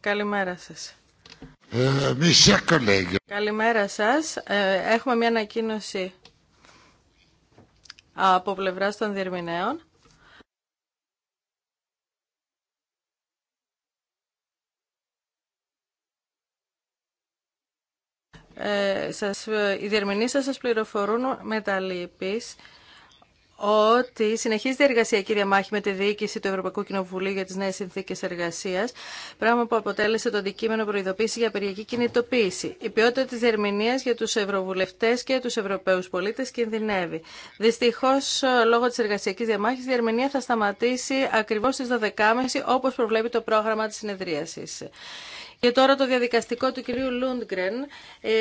Καλημέρα σας. Euh, καλημέρα σας. Ε, έχουμε μια ανακοίνωση από πλευρά των διερμηνέων. Ε, σας, ε, οι διερμηνείς σας, σας πληροφορούν με τα λύπης ότι συνεχίζει η εργασιακή διαμάχη με τη διοίκηση του Ευρωπαϊκού Κοινοβουλίου για τι νέε συνθήκε εργασία, πράγμα που αποτέλεσε το αντικείμενο προειδοποίηση για απεργιακή κινητοποίηση. Η ποιότητα τη ερμηνεία για του Ευρωβουλευτέ και του Ευρωπαίου πολίτε κινδυνεύει. Δυστυχώ, λόγω τη εργασιακή διαμάχη, η διερμηνία θα σταματήσει ακριβώ στι 12.30 όπω προβλέπει το πρόγραμμα τη συνεδρίαση. Και τώρα το διαδικαστικό του κυρίου Λούντγκρεν. Ε,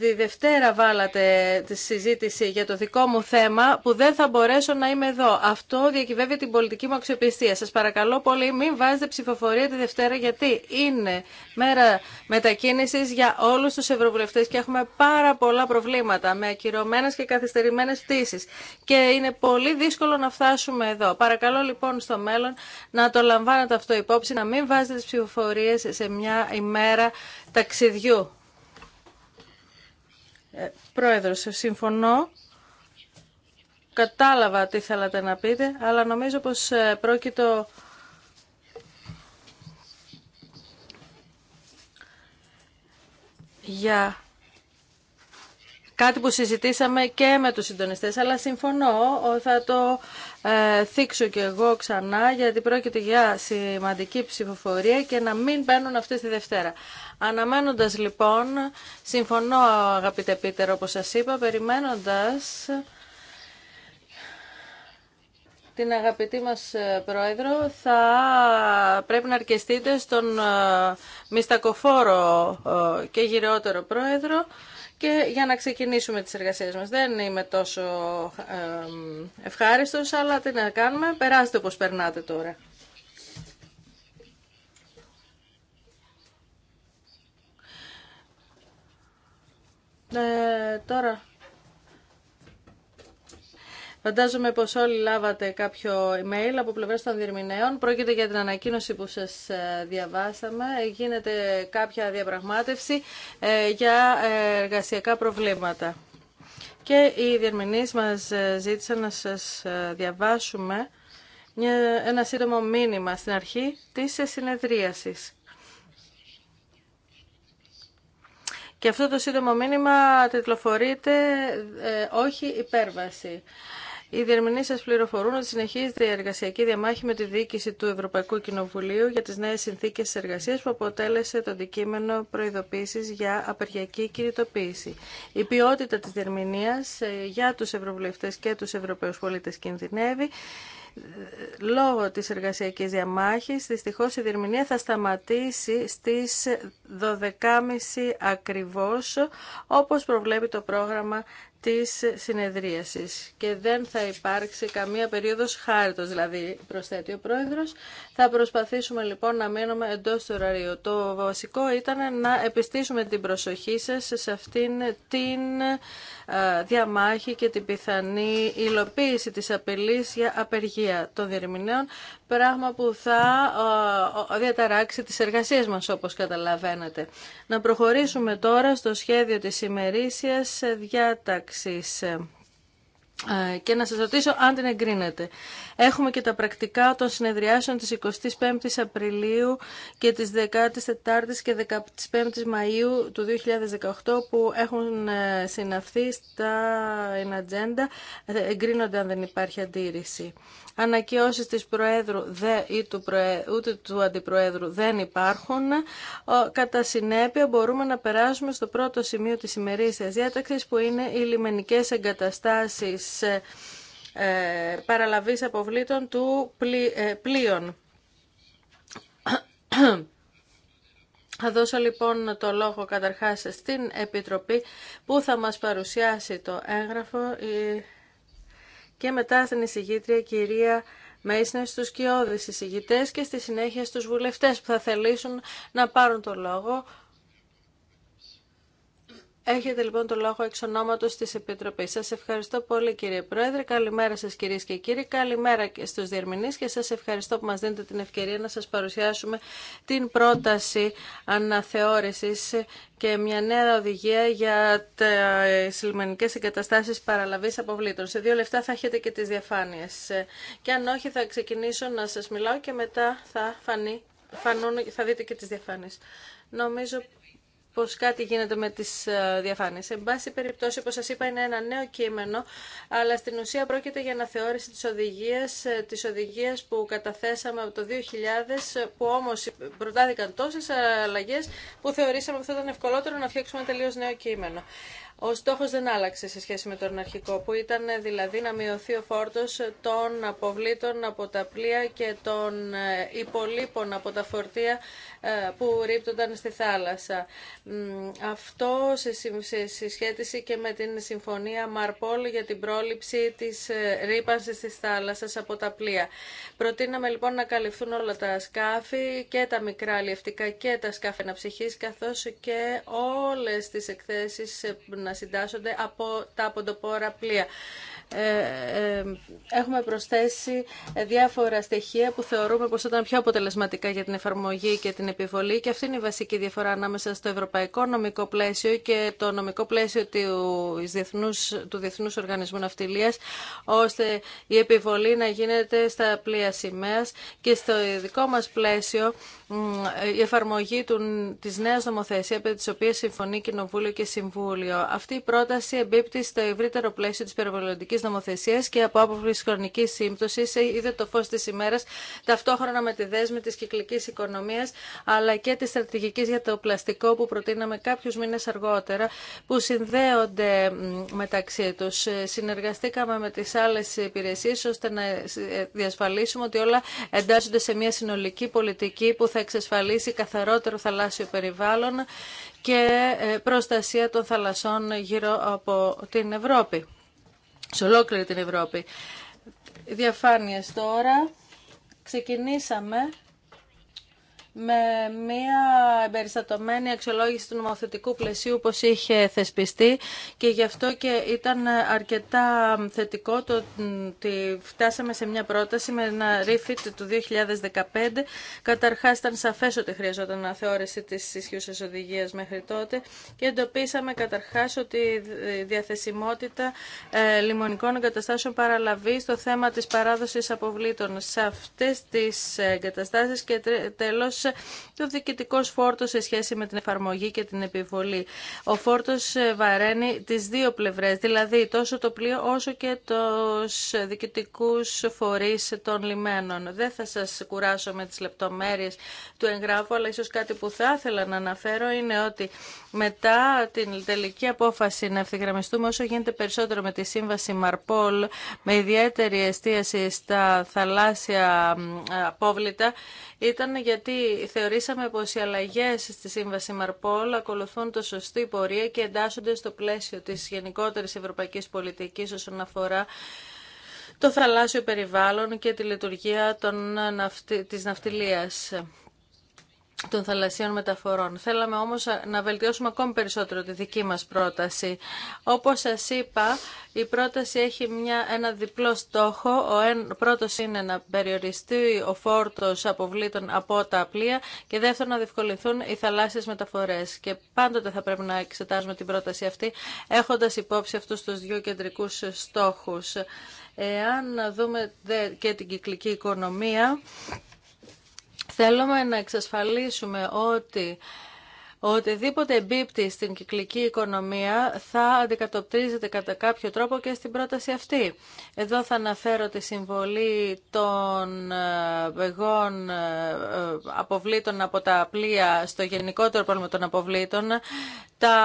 τη Δευτέρα βάλατε τη συζήτηση για το δικό μου θέμα που δεν θα μπορέσω να είμαι εδώ. Αυτό διακυβεύει την πολιτική μου αξιοπιστία. Σας παρακαλώ πολύ μην βάζετε ψηφοφορία τη Δευτέρα γιατί είναι μέρα μετακίνησης για όλους τους ευρωβουλευτές και έχουμε πάρα πολλά προβλήματα με ακυρωμένες και καθυστερημένες πτήσει. και είναι πολύ δύσκολο να φτάσουμε εδώ. Παρακαλώ λοιπόν στο μέλλον να το λαμβάνετε αυτό υπόψη, να μην βάζετε τις ψηφοφορίες σε μια ημέρα ταξιδιού. Ε, πρόεδρος, συμφωνώ. Κατάλαβα τι θέλατε να πείτε, αλλά νομίζω πως ε, πρόκειτο... για Κάτι που συζητήσαμε και με τους συντονιστές, αλλά συμφωνώ, θα το ε, θίξω και εγώ ξανά, γιατί πρόκειται για σημαντική ψηφοφορία και να μην μπαίνουν αυτή τη Δευτέρα. Αναμένοντας λοιπόν, συμφωνώ αγαπητέ Πίτερ, όπως σας είπα, περιμένοντας την αγαπητή μας ε, Πρόεδρο θα πρέπει να αρκεστείτε στον ε, μιστακοφόρο ε, και γυρεότερο Πρόεδρο και για να ξεκινήσουμε τις εργασίες μας. Δεν είμαι τόσο ευχάριστος, αλλά τι να κάνουμε. Περάστε όπως περνάτε τώρα. Ε, τώρα Φαντάζομαι πως όλοι λάβατε κάποιο email από πλευρά των διερμηνέων. Πρόκειται για την ανακοίνωση που σας ε, διαβάσαμε. Γίνεται κάποια διαπραγμάτευση ε, για ε, εργασιακά προβλήματα. Και οι διερμηνείς μας ζήτησαν να σας διαβάσουμε ένα σύντομο μήνυμα στην αρχή της συνεδρίασης. Και αυτό το σύντομο μήνυμα τετλοφορείται «Όχι υπέρβαση». Οι διερμηνεί σα πληροφορούν ότι συνεχίζεται η εργασιακή διαμάχη με τη διοίκηση του Ευρωπαϊκού Κοινοβουλίου για τι νέε συνθήκε εργασία που αποτέλεσε το αντικείμενο προειδοποίηση για απεργιακή κινητοποίηση. Η ποιότητα τη διερμηνία ε, για του Ευρωβουλευτέ και του Ευρωπαίου πολίτε κινδυνεύει. Λόγω της εργασιακής διαμάχης, δυστυχώς η διερμηνία θα σταματήσει στις 12.30 ακριβώς, όπως προβλέπει το πρόγραμμα της συνεδρίασης και δεν θα υπάρξει καμία περίοδος χάριτος, δηλαδή προσθέτει ο Πρόεδρος. Θα προσπαθήσουμε λοιπόν να μείνουμε εντός του ωραρίου. Το βασικό ήταν να επιστήσουμε την προσοχή σας σε αυτήν την διαμάχη και την πιθανή υλοποίηση της απειλής για απεργία των διερμηνέων, πράγμα που θα διαταράξει τις εργασίες μας όπως καταλαβαίνετε. Να προχωρήσουμε τώρα στο σχέδιο της για τα ε, ε, και να σας ρωτήσω αν την εγκρίνετε. Έχουμε και τα πρακτικά των συνεδριάσεων της 25ης Απριλίου και της 14ης και 15ης Μαΐου του 2018 που έχουν ε, συναυθεί στα in Εγκρίνονται αν δεν υπάρχει αντίρρηση. Ανακοιώσει της Προέδρου δε, ή του ούτε του Αντιπροέδρου δεν υπάρχουν. κατά συνέπεια μπορούμε να περάσουμε στο πρώτο σημείο της ημερήσιας διάταξης που είναι οι λιμενικές εγκαταστάσεις ε, ε παραλαβής αποβλήτων του ε, πλοίων. Θα δώσω λοιπόν το λόγο καταρχάς στην Επιτροπή που θα μας παρουσιάσει το έγγραφο και μετά στην εισηγήτρια κυρία Μέισνερ στους κοιόδες εισηγητές και στη συνέχεια στους βουλευτές που θα θελήσουν να πάρουν το λόγο Έχετε λοιπόν το λόγο εξ ονόματος της Επιτροπής. Σας ευχαριστώ πολύ κύριε Πρόεδρε. Καλημέρα σας κυρίες και κύριοι. Καλημέρα και στους διερμηνείς και σας ευχαριστώ που μας δίνετε την ευκαιρία να σας παρουσιάσουμε την πρόταση αναθεώρησης και μια νέα οδηγία για τις λιμενικές εγκαταστάσεις παραλαβής αποβλήτων. Σε δύο λεφτά θα έχετε και τις διαφάνειες. Και αν όχι θα ξεκινήσω να σας μιλάω και μετά θα θα δείτε και τις διαφάνειες. Νομίζω πως κάτι γίνεται με τις ε, διαφάνειες. Εν πάση περιπτώσει, όπω σας είπα, είναι ένα νέο κείμενο, αλλά στην ουσία πρόκειται για αναθεώρηση της οδηγίας, ε, της οδηγίας που καταθέσαμε από το 2000, ε, που όμως προτάθηκαν τόσες αλλαγές που θεωρήσαμε ότι θα ήταν ευκολότερο να φτιάξουμε τελείω νέο κείμενο. Ο στόχο δεν άλλαξε σε σχέση με τον αρχικό που ήταν ε, δηλαδή να μειωθεί ο φόρτος των αποβλήτων από τα πλοία και των ε, υπολείπων από τα φορτία ε, που ρίπτονταν στη θάλασσα. Αυτό σε συσχέτιση και με την συμφωνία Μαρπόλ για την πρόληψη της ρήπανση τη θάλασσα από τα πλοία. Προτείναμε λοιπόν να καλυφθούν όλα τα σκάφη και τα μικρά αλλιευτικά και τα σκάφη αναψυχή, καθώ και όλες τις εκθέσεις να συντάσσονται από τα ποντοπόρα πλοία. Ε, ε, έχουμε προσθέσει διάφορα στοιχεία που θεωρούμε πως ήταν πιο αποτελεσματικά για την εφαρμογή και την επιβολή και αυτή είναι η βασική διαφορά ανάμεσα στο ευρωπαϊκό νομικό πλαίσιο και το νομικό πλαίσιο του Διεθνούς, Οργανισμού Ναυτιλίας ώστε η επιβολή να γίνεται στα πλοία σημαία και στο δικό μας πλαίσιο η εφαρμογή του, της νέας νομοθεσίας επί της οποίας συμφωνεί Κοινοβούλιο και Συμβούλιο. Αυτή η πρόταση εμπίπτει στο ευρύτερο πλαίσιο της περιβαλλοντικής και από άποψη χρονική σύμπτωση, ε, είδε το φω τη ημέρα ταυτόχρονα με τη δέσμη τη κυκλική οικονομία, αλλά και τη στρατηγική για το πλαστικό που προτείναμε κάποιου μήνε αργότερα που συνδέονται μεταξύ του. Ε, συνεργαστήκαμε με τι άλλε υπηρεσίε, ώστε να ε, διασφαλίσουμε ότι όλα εντάσσονται σε μια συνολική πολιτική που θα εξασφαλίσει καθαρότερο θαλάσσιο περιβάλλον και προστασία των θαλασσών γύρω από την Ευρώπη σε ολόκληρη την Ευρώπη. Διαφάνειες τώρα. Ξεκινήσαμε με μια εμπεριστατωμένη αξιολόγηση του νομοθετικού πλαισίου όπως είχε θεσπιστεί και γι' αυτό και ήταν αρκετά θετικό το ότι φτάσαμε σε μια πρόταση με ένα refit του 2015. Καταρχάς ήταν σαφές ότι χρειαζόταν αναθεώρηση της ισχύουσα οδηγία μέχρι τότε και εντοπίσαμε καταρχάς ότι η διαθεσιμότητα ε, λιμονικών εγκαταστάσεων παραλαβή στο θέμα της παράδοσης αποβλήτων σε αυτές τις εγκαταστάσεις και το διοικητικό φόρτο σε σχέση με την εφαρμογή και την επιβολή. Ο φόρτο βαραίνει τι δύο πλευρέ, δηλαδή τόσο το πλοίο όσο και του διοικητικού φορεί των λιμένων. Δεν θα σα κουράσω με τι λεπτομέρειε του εγγράφου, αλλά ίσω κάτι που θα ήθελα να αναφέρω είναι ότι μετά την τελική απόφαση να ευθυγραμμιστούμε όσο γίνεται περισσότερο με τη σύμβαση Μαρπόλ, με ιδιαίτερη εστίαση στα θαλάσσια απόβλητα, ήταν γιατί θεωρήσαμε πως οι αλλαγές στη Σύμβαση Μαρπόλ ακολουθούν το σωστή πορεία και εντάσσονται στο πλαίσιο της γενικότερης ευρωπαϊκής πολιτικής όσον αφορά το θαλάσσιο περιβάλλον και τη λειτουργία των, της ναυτιλίας των θαλασσίων μεταφορών. Θέλαμε όμως να βελτιώσουμε ακόμη περισσότερο τη δική μας πρόταση. Όπως σας είπα, η πρόταση έχει μια, ένα διπλό στόχο. Ο εν, πρώτος είναι να περιοριστεί ο φόρτος αποβλήτων από τα πλοία και δεύτερον να διευκολυνθούν οι θαλάσσιες μεταφορές. Και πάντοτε θα πρέπει να εξετάζουμε την πρόταση αυτή έχοντας υπόψη αυτούς τους δύο κεντρικούς στόχους. Εάν δούμε και την κυκλική οικονομία, Θέλουμε να εξασφαλίσουμε ότι οτιδήποτε εμπίπτει στην κυκλική οικονομία θα αντικατοπτρίζεται κατά κάποιο τρόπο και στην πρόταση αυτή. Εδώ θα αναφέρω τη συμβολή των βεγών ε, ε, ε, αποβλήτων από τα πλοία στο γενικότερο πρόβλημα των αποβλήτων, τα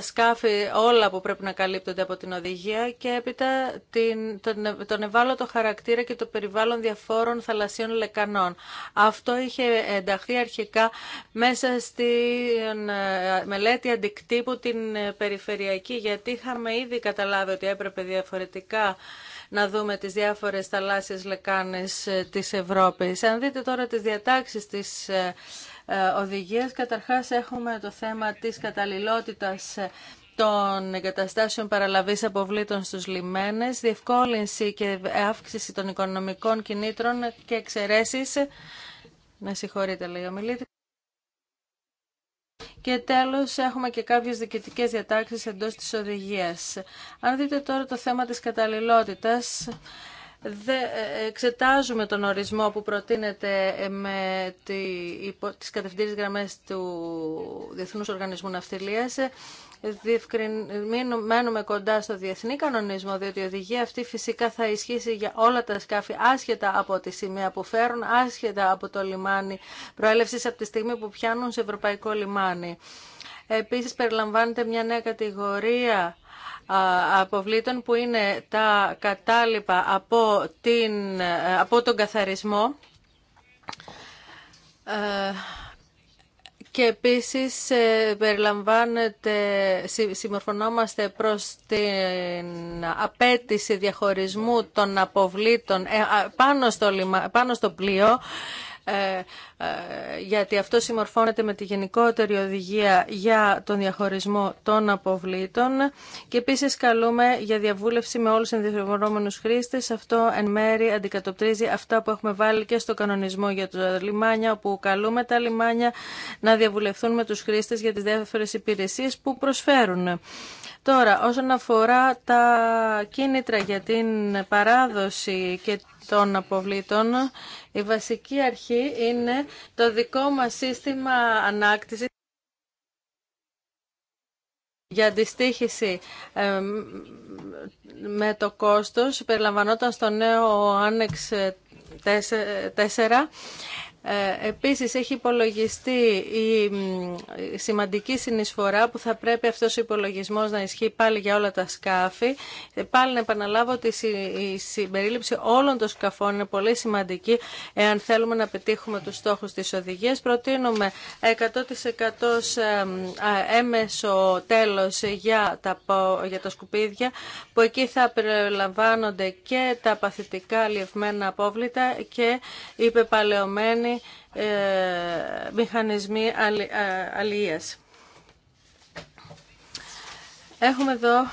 σκάφη όλα που πρέπει να καλύπτονται από την οδηγία και έπειτα την, τον, τον ευάλωτο χαρακτήρα και το περιβάλλον διαφόρων θαλασσίων λεκανών. Αυτό είχε ενταχθεί αρχικά μέσα στη ε, μελέτη αντικτύπου την ε, περιφερειακή, γιατί είχαμε ήδη καταλάβει ότι έπρεπε διαφορετικά να δούμε τις διάφορες θαλάσσιες λεκάνες ε, της Ευρώπης. Αν δείτε τώρα τις διατάξεις της οδηγίας, καταρχάς έχουμε το θέμα της καταλληλότητας των εγκαταστάσεων παραλαβής αποβλήτων στους λιμένες, διευκόλυνση και αύξηση των οικονομικών κινήτρων και εξαιρέσεις. Να συγχωρείτε, λέει ο και τέλος έχουμε και κάποιες διοικητικές διατάξεις εντός της οδηγίας. Αν δείτε τώρα το θέμα της καταλληλότητας, ε, εξετάζουμε τον ορισμό που προτείνεται ε, με τις κατευθυντήριες γραμμές του Διεθνούς Οργανισμού Ναυτιλίας ε, μένουμε κοντά στο διεθνή κανονισμό, διότι η οδηγία αυτή φυσικά θα ισχύσει για όλα τα σκάφη, άσχετα από τη σημαία που φέρουν, άσχετα από το λιμάνι προέλευση από τη στιγμή που πιάνουν σε ευρωπαϊκό λιμάνι. Επίσης περιλαμβάνεται μια νέα κατηγορία αποβλήτων που είναι τα κατάλοιπα από, την, ε, από τον καθαρισμό ε, και επίσης ε, περιλαμβάνεται, συμμορφωνόμαστε προς την απέτηση διαχωρισμού των αποβλήτων πάνω στο, λιμα, πάνω στο πλοίο ε, ε, γιατί αυτό συμμορφώνεται με τη γενικότερη οδηγία για τον διαχωρισμό των αποβλήτων και επίσης καλούμε για διαβούλευση με όλους τους ενδιαφερόμενους χρήστες. Αυτό εν μέρη αντικατοπτρίζει αυτά που έχουμε βάλει και στο κανονισμό για τα λιμάνια, όπου καλούμε τα λιμάνια να διαβουλευθούν με τους χρήστες για τις διάφορε υπηρεσίες που προσφέρουν. Τώρα, όσον αφορά τα κίνητρα για την παράδοση και των αποβλήτων, η βασική αρχή είναι το δικό μας σύστημα ανάκτησης για αντιστοίχηση με το κόστος περιλαμβανόταν στο νέο Άνεξ 4 ε, επίσης έχει υπολογιστεί η σημαντική συνεισφορά που θα πρέπει αυτός ο υπολογισμός να ισχύει πάλι για όλα τα σκάφη. Ε, πάλι να επαναλάβω ότι η συμπερίληψη όλων των σκαφών είναι πολύ σημαντική εάν θέλουμε να πετύχουμε τους στόχους της οδηγίας. Προτείνουμε 100% ε, έμεσο τέλος για τα, για τα σκουπίδια που εκεί θα περιλαμβάνονται και τα παθητικά λιευμένα απόβλητα και οι ε, μηχανισμοί αλληλείας. Έχουμε εδώ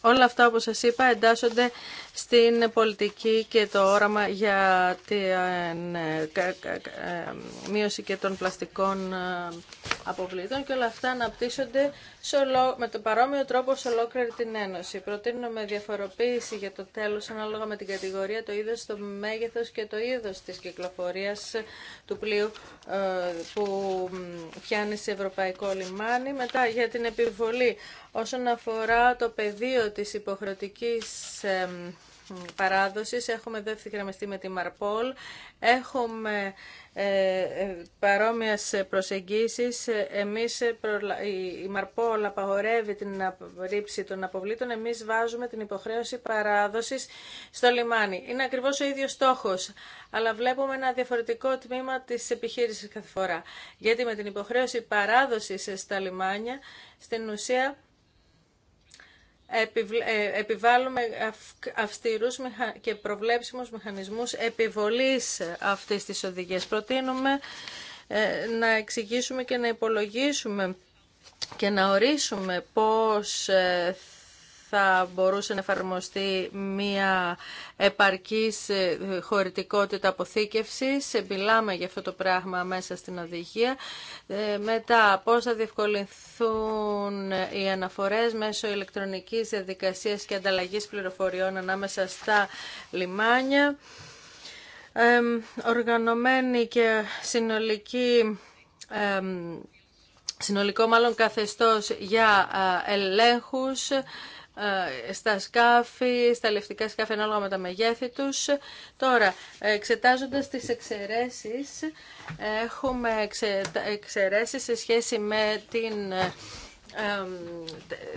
όλα αυτά όπως σας είπα εντάσσονται στην πολιτική και το όραμα για τη ε, ε, μείωση και των πλαστικών αποβλήτων και όλα αυτά αναπτύσσονται με τον παρόμοιο τρόπο σε ολόκληρη την Ένωση. Προτείνουμε διαφοροποίηση για το τέλος ανάλογα με την κατηγορία, το είδος, το μέγεθος και το είδος της κυκλοφορίας του πλοίου ε, που πιάνει σε ευρωπαϊκό λιμάνι. Μετά για την επιβολή όσον αφορά το πεδίο της υποχρεωτικής παράδοσης. Έχουμε δεύτερη ευθυγραμμιστεί με τη Μαρπόλ. Έχουμε ε, ε παρόμοιες προσεγγίσεις. Εμείς, ε, η Μαρπόλ απαγορεύει την ρήψη των αποβλήτων. Εμείς βάζουμε την υποχρέωση παράδοσης στο λιμάνι. Είναι ακριβώς ο ίδιος στόχος, αλλά βλέπουμε ένα διαφορετικό τμήμα της επιχείρησης κάθε φορά. Γιατί με την υποχρέωση παράδοσης στα λιμάνια, στην ουσία ε, επιβάλλουμε αυστηρούς και προβλέψιμους μηχανισμούς επιβολής αυτής της οδηγίας. Προτείνουμε ε, να εξηγήσουμε και να υπολογίσουμε και να ορίσουμε πώς ε, θα μπορούσε να εφαρμοστεί μία επαρκής ε, χωρητικότητα αποθήκευσης. Μιλάμε για αυτό το πράγμα μέσα στην οδηγία. Ε, μετά, πώς θα διευκολυνθούν οι αναφορές μέσω ηλεκτρονικής διαδικασίας και ανταλλαγής πληροφοριών ανάμεσα στα λιμάνια. Οργανωμένη και συνολική συνολικό μάλλον καθεστώς για ελέγχους ε, στα σκάφη, στα λευτικά σκάφη ανάλογα με τα μεγέθη τους. Τώρα, εξετάζοντας τις εξαιρέσεις, έχουμε εξαιρέσεις σε σχέση με την, ε, ε,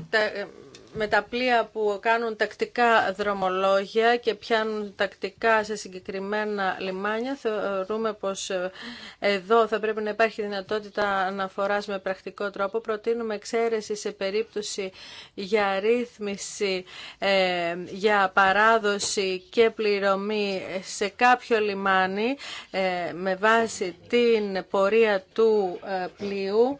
τα, με τα πλοία που κάνουν τακτικά δρομολόγια και πιάνουν τακτικά σε συγκεκριμένα λιμάνια, θεωρούμε πως ε, εδώ θα πρέπει να υπάρχει δυνατότητα αναφοράς με πρακτικό τρόπο. Προτείνουμε εξαίρεση σε περίπτωση για ρύθμιση, ε, για παράδοση και πληρωμή σε κάποιο λιμάνι ε, με βάση την πορεία του πλοίου.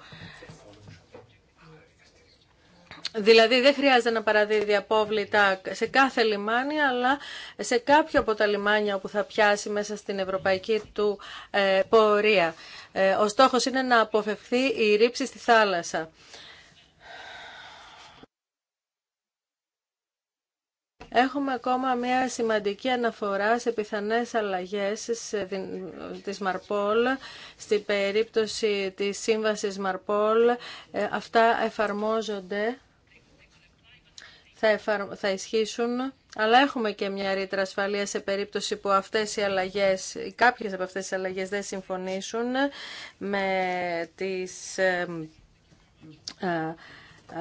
Δηλαδή δεν χρειάζεται να παραδίδει απόβλητα σε κάθε λιμάνι, αλλά σε κάποιο από τα λιμάνια που θα πιάσει μέσα στην ευρωπαϊκή του ε, πορεία. Ε, ο στόχος είναι να αποφευθεί η ρήψη στη θάλασσα. Έχουμε ακόμα μια σημαντική αναφορά σε πιθανές αλλαγές της Μαρπόλ, στην περίπτωση της σύμβασης Μαρπόλ. Ε, αυτά εφαρμόζονται θα, εφαρ... θα ισχύσουν, αλλά έχουμε και μια ρήτρα ασφαλεία σε περίπτωση που αυτές οι αλλαγές, κάποιες από αυτές τι αλλαγές δεν συμφωνήσουν με τις... Ε, ε,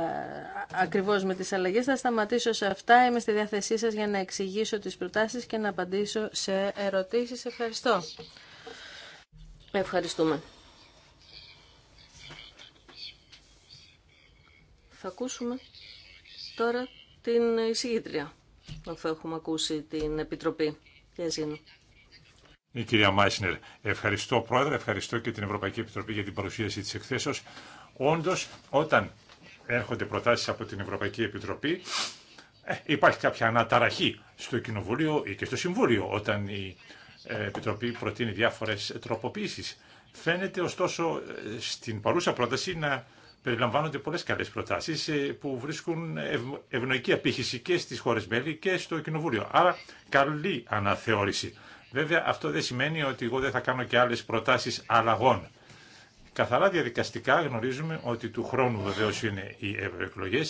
ακριβώς με τις αλλαγές. Θα σταματήσω σε αυτά. Είμαι στη διάθεσή σας για να εξηγήσω τις προτάσεις και να απαντήσω σε ερωτήσεις. Ευχαριστώ. Ευχαριστούμε. Θα ακούσουμε τώρα την εισηγήτρια, αφού έχουμε ακούσει την Επιτροπή. Ζήνου. Η κυρία Μάισνερ, ευχαριστώ πρόεδρε, ευχαριστώ και την Ευρωπαϊκή Επιτροπή για την παρουσίαση της εκθέσεως. Όντως, όταν έρχονται προτάσεις από την Ευρωπαϊκή Επιτροπή, ε, υπάρχει κάποια αναταραχή στο Κοινοβούλιο ή και στο Συμβούλιο όταν η ε, Επιτροπή προτείνει διάφορες τροποποίησεις. Φαίνεται ωστόσο ε, στην παρούσα πρόταση να περιλαμβάνονται πολλέ καλέ προτάσει ε, που βρίσκουν ευνοϊκή απήχηση και στι χώρε μέλη και στο Κοινοβούλιο. Άρα καλή αναθεώρηση. Βέβαια αυτό δεν σημαίνει ότι εγώ δεν θα κάνω και άλλε προτάσει αλλαγών. Καθαρά διαδικαστικά γνωρίζουμε ότι του χρόνου βεβαίω είναι οι ευρωεκλογέ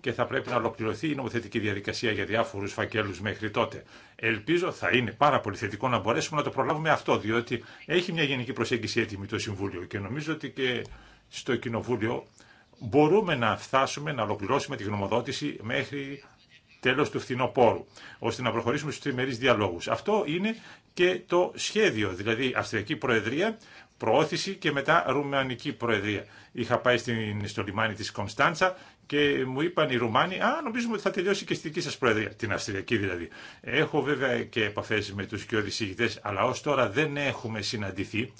και θα πρέπει να ολοκληρωθεί η νομοθετική διαδικασία για διάφορου φακέλου μέχρι τότε. Ελπίζω θα είναι πάρα πολύ θετικό να μπορέσουμε να το προλάβουμε αυτό, διότι έχει μια γενική προσέγγιση έτοιμη το Συμβούλιο και νομίζω ότι και στο Κοινοβούλιο μπορούμε να φτάσουμε να ολοκληρώσουμε τη γνωμοδότηση μέχρι τέλος του φθινοπόρου, ώστε να προχωρήσουμε στους τριμερείς διαλόγους. Αυτό είναι και το σχέδιο, δηλαδή Αυστριακή Προεδρία, προώθηση και μετά Ρουμανική Προεδρία. Είχα πάει στην, στο λιμάνι της Κωνσταντσα και μου είπαν οι Ρουμάνοι, α, νομίζουμε ότι θα τελειώσει και στη δική σας Προεδρία, την Αυστριακή δηλαδή. Έχω βέβαια και επαφές με τους και οδησίγητες, αλλά ω τώρα δεν έχουμε συναντηθεί.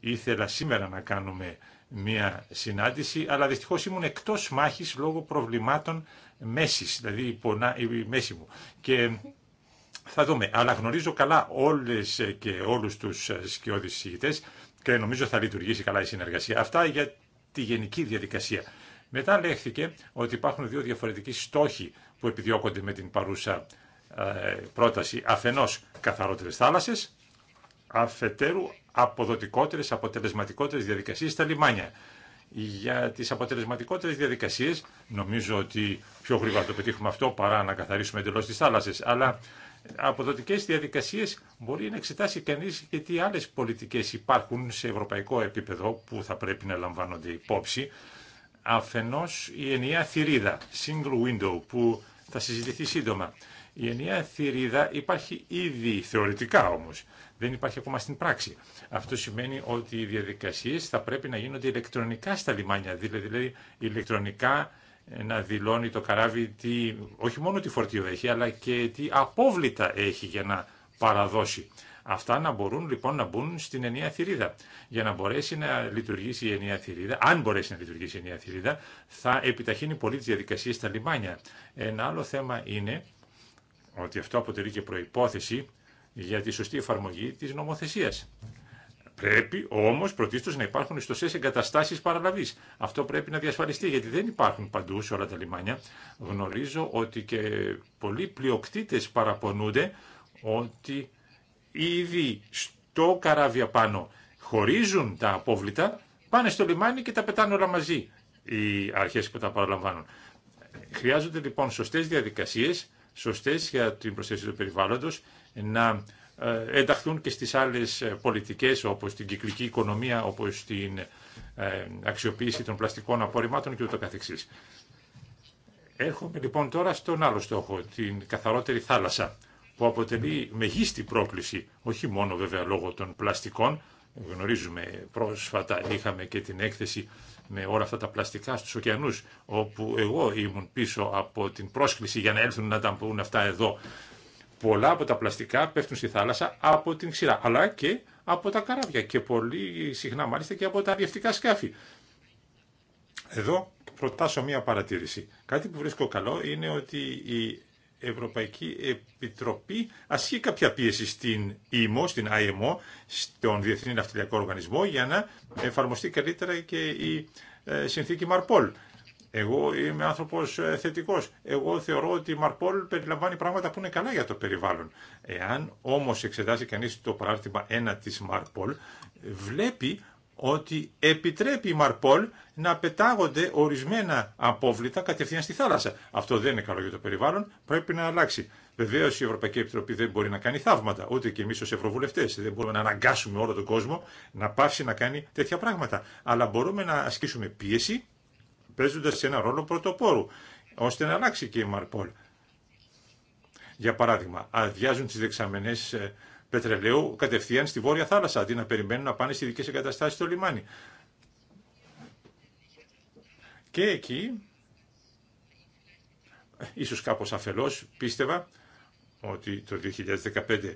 Ήθελα σήμερα να κάνουμε μια συνάντηση, αλλά δυστυχώς ήμουν εκτός μάχης λόγω προβλημάτων μέσης, δηλαδή η, πονά, η μέση μου. Και θα δούμε, αλλά γνωρίζω καλά όλες και όλους τους σκιώδεις συζητητές και νομίζω θα λειτουργήσει καλά η συνεργασία. Αυτά για τη γενική διαδικασία. Μετά λέχθηκε ότι υπάρχουν δύο διαφορετικοί στόχοι που επιδιώκονται με την παρούσα ε, πρόταση. Αφενός καθαρότερες θάλασσες, αφετέρου αποδοτικότερες, αποτελεσματικότερες διαδικασίες στα λιμάνια. Για τις αποτελεσματικότερες διαδικασίες νομίζω ότι πιο γρήγορα το πετύχουμε αυτό παρά να καθαρίσουμε εντελώς τις θάλασσες. Αλλά αποδοτικές διαδικασίες μπορεί να εξετάσει κανείς και τι άλλες πολιτικές υπάρχουν σε ευρωπαϊκό επίπεδο που θα πρέπει να λαμβάνονται υπόψη. Αφενός η ενιαία θηρίδα, single window, που θα συζητηθεί σύντομα. Η ενιαία θηρίδα υπάρχει ήδη θεωρητικά όμως δεν υπάρχει ακόμα στην πράξη. Αυτό σημαίνει ότι οι διαδικασίε θα πρέπει να γίνονται ηλεκτρονικά στα λιμάνια, δηλαδή, δηλαδή ηλεκτρονικά ε, να δηλώνει το καράβι τι, όχι μόνο τι φορτίο έχει, αλλά και τι απόβλητα έχει για να παραδώσει. Αυτά να μπορούν λοιπόν να μπουν στην ενιαία θηρίδα. Για να μπορέσει να λειτουργήσει η ενιαία θηρίδα, αν μπορέσει να λειτουργήσει η ενιαία θηρίδα, θα επιταχύνει πολύ τι διαδικασίε στα λιμάνια. Ένα άλλο θέμα είναι ότι αυτό αποτελεί και προπόθεση για τη σωστή εφαρμογή της νομοθεσίας. Πρέπει όμως πρωτίστως να υπάρχουν ιστοσές εγκαταστάσεις παραλαβής. Αυτό πρέπει να διασφαλιστεί γιατί δεν υπάρχουν παντού σε όλα τα λιμάνια. Γνωρίζω ότι και πολλοί πλειοκτήτες παραπονούνται ότι ήδη στο καράβια απάνω χωρίζουν τα απόβλητα, πάνε στο λιμάνι και τα πετάνε όλα μαζί οι αρχές που τα παραλαμβάνουν. Χρειάζονται λοιπόν σωστές διαδικασίες, σωστές για την προσθέση του περιβάλλοντος να ε, ενταχθούν και στις άλλες ε, πολιτικές όπως την κυκλική οικονομία, όπως την ε, αξιοποίηση των πλαστικών απορριμμάτων και ούτω καθεξής. Έρχομαι λοιπόν τώρα στον άλλο στόχο, την καθαρότερη θάλασσα, που αποτελεί μεγίστη πρόκληση, όχι μόνο βέβαια λόγω των πλαστικών, γνωρίζουμε πρόσφατα είχαμε και την έκθεση με όλα αυτά τα πλαστικά στους ωκεανούς, όπου εγώ ήμουν πίσω από την πρόσκληση για να έλθουν να τα πούν αυτά εδώ πολλά από τα πλαστικά πέφτουν στη θάλασσα από την ξηρά, αλλά και από τα καράβια και πολύ συχνά μάλιστα και από τα αδιευτικά σκάφη. Εδώ προτάσω μία παρατήρηση. Κάτι που βρίσκω καλό είναι ότι η Ευρωπαϊκή Επιτροπή ασκεί κάποια πίεση στην ΙΜΟ, στην ΑΕΜΟ, στον Διεθνή Ναυτιλιακό Οργανισμό, για να εφαρμοστεί καλύτερα και η ε, συνθήκη Μαρπόλ. Εγώ είμαι άνθρωπο ε, θετικό. Εγώ θεωρώ ότι η Μαρπόλ περιλαμβάνει πράγματα που είναι καλά για το περιβάλλον. Εάν όμω εξετάσει κανεί το παράρτημα 1 τη Μαρπόλ, βλέπει ότι επιτρέπει η Μαρπόλ να πετάγονται ορισμένα απόβλητα κατευθείαν στη θάλασσα. Αυτό δεν είναι καλό για το περιβάλλον, πρέπει να αλλάξει. Βεβαίω η Ευρωπαϊκή Επιτροπή δεν μπορεί να κάνει θαύματα, ούτε και εμεί ω Ευρωβουλευτέ. Δεν μπορούμε να αναγκάσουμε όλο τον κόσμο να πάψει να κάνει τέτοια πράγματα. Αλλά μπορούμε να ασκήσουμε πίεση παίζοντα ένα ρόλο πρωτοπόρου, ώστε να αλλάξει και η Μαρπόλ. Για παράδειγμα, αδειάζουν τις δεξαμενές ε, πετρελαίου κατευθείαν στη Βόρεια Θάλασσα, αντί να περιμένουν να πάνε σε ειδικές εγκαταστάσει στο λιμάνι. Και εκεί, ε, ίσως κάπως αφελώς, πίστευα ότι το 2015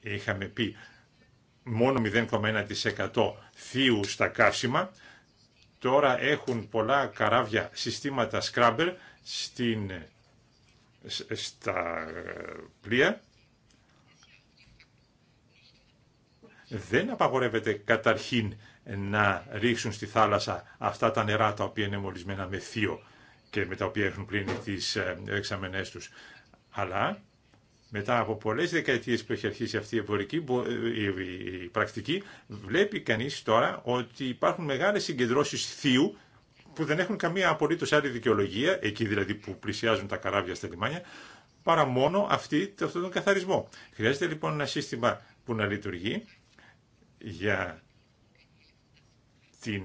είχαμε πει μόνο 0,1% θείου στα καύσιμα τώρα έχουν πολλά καράβια συστήματα scrubber στην, στα ε, πλοία. Δεν απαγορεύεται καταρχήν να ρίξουν στη θάλασσα αυτά τα νερά τα οποία είναι μολυσμένα με θείο και με τα οποία έχουν πλύνει τις ε, έξαμενές τους. Αλλά μετά από πολλές δεκαετίες που έχει αρχίσει αυτή η, εμπορική, ε, η πρακτική, βλέπει κανείς τώρα ότι υπάρχουν μεγάλες συγκεντρώσεις θείου που δεν έχουν καμία απολύτως άλλη δικαιολογία, εκεί δηλαδή που πλησιάζουν τα καράβια στα λιμάνια, παρά μόνο αυτή, αυτόν τον καθαρισμό. Χρειάζεται λοιπόν ένα σύστημα που να λειτουργεί για την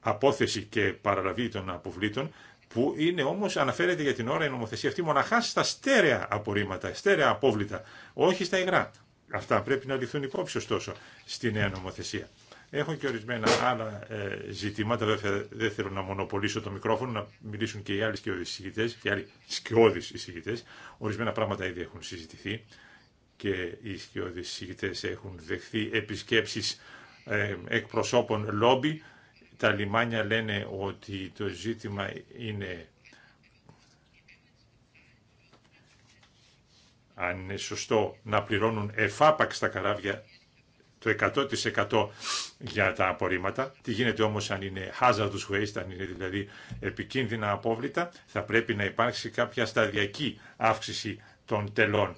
απόθεση και παραλαβή των αποβλήτων που είναι όμως, αναφέρεται για την ώρα η νομοθεσία αυτή μοναχά στα στέρεα απορρίμματα, στέρεα απόβλητα, όχι στα υγρά. Αυτά πρέπει να ληφθούν υπόψη ωστόσο στη νέα νομοθεσία. Έχω και ορισμένα άλλα ε, ζητήματα, βέβαια δεν θέλω να μονοπολίσω το μικρόφωνο, να μιλήσουν και οι άλλοι σκιώδεις εισηγητές, και άλλοι σκιώδεις εισηγητές. Ορισμένα πράγματα ήδη έχουν συζητηθεί και οι σκιώδεις εισηγητές έχουν δεχθεί επισκέψεις ε, εκπροσώπων λόμπι τα λιμάνια λένε ότι το ζήτημα είναι αν είναι σωστό να πληρώνουν εφάπαξ τα καράβια το 100% για τα απορρίμματα. Τι γίνεται όμως αν είναι hazardous waste, αν είναι δηλαδή επικίνδυνα απόβλητα, θα πρέπει να υπάρξει κάποια σταδιακή αύξηση των τελών.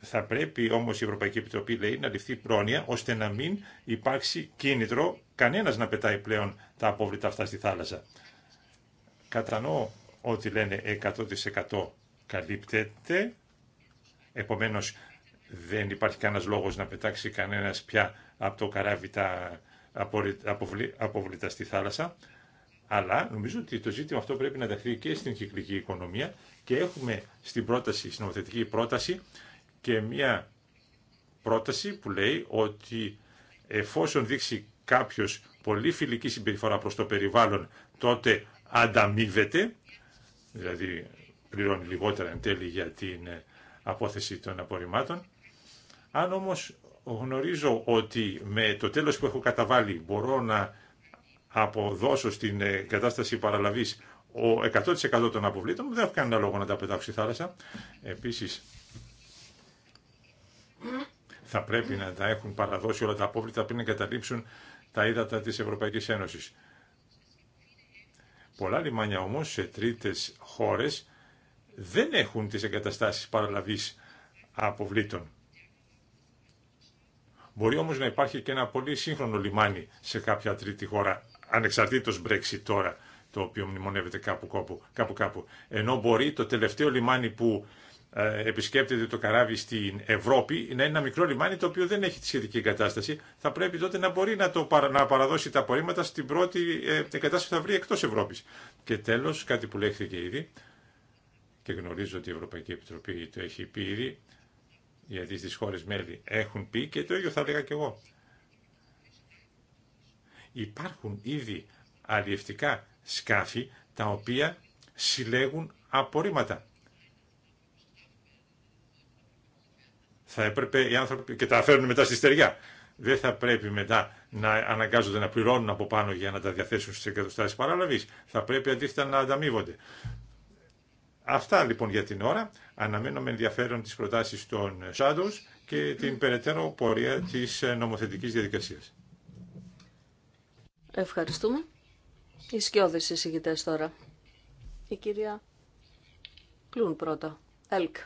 Θα πρέπει όμως η Ευρωπαϊκή Επιτροπή λέει να ληφθεί πρόνοια ώστε να μην υπάρξει κίνητρο κανένας να πετάει πλέον τα απόβλητα αυτά στη θάλασσα. Κατανοώ ότι λένε 100% καλύπτεται, επομένως δεν υπάρχει κανένας λόγος να πετάξει κανένας πια από το καράβι τα απόβλητα στη θάλασσα, αλλά νομίζω ότι το ζήτημα αυτό πρέπει να ενταχθεί και στην κυκλική οικονομία και έχουμε στην πρόταση, στην νομοθετική πρόταση και μια πρόταση που λέει ότι εφόσον δείξει Κάποιο πολύ φιλική συμπεριφορά προς το περιβάλλον, τότε ανταμείβεται, δηλαδή πληρώνει λιγότερα εν τέλει για την ε, απόθεση των απορριμμάτων. Αν όμως γνωρίζω ότι με το τέλος που έχω καταβάλει μπορώ να αποδώσω στην ε, κατάσταση παραλαβής ο 100% των αποβλήτων δεν έχω κανένα λόγο να τα πετάξω στη θάλασσα. Επίσης, θα πρέπει να τα έχουν παραδώσει όλα τα απόβλητα πριν εγκαταλείψουν τα ύδατα της Ευρωπαϊκής Ένωσης. Πολλά λιμάνια όμως σε τρίτες χώρες δεν έχουν τις εγκαταστάσεις παραλαβής αποβλήτων. Μπορεί όμως να υπάρχει και ένα πολύ σύγχρονο λιμάνι σε κάποια τρίτη χώρα, ανεξαρτήτως Brexit τώρα, το οποίο μνημονεύεται κάπου κάπου, κάπου, κάπου. Ενώ μπορεί το τελευταίο λιμάνι που ε, επισκέπτεται το καράβι στην Ευρώπη, να είναι ένα μικρό λιμάνι το οποίο δεν έχει τη σχετική κατάσταση, θα πρέπει τότε να μπορεί να, παραδώσει τα απορρίμματα στην πρώτη ε, κατάσταση που θα βρει εκτό Ευρώπη. Και τέλο, κάτι που λέχθηκε ήδη και γνωρίζω ότι η Ευρωπαϊκή Επιτροπή το έχει πει ήδη, γιατί στι χώρε μέλη έχουν πει και το ίδιο θα έλεγα και εγώ. Υπάρχουν ήδη αλλιευτικά σκάφη τα οποία συλλέγουν απορρίμματα θα έπρεπε οι άνθρωποι και τα φέρνουν μετά στη στεριά. Δεν θα πρέπει μετά να αναγκάζονται να πληρώνουν από πάνω για να τα διαθέσουν στι εγκαταστάσει παραλαβή. Θα πρέπει αντίθετα να ανταμείβονται. Αυτά λοιπόν για την ώρα. Αναμένω με ενδιαφέρον τι προτάσει των Shadows και την περαιτέρω πορεία τη νομοθετική διαδικασία. Ευχαριστούμε. Οι εισηγητές τώρα. Η κυρία Κλούν πρώτα. Ελκ.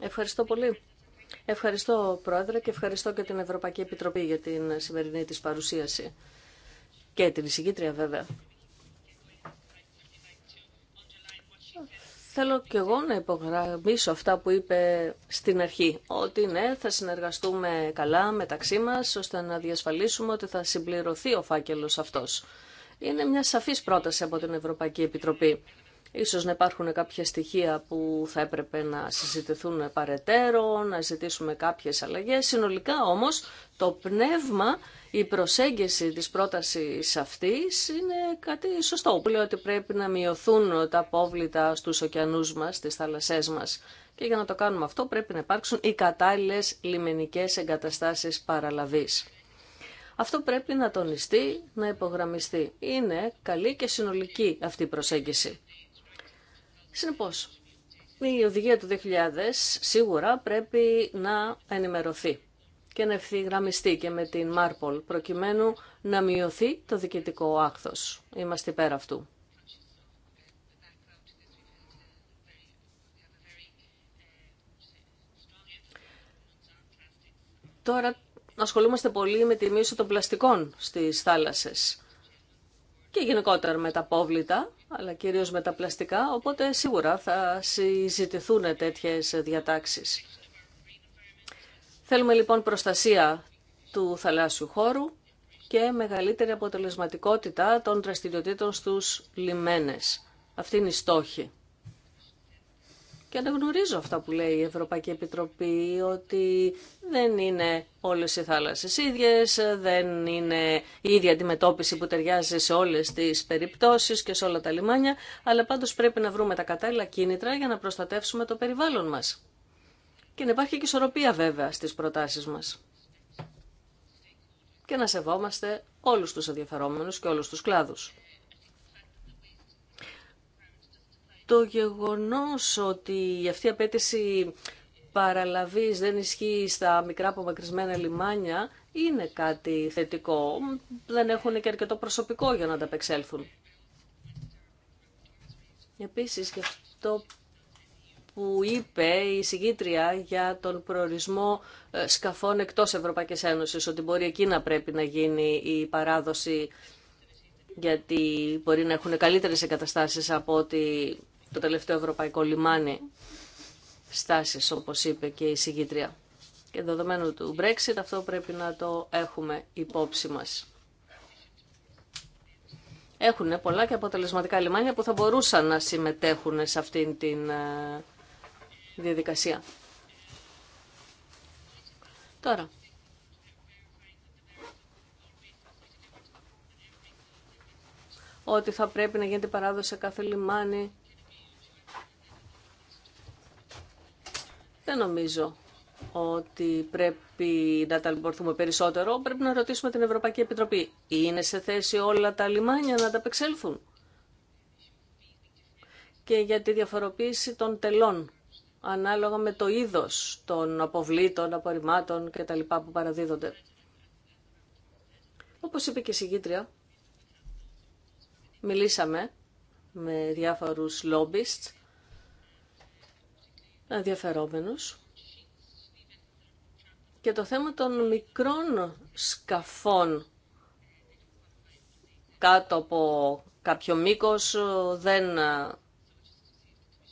Ευχαριστώ πολύ. Ευχαριστώ Πρόεδρε και ευχαριστώ και την Ευρωπαϊκή Επιτροπή για την σημερινή της παρουσίαση και την εισηγήτρια βέβαια. Θέλω και εγώ να υπογραμμίσω αυτά που είπε στην αρχή, ότι ναι, θα συνεργαστούμε καλά μεταξύ μας, ώστε να διασφαλίσουμε ότι θα συμπληρωθεί ο φάκελος αυτός. Είναι μια σαφής πρόταση από την Ευρωπαϊκή Επιτροπή Ίσως να υπάρχουν κάποια στοιχεία που θα έπρεπε να συζητηθούν παρετέρω, να ζητήσουμε κάποιες αλλαγές. Συνολικά όμως το πνεύμα, η προσέγγιση της πρότασης αυτής είναι κάτι σωστό. Που λέω ότι πρέπει να μειωθούν τα απόβλητα στους ωκεανούς μας, στις θάλασσές μας. Και για να το κάνουμε αυτό πρέπει να υπάρξουν οι κατάλληλες λιμενικές εγκαταστάσεις παραλαβής. Αυτό πρέπει να τονιστεί, να υπογραμμιστεί. Είναι καλή και συνολική αυτή η προσέγγιση. Συνεπώς, η οδηγία του 2000 σίγουρα πρέπει να ενημερωθεί και να ευθυγραμμιστεί και με την Μάρπολ, προκειμένου να μειωθεί το διοικητικό άκθος. Είμαστε υπέρ αυτού. Τώρα ασχολούμαστε πολύ με τη μείωση των πλαστικών στις θάλασσες και γενικότερα με τα πόβλητα, αλλά κυρίως με τα πλαστικά, οπότε σίγουρα θα συζητηθούν τέτοιες διατάξεις. Θέλουμε λοιπόν προστασία του θαλάσσιου χώρου και μεγαλύτερη αποτελεσματικότητα των δραστηριοτήτων στους λιμένες. Αυτή είναι η στόχη και αναγνωρίζω αυτά που λέει η Ευρωπαϊκή Επιτροπή ότι δεν είναι όλες οι θάλασσες ίδιες, δεν είναι η ίδια αντιμετώπιση που ταιριάζει σε όλες τις περιπτώσεις και σε όλα τα λιμάνια, αλλά πάντως πρέπει να βρούμε τα κατάλληλα κίνητρα για να προστατεύσουμε το περιβάλλον μας. Και να υπάρχει και ισορροπία βέβαια στις προτάσεις μας. Και να σεβόμαστε όλους τους ενδιαφερόμενους και όλους τους κλάδους. Το γεγονός ότι αυτή η απέτηση παραλαβής δεν ισχύει στα μικρά απομακρυσμένα λιμάνια είναι κάτι θετικό. Δεν έχουν και αρκετό προσωπικό για να τα ανταπεξέλθουν. Επίσης, γι' αυτό που είπε η συγκήτρια για τον προορισμό ε, σκαφών εκτός Ευρωπαϊκής Ένωσης, ότι μπορεί εκεί να πρέπει να γίνει η παράδοση, γιατί μπορεί να έχουν καλύτερες εγκαταστάσεις από ότι το τελευταίο ευρωπαϊκό λιμάνι στάσεις, όπως είπε και η συγκήτρια. Και δεδομένου του Brexit αυτό πρέπει να το έχουμε υπόψη μας. Έχουν πολλά και αποτελεσματικά λιμάνια που θα μπορούσαν να συμμετέχουν σε αυτήν την ε, διαδικασία. Τώρα, ότι θα πρέπει να γίνεται παράδοση σε κάθε λιμάνι Δεν νομίζω ότι πρέπει να ταλαιπωρηθούμε περισσότερο. Πρέπει να ρωτήσουμε την Ευρωπαϊκή Επιτροπή. Είναι σε θέση όλα τα λιμάνια να ανταπεξέλθουν. Και για τη διαφοροποίηση των τελών ανάλογα με το είδος των αποβλήτων, απορριμμάτων και τα λοιπά που παραδίδονται. Όπως είπε και η συγκήτρια, μιλήσαμε με διάφορους λόμπιστς ενδιαφερόμενους και το θέμα των μικρών σκαφών κάτω από κάποιο μήκος δεν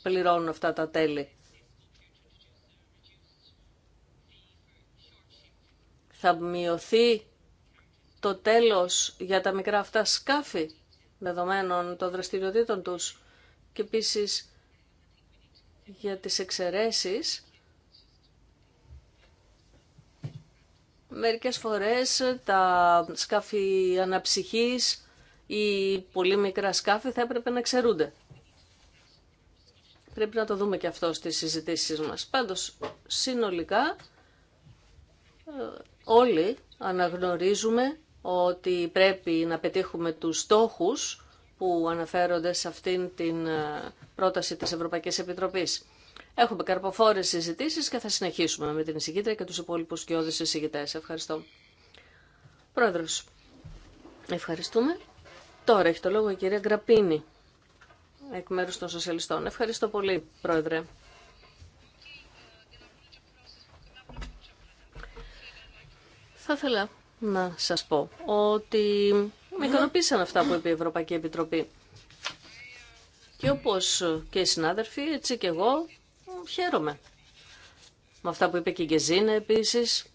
πληρώνουν αυτά τα τέλη. Θα μειωθεί το τέλος για τα μικρά αυτά σκάφη δεδομένων των δραστηριοτήτων τους και επίσης για τις εξαιρέσεις μερικές φορές τα σκάφη αναψυχής ή πολύ μικρά σκάφη θα έπρεπε να ξερούνται. Πρέπει να το δούμε και αυτό στις συζητήσεις μας. Πάντως, συνολικά, ε, όλοι αναγνωρίζουμε ότι πρέπει να πετύχουμε τους στόχους που αναφέρονται σε αυτήν την ε, πρόταση της Ευρωπαϊκής Επιτροπής. Έχουμε καρποφόρες συζητήσεις και θα συνεχίσουμε με την εισηγήτρια και τους υπόλοιπους όδες εισηγητές. Ευχαριστώ. Πρόεδρος, ευχαριστούμε. Τώρα έχει το λόγο η κυρία Γκραπίνη, εκ μέρους των Σοσιαλιστών. Ευχαριστώ πολύ, Πρόεδρε. Θα ήθελα να σας πω ότι με ικανοποίησαν αυτά που είπε η Ευρωπαϊκή Επιτροπή. Και όπως και οι συνάδελφοι, έτσι και εγώ χαίρομαι. Με αυτά που είπε και η Γκεζίνε επίσης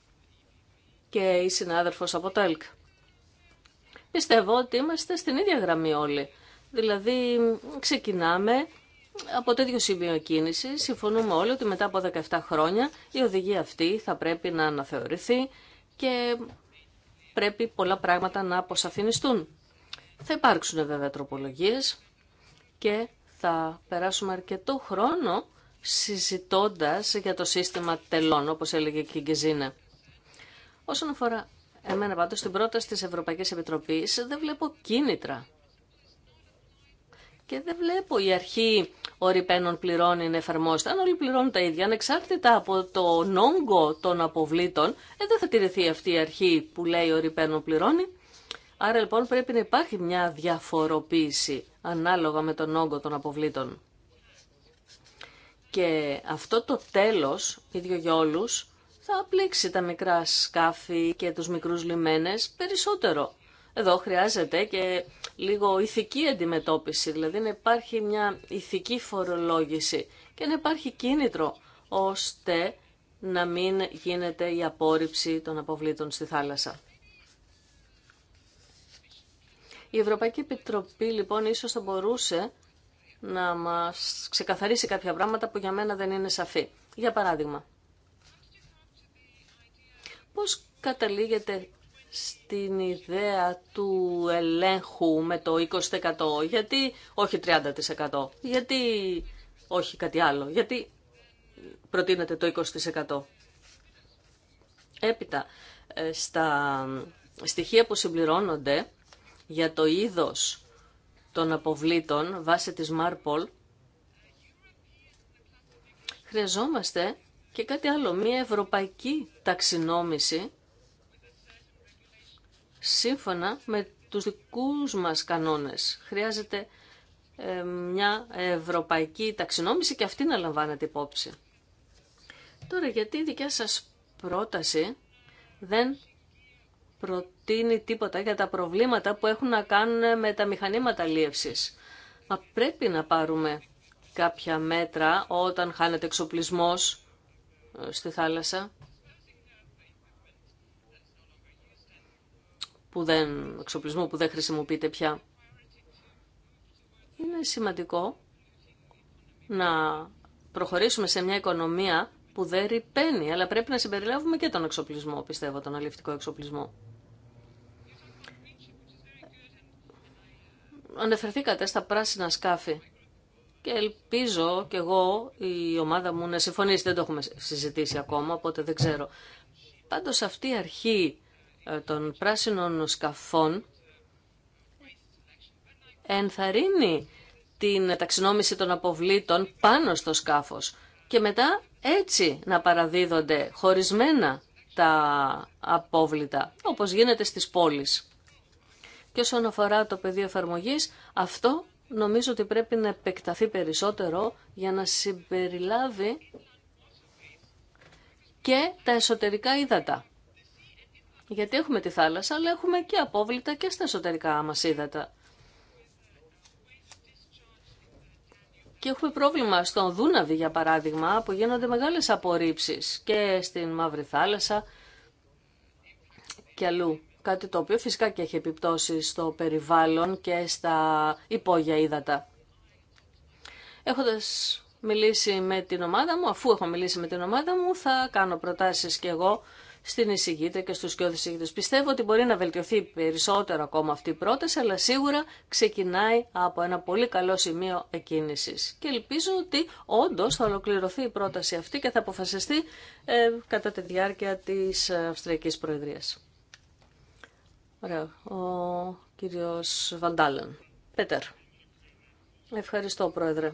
και η συνάδελφος από το ΕΛΚ. Πιστεύω ότι είμαστε στην ίδια γραμμή όλοι. Δηλαδή ξεκινάμε από τέτοιο σημείο κίνηση. Συμφωνούμε όλοι ότι μετά από 17 χρόνια η οδηγία αυτή θα πρέπει να αναθεωρηθεί και πρέπει πολλά πράγματα να αποσαφινιστούν. Θα υπάρξουν βέβαια τροπολογίες και θα περάσουμε αρκετό χρόνο συζητώντας για το σύστημα τελών, όπως έλεγε και η Γκεζίνε. Όσον αφορά εμένα πάντως την πρόταση της Ευρωπαϊκής Επιτροπής, δεν βλέπω κίνητρα και δεν βλέπω η αρχή ορυπαίνων πληρώνει είναι εφαρμόστε. Αν όλοι πληρώνουν τα ίδια, ανεξάρτητα από τον όγκο των αποβλήτων, ε, δεν θα τηρηθεί αυτή η αρχή που λέει ορυπαίνων πληρώνει. Άρα λοιπόν πρέπει να υπάρχει μια διαφοροποίηση ανάλογα με τον όγκο των αποβλήτων. Και αυτό το τέλος, ίδιο για όλους, θα πλήξει τα μικρά σκάφη και τους μικρούς λιμένες περισσότερο. Εδώ χρειάζεται και λίγο ηθική αντιμετώπιση, δηλαδή να υπάρχει μια ηθική φορολόγηση και να υπάρχει κίνητρο ώστε να μην γίνεται η απόρριψη των αποβλήτων στη θάλασσα. Η Ευρωπαϊκή Επιτροπή λοιπόν ίσως θα μπορούσε να μας ξεκαθαρίσει κάποια πράγματα που για μένα δεν είναι σαφή. Για παράδειγμα, πώς καταλήγεται στην ιδέα του ελέγχου με το 20% γιατί όχι 30% γιατί όχι κάτι άλλο γιατί προτείνεται το 20% έπειτα ε, στα στοιχεία που συμπληρώνονται για το είδος των αποβλήτων βάσει της Μάρπολ χρειαζόμαστε και κάτι άλλο, μια ευρωπαϊκή ταξινόμηση σύμφωνα με τους δικούς μας κανόνες. Χρειάζεται ε, μια ευρωπαϊκή ταξινόμηση και αυτή να λαμβάνεται υπόψη. Τώρα γιατί η δικιά σας πρόταση δεν προτείνει τίποτα για τα προβλήματα που έχουν να κάνουν με τα μηχανήματα λίευσης. Μα πρέπει να πάρουμε κάποια μέτρα όταν χάνεται εξοπλισμός ε, στη θάλασσα. που δεν, εξοπλισμό που δεν χρησιμοποιείται πια. Είναι σημαντικό να προχωρήσουμε σε μια οικονομία που δεν ρηπαίνει, αλλά πρέπει να συμπεριλάβουμε και τον εξοπλισμό, πιστεύω, τον αληφτικό εξοπλισμό. Ανεφερθήκατε στα πράσινα σκάφη και ελπίζω και εγώ η ομάδα μου να συμφωνήσει. Δεν το έχουμε συζητήσει ακόμα, οπότε δεν ξέρω. Πάντως αυτή η αρχή ε, των πράσινων σκαφών ενθαρρύνει την ταξινόμηση των αποβλήτων πάνω στο σκάφος και μετά έτσι να παραδίδονται χωρισμένα τα απόβλητα, όπως γίνεται στις πόλεις. Και όσον αφορά το πεδίο εφαρμογή, αυτό νομίζω ότι πρέπει να επεκταθεί περισσότερο για να συμπεριλάβει και τα εσωτερικά ύδατα. Γιατί έχουμε τη θάλασσα, αλλά έχουμε και απόβλητα και στα εσωτερικά μας ύδατα. Και έχουμε πρόβλημα στον Δούναβη, για παράδειγμα, που γίνονται μεγάλες απορρίψεις και στην Μαύρη Θάλασσα και αλλού. Κάτι το οποίο φυσικά και έχει επιπτώσει... στο περιβάλλον και στα υπόγεια ύδατα. Έχοντας μιλήσει με την ομάδα μου, αφού έχω μιλήσει με την ομάδα μου, θα κάνω προτάσεις και εγώ στην εισηγήτρια και στους κοιόδης εισηγήτες. Πιστεύω ότι μπορεί να βελτιωθεί περισσότερο ακόμα αυτή η πρόταση, αλλά σίγουρα ξεκινάει από ένα πολύ καλό σημείο εκκίνησης. Και ελπίζω ότι όντως θα ολοκληρωθεί η πρόταση αυτή και θα αποφασιστεί ε, κατά τη διάρκεια της Αυστριακής Προεδρίας. Ωραία. Ο κύριος Βαντάλεν. Πέτερ. Ευχαριστώ, Πρόεδρε.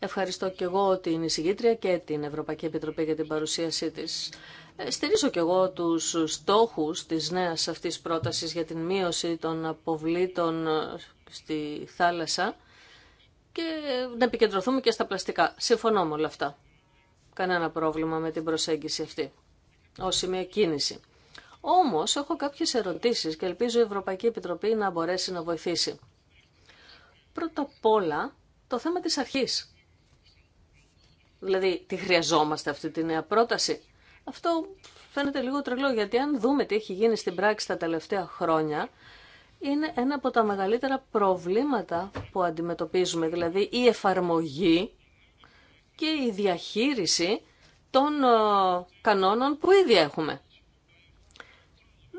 Ευχαριστώ και εγώ την εισηγήτρια και την Ευρωπαϊκή Επιτροπή για την παρουσίασή της. Ε, στηρίζω και εγώ τους στόχους της νέας αυτής πρότασης για την μείωση των αποβλήτων ε, στη θάλασσα και να επικεντρωθούμε και στα πλαστικά. Συμφωνώ με όλα αυτά. Κανένα πρόβλημα με την προσέγγιση αυτή ως σημεία κίνηση. Όμως έχω κάποιες ερωτήσεις και ελπίζω η Ευρωπαϊκή Επιτροπή να μπορέσει να βοηθήσει. Πρώτα απ' όλα το θέμα της αρχής. Δηλαδή, τι χρειαζόμαστε αυτή τη νέα πρόταση. Αυτό φαίνεται λίγο τρελό, γιατί αν δούμε τι έχει γίνει στην πράξη τα τελευταία χρόνια, είναι ένα από τα μεγαλύτερα προβλήματα που αντιμετωπίζουμε, δηλαδή η εφαρμογή και η διαχείριση των ε, κανόνων που ήδη έχουμε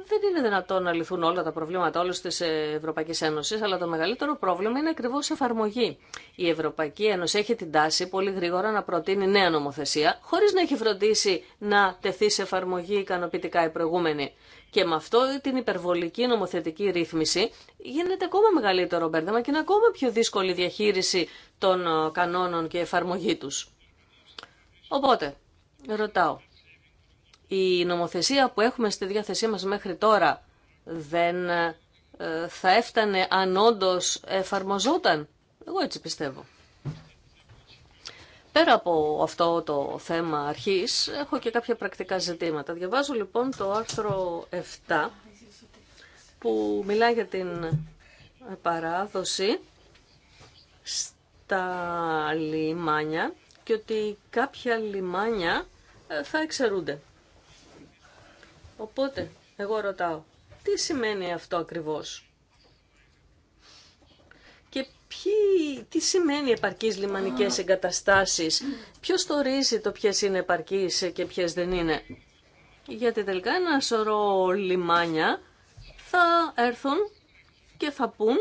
δεν είναι δυνατόν να λυθούν όλα τα προβλήματα όλε τη ε, Ευρωπαϊκή Ένωση, αλλά το μεγαλύτερο πρόβλημα είναι ακριβώ η εφαρμογή. Η Ευρωπαϊκή Ένωση έχει την τάση πολύ γρήγορα να προτείνει νέα νομοθεσία, χωρί να έχει φροντίσει να τεθεί σε εφαρμογή ικανοποιητικά η προηγούμενη. Και με αυτό την υπερβολική νομοθετική ρύθμιση γίνεται ακόμα μεγαλύτερο μπέρδεμα και είναι ακόμα πιο δύσκολη διαχείριση των ε, κανόνων και εφαρμογή του. Οπότε, ρωτάω, η νομοθεσία που έχουμε στη διάθεσή μας μέχρι τώρα δεν ε, θα έφτανε αν όντω εφαρμοζόταν. Εγώ έτσι πιστεύω. Πέρα από αυτό το θέμα αρχής, έχω και κάποια πρακτικά ζητήματα. Διαβάζω λοιπόν το άρθρο 7 που μιλάει για την παράδοση στα λιμάνια και ότι κάποια λιμάνια ε, θα εξαιρούνται. Οπότε, εγώ ρωτάω, τι σημαίνει αυτό ακριβώς. Και τι σημαίνει επαρκείς λιμανικές εγκαταστάσεις. Ποιος το ρίζει το ποιες είναι επαρκείς και ποιες δεν είναι. Γιατί τελικά ένα σωρό λιμάνια θα έρθουν και θα πούν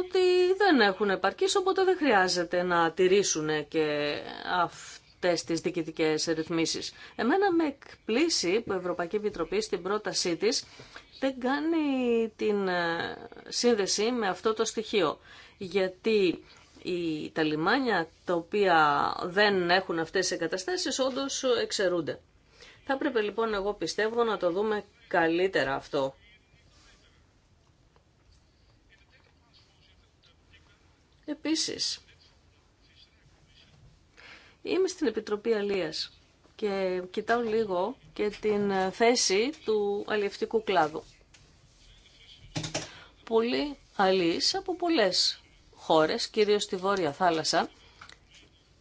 ότι δεν έχουν επαρκείς, οπότε δεν χρειάζεται να τηρήσουν και αυτό αυτές τις διοικητικές Εμένα με εκπλήσει που η Ευρωπαϊκή Επιτροπή στην πρότασή τη δεν κάνει την ε, σύνδεση με αυτό το στοιχείο. Γιατί οι, τα λιμάνια τα οποία δεν έχουν αυτές τις εγκαταστάσεις όντως εξαιρούνται. Θα έπρεπε λοιπόν εγώ πιστεύω να το δούμε καλύτερα αυτό. Επίσης, Είμαι στην Επιτροπή Αλίας και κοιτάω λίγο και την ε, θέση του αλλιευτικού κλάδου. πολύ αλείς από πολλές χώρες, κυρίως στη Βόρεια Θάλασσα,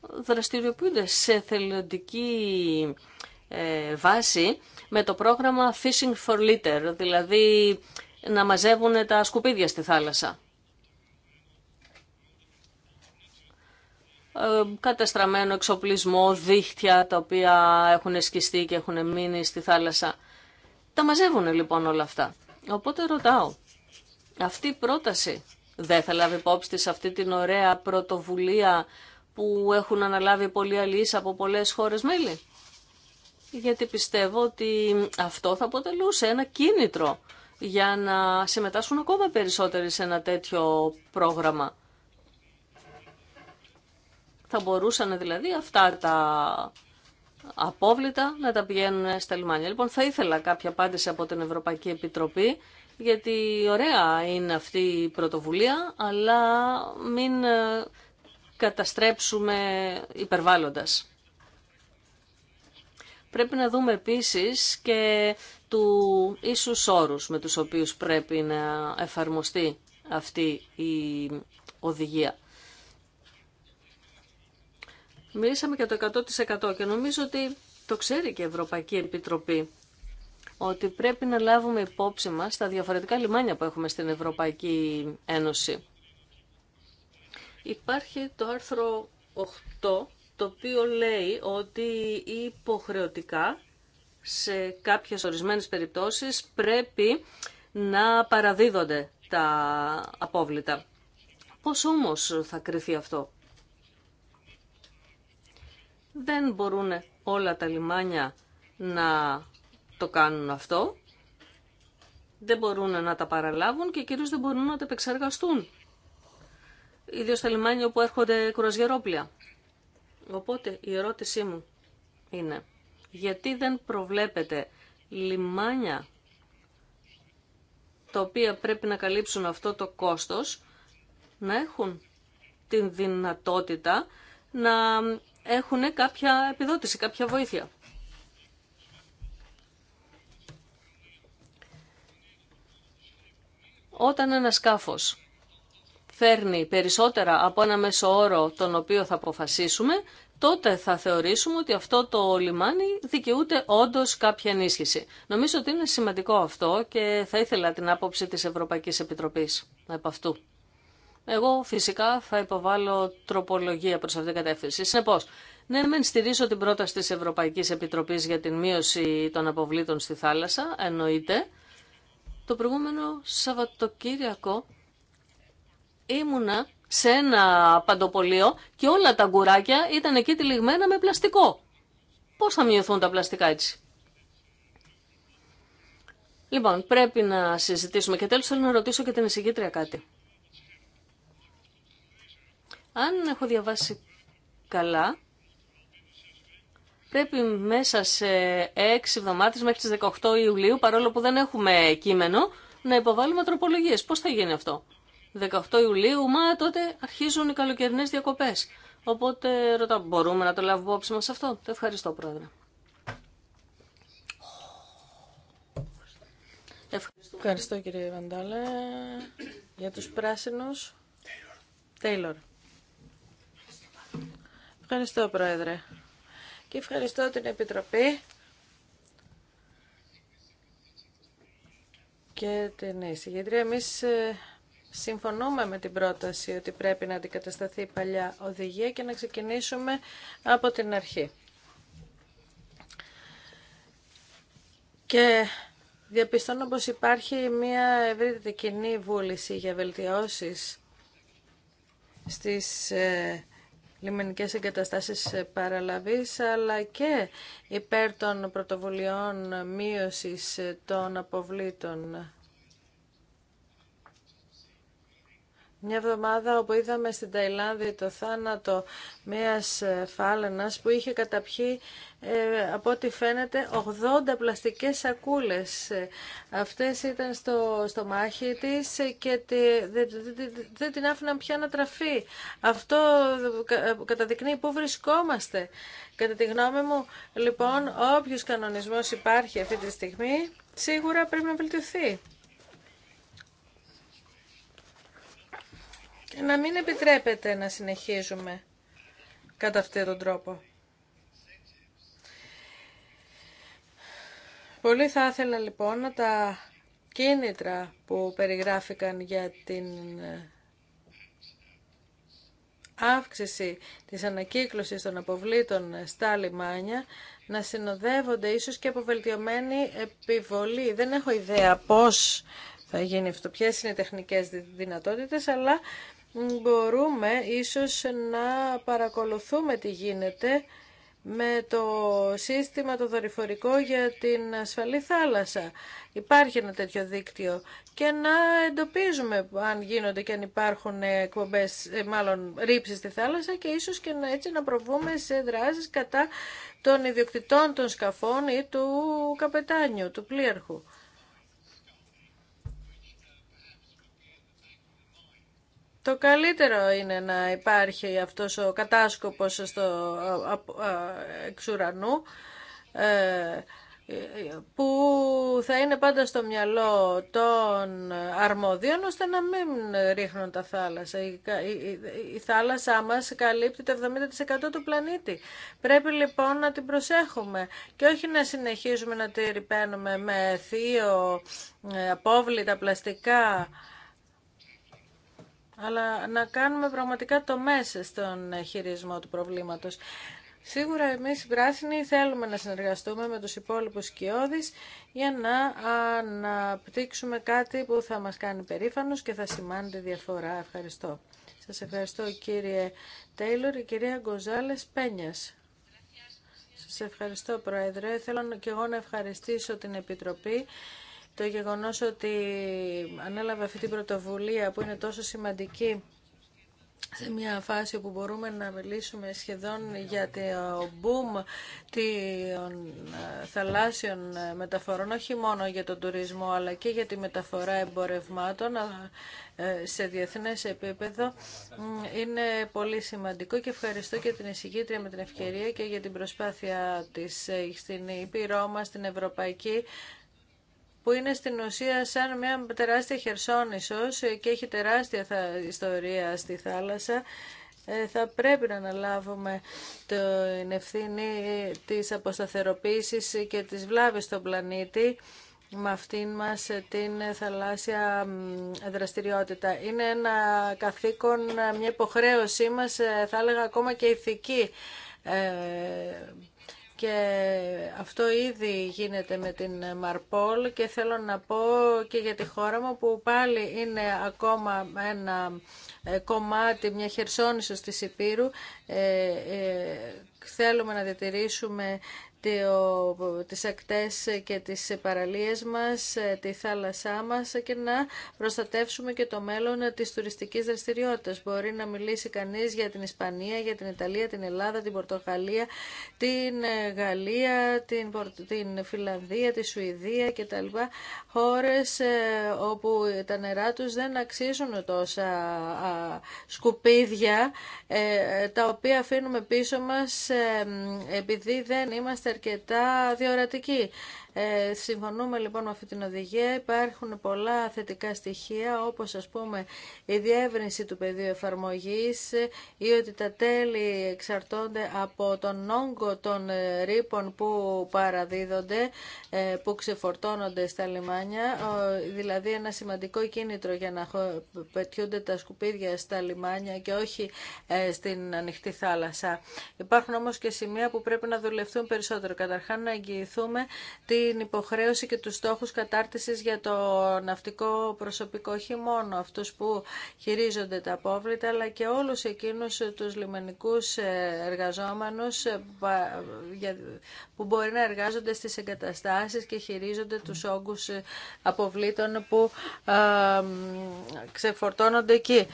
δραστηριοποιούνται σε θελοντική ε, βάση με το πρόγραμμα Fishing for Litter, δηλαδή να μαζεύουν τα σκουπίδια στη θάλασσα. Ε, κατεστραμμένο εξοπλισμό, δίχτυα τα οποία έχουν σκιστεί και έχουν μείνει στη θάλασσα. Τα μαζεύουν λοιπόν όλα αυτά. Οπότε ρωτάω, αυτή η πρόταση δεν θα λάβει υπόψη της αυτή την ωραία πρωτοβουλία που έχουν αναλάβει πολλοί αλληλείς από πολλές χώρες μέλη. Γιατί πιστεύω ότι αυτό θα αποτελούσε ένα κίνητρο για να συμμετάσχουν ακόμα περισσότεροι σε ένα τέτοιο πρόγραμμα. Θα μπορούσαν δηλαδή αυτά τα απόβλητα να τα πηγαίνουν στα λιμάνια. Λοιπόν, θα ήθελα κάποια απάντηση από την Ευρωπαϊκή Επιτροπή, γιατί ωραία είναι αυτή η πρωτοβουλία, αλλά μην ε, καταστρέψουμε υπερβάλλοντας. Πρέπει να δούμε επίσης και του ίσους όρους με τους οποίους πρέπει να εφαρμοστεί αυτή η οδηγία. Μιλήσαμε για το 100% και νομίζω ότι το ξέρει και η Ευρωπαϊκή Επιτροπή ότι πρέπει να λάβουμε υπόψη μας τα διαφορετικά λιμάνια που έχουμε στην Ευρωπαϊκή Ένωση. Υπάρχει το άρθρο 8, το οποίο λέει ότι υποχρεωτικά σε κάποιες ορισμένες περιπτώσεις πρέπει να παραδίδονται τα απόβλητα. Πώς όμως θα κρυθεί αυτό. Δεν μπορούν όλα τα λιμάνια να το κάνουν αυτό. Δεν μπορούν να τα παραλάβουν και κυρίως δεν μπορούν να τα επεξεργαστούν. Ιδίως τα λιμάνια όπου έρχονται κρουαζιερόπλια. Οπότε η ερώτησή μου είναι γιατί δεν προβλέπετε λιμάνια τα οποία πρέπει να καλύψουν αυτό το κόστος να έχουν την δυνατότητα να έχουν κάποια επιδότηση, κάποια βοήθεια. Όταν ένα σκάφος φέρνει περισσότερα από ένα μέσο όρο τον οποίο θα αποφασίσουμε, τότε θα θεωρήσουμε ότι αυτό το λιμάνι δικαιούται όντως κάποια ενίσχυση. Νομίζω ότι είναι σημαντικό αυτό και θα ήθελα την άποψη της Ευρωπαϊκής Επιτροπής από αυτού. Εγώ φυσικά θα υποβάλω τροπολογία προς αυτήν την κατεύθυνση. Συνεπώς, ναι, μεν στηρίζω την πρόταση της Ευρωπαϊκής Επιτροπής για την μείωση των αποβλήτων στη θάλασσα, εννοείται. Το προηγούμενο Σαββατοκύριακο ήμουνα σε ένα παντοπολείο και όλα τα γκουράκια ήταν εκεί τυλιγμένα με πλαστικό. Πώς θα μειωθούν τα πλαστικά έτσι. Λοιπόν, πρέπει να συζητήσουμε και τέλος θέλω να ρωτήσω και την εισηγήτρια κάτι. Αν έχω διαβάσει καλά, πρέπει μέσα σε 6 εβδομάδες μέχρι τις 18 Ιουλίου, παρόλο που δεν έχουμε κείμενο, να υποβάλουμε τροπολογίες. Πώς θα γίνει αυτό. 18 Ιουλίου, μα τότε αρχίζουν οι καλοκαιρινές διακοπές. Οπότε ρωτάω, μπορούμε να το λάβουμε όψη μας αυτό. ευχαριστώ, Πρόεδρε. Ευχαριστώ, Ευχαριστώ κύριε Βαντάλε. Για τους πράσινους, Τέιλορ. Ευχαριστώ, Πρόεδρε. Και ευχαριστώ την Επιτροπή και την εισηγήτρια. Εμείς ε, συμφωνούμε με την πρόταση ότι πρέπει να αντικατασταθεί η παλιά οδηγία και να ξεκινήσουμε από την αρχή. Και διαπιστώνω πως υπάρχει μια ευρύτερη κοινή βούληση για βελτιώσεις στις ε, λιμενικές εγκαταστάσεις παραλαβής, αλλά και υπέρ των πρωτοβουλειών μείωσης των αποβλήτων. Μια εβδομάδα όπου είδαμε στην Ταϊλάνδη το θάνατο μιας ε, φάλαινας που είχε καταπιεί ε, από ό,τι φαίνεται 80 πλαστικές σακούλες. Ε, αυτές ήταν στο, στο μάχη της και τη, δεν την άφηναν πια να τραφεί. Αυτό καταδεικνύει πού βρισκόμαστε. Κατά τη γνώμη μου, λοιπόν, όποιος κανονισμός υπάρχει αυτή τη στιγμή, σίγουρα πρέπει να βελτιωθεί. να μην επιτρέπεται να συνεχίζουμε κατά αυτόν τον τρόπο. Πολύ θα ήθελα λοιπόν να τα κίνητρα που περιγράφηκαν για την ε, αύξηση της ανακύκλωσης των αποβλήτων στα λιμάνια να συνοδεύονται ίσως και από βελτιωμένη επιβολή. Δεν έχω ιδέα πώς θα γίνει αυτό, ποιες είναι οι τεχνικές δυνατότητες, αλλά μπορούμε ίσως να παρακολουθούμε τι γίνεται με το σύστημα το δορυφορικό για την ασφαλή θάλασσα. Υπάρχει ένα τέτοιο δίκτυο και να εντοπίζουμε αν γίνονται και αν υπάρχουν εκπομπές, ε, μάλλον ρήψεις στη θάλασσα και ίσως και να, έτσι να προβούμε σε δράσεις κατά των ιδιοκτητών των σκαφών ή του καπετάνιου, του πλοίαρχου. Το καλύτερο είναι να υπάρχει αυτός ο κατάσκοπος στο εξ ουρανού, ε, που θα είναι πάντα στο μυαλό των αρμόδιων ώστε να μην ρίχνουν τα θάλασσα. Η, η θάλασσά μας καλύπτει το 70% του πλανήτη. Πρέπει λοιπόν να την προσέχουμε και όχι να συνεχίζουμε να τη ρηπαίνουμε με θείο, ε, απόβλητα, πλαστικά, αλλά να κάνουμε πραγματικά το μέσα στον χειρισμό του προβλήματος. Σίγουρα εμείς οι πράσινοι θέλουμε να συνεργαστούμε με τους υπόλοιπους σκιώδεις για να αναπτύξουμε κάτι που θα μας κάνει περήφανος και θα σημάνει τη διαφορά. Ευχαριστώ. Σας ευχαριστώ κύριε Τέιλορ Η κυρία Γκοζάλες Πένιας. Σας ευχαριστώ Πρόεδρε. Θέλω και εγώ να ευχαριστήσω την Επιτροπή το γεγονός ότι ανέλαβε αυτή την πρωτοβουλία που είναι τόσο σημαντική σε μια φάση όπου μπορούμε να μιλήσουμε σχεδόν για το boom των θαλάσσιων μεταφορών, όχι μόνο για τον τουρισμό αλλά και για τη μεταφορά εμπορευμάτων ε, σε διεθνές επίπεδο είναι πολύ σημαντικό και ευχαριστώ και την εισηγήτρια με την ευκαιρία και για την προσπάθεια της ε, στην Ήπειρό στην Ευρωπαϊκή που είναι στην ουσία σαν μια τεράστια χερσόνησος και έχει τεράστια ιστορία στη θάλασσα ε, θα πρέπει να αναλάβουμε την ευθύνη της αποσταθεροποίησης και της βλάβης στον πλανήτη με αυτήν μας την θαλάσσια δραστηριότητα. Είναι ένα καθήκον, μια υποχρέωσή μας, ε, θα έλεγα ακόμα και ηθική ε, και αυτό ήδη γίνεται με την Μαρπόλ και θέλω να πω και για τη χώρα μου που πάλι είναι ακόμα ένα ε, κομμάτι, μια χερσόνησος της Επίρου ε, ε, θέλουμε να διατηρήσουμε τις ακτές και τις παραλίες μας, ε, τη θάλασσά μας και να προστατεύσουμε και το μέλλον της τουριστικής δραστηριότητας. Μπορεί να μιλήσει κανείς για την Ισπανία, για την Ιταλία, την Ελλάδα, την Πορτογαλία, την ε, Γαλλία, την, την Φιλανδία, τη Σουηδία κτλ. Χώρες ε, όπου τα νερά τους δεν αξίζουν τόσα σκουπίδια τα οποία αφήνουμε πίσω μας επειδή δεν είμαστε αρκετά διορατική. Ε, συμφωνούμε λοιπόν με αυτή την οδηγία. Υπάρχουν πολλά θετικά στοιχεία όπως ας πούμε η διεύρυνση του πεδίου εφαρμογής ή ότι τα τέλη εξαρτώνται από τον όγκο των ε, ρήπων που παραδίδονται, ε, που ξεφορτώνονται στα λιμάνια, δηλαδή ένα σημαντικό κίνητρο για να πετιούνται τα σκουπίδια στα λιμάνια και όχι ε, στην ανοιχτή θάλασσα. Υπάρχουν όμως και σημεία που πρέπει να δουλευτούν περισσότερο. Καταρχάς να την υποχρέωση και τους στόχους κατάρτισης για το ναυτικό προσωπικό, όχι μόνο αυτούς που χειρίζονται τα απόβλητα, αλλά και όλους εκείνους τους λιμενικούς εργαζόμενους ε, που μπορεί να εργάζονται στις εγκαταστάσεις και χειρίζονται τους όγκους αποβλήτων που ε, ξεφορτώνονται εκεί.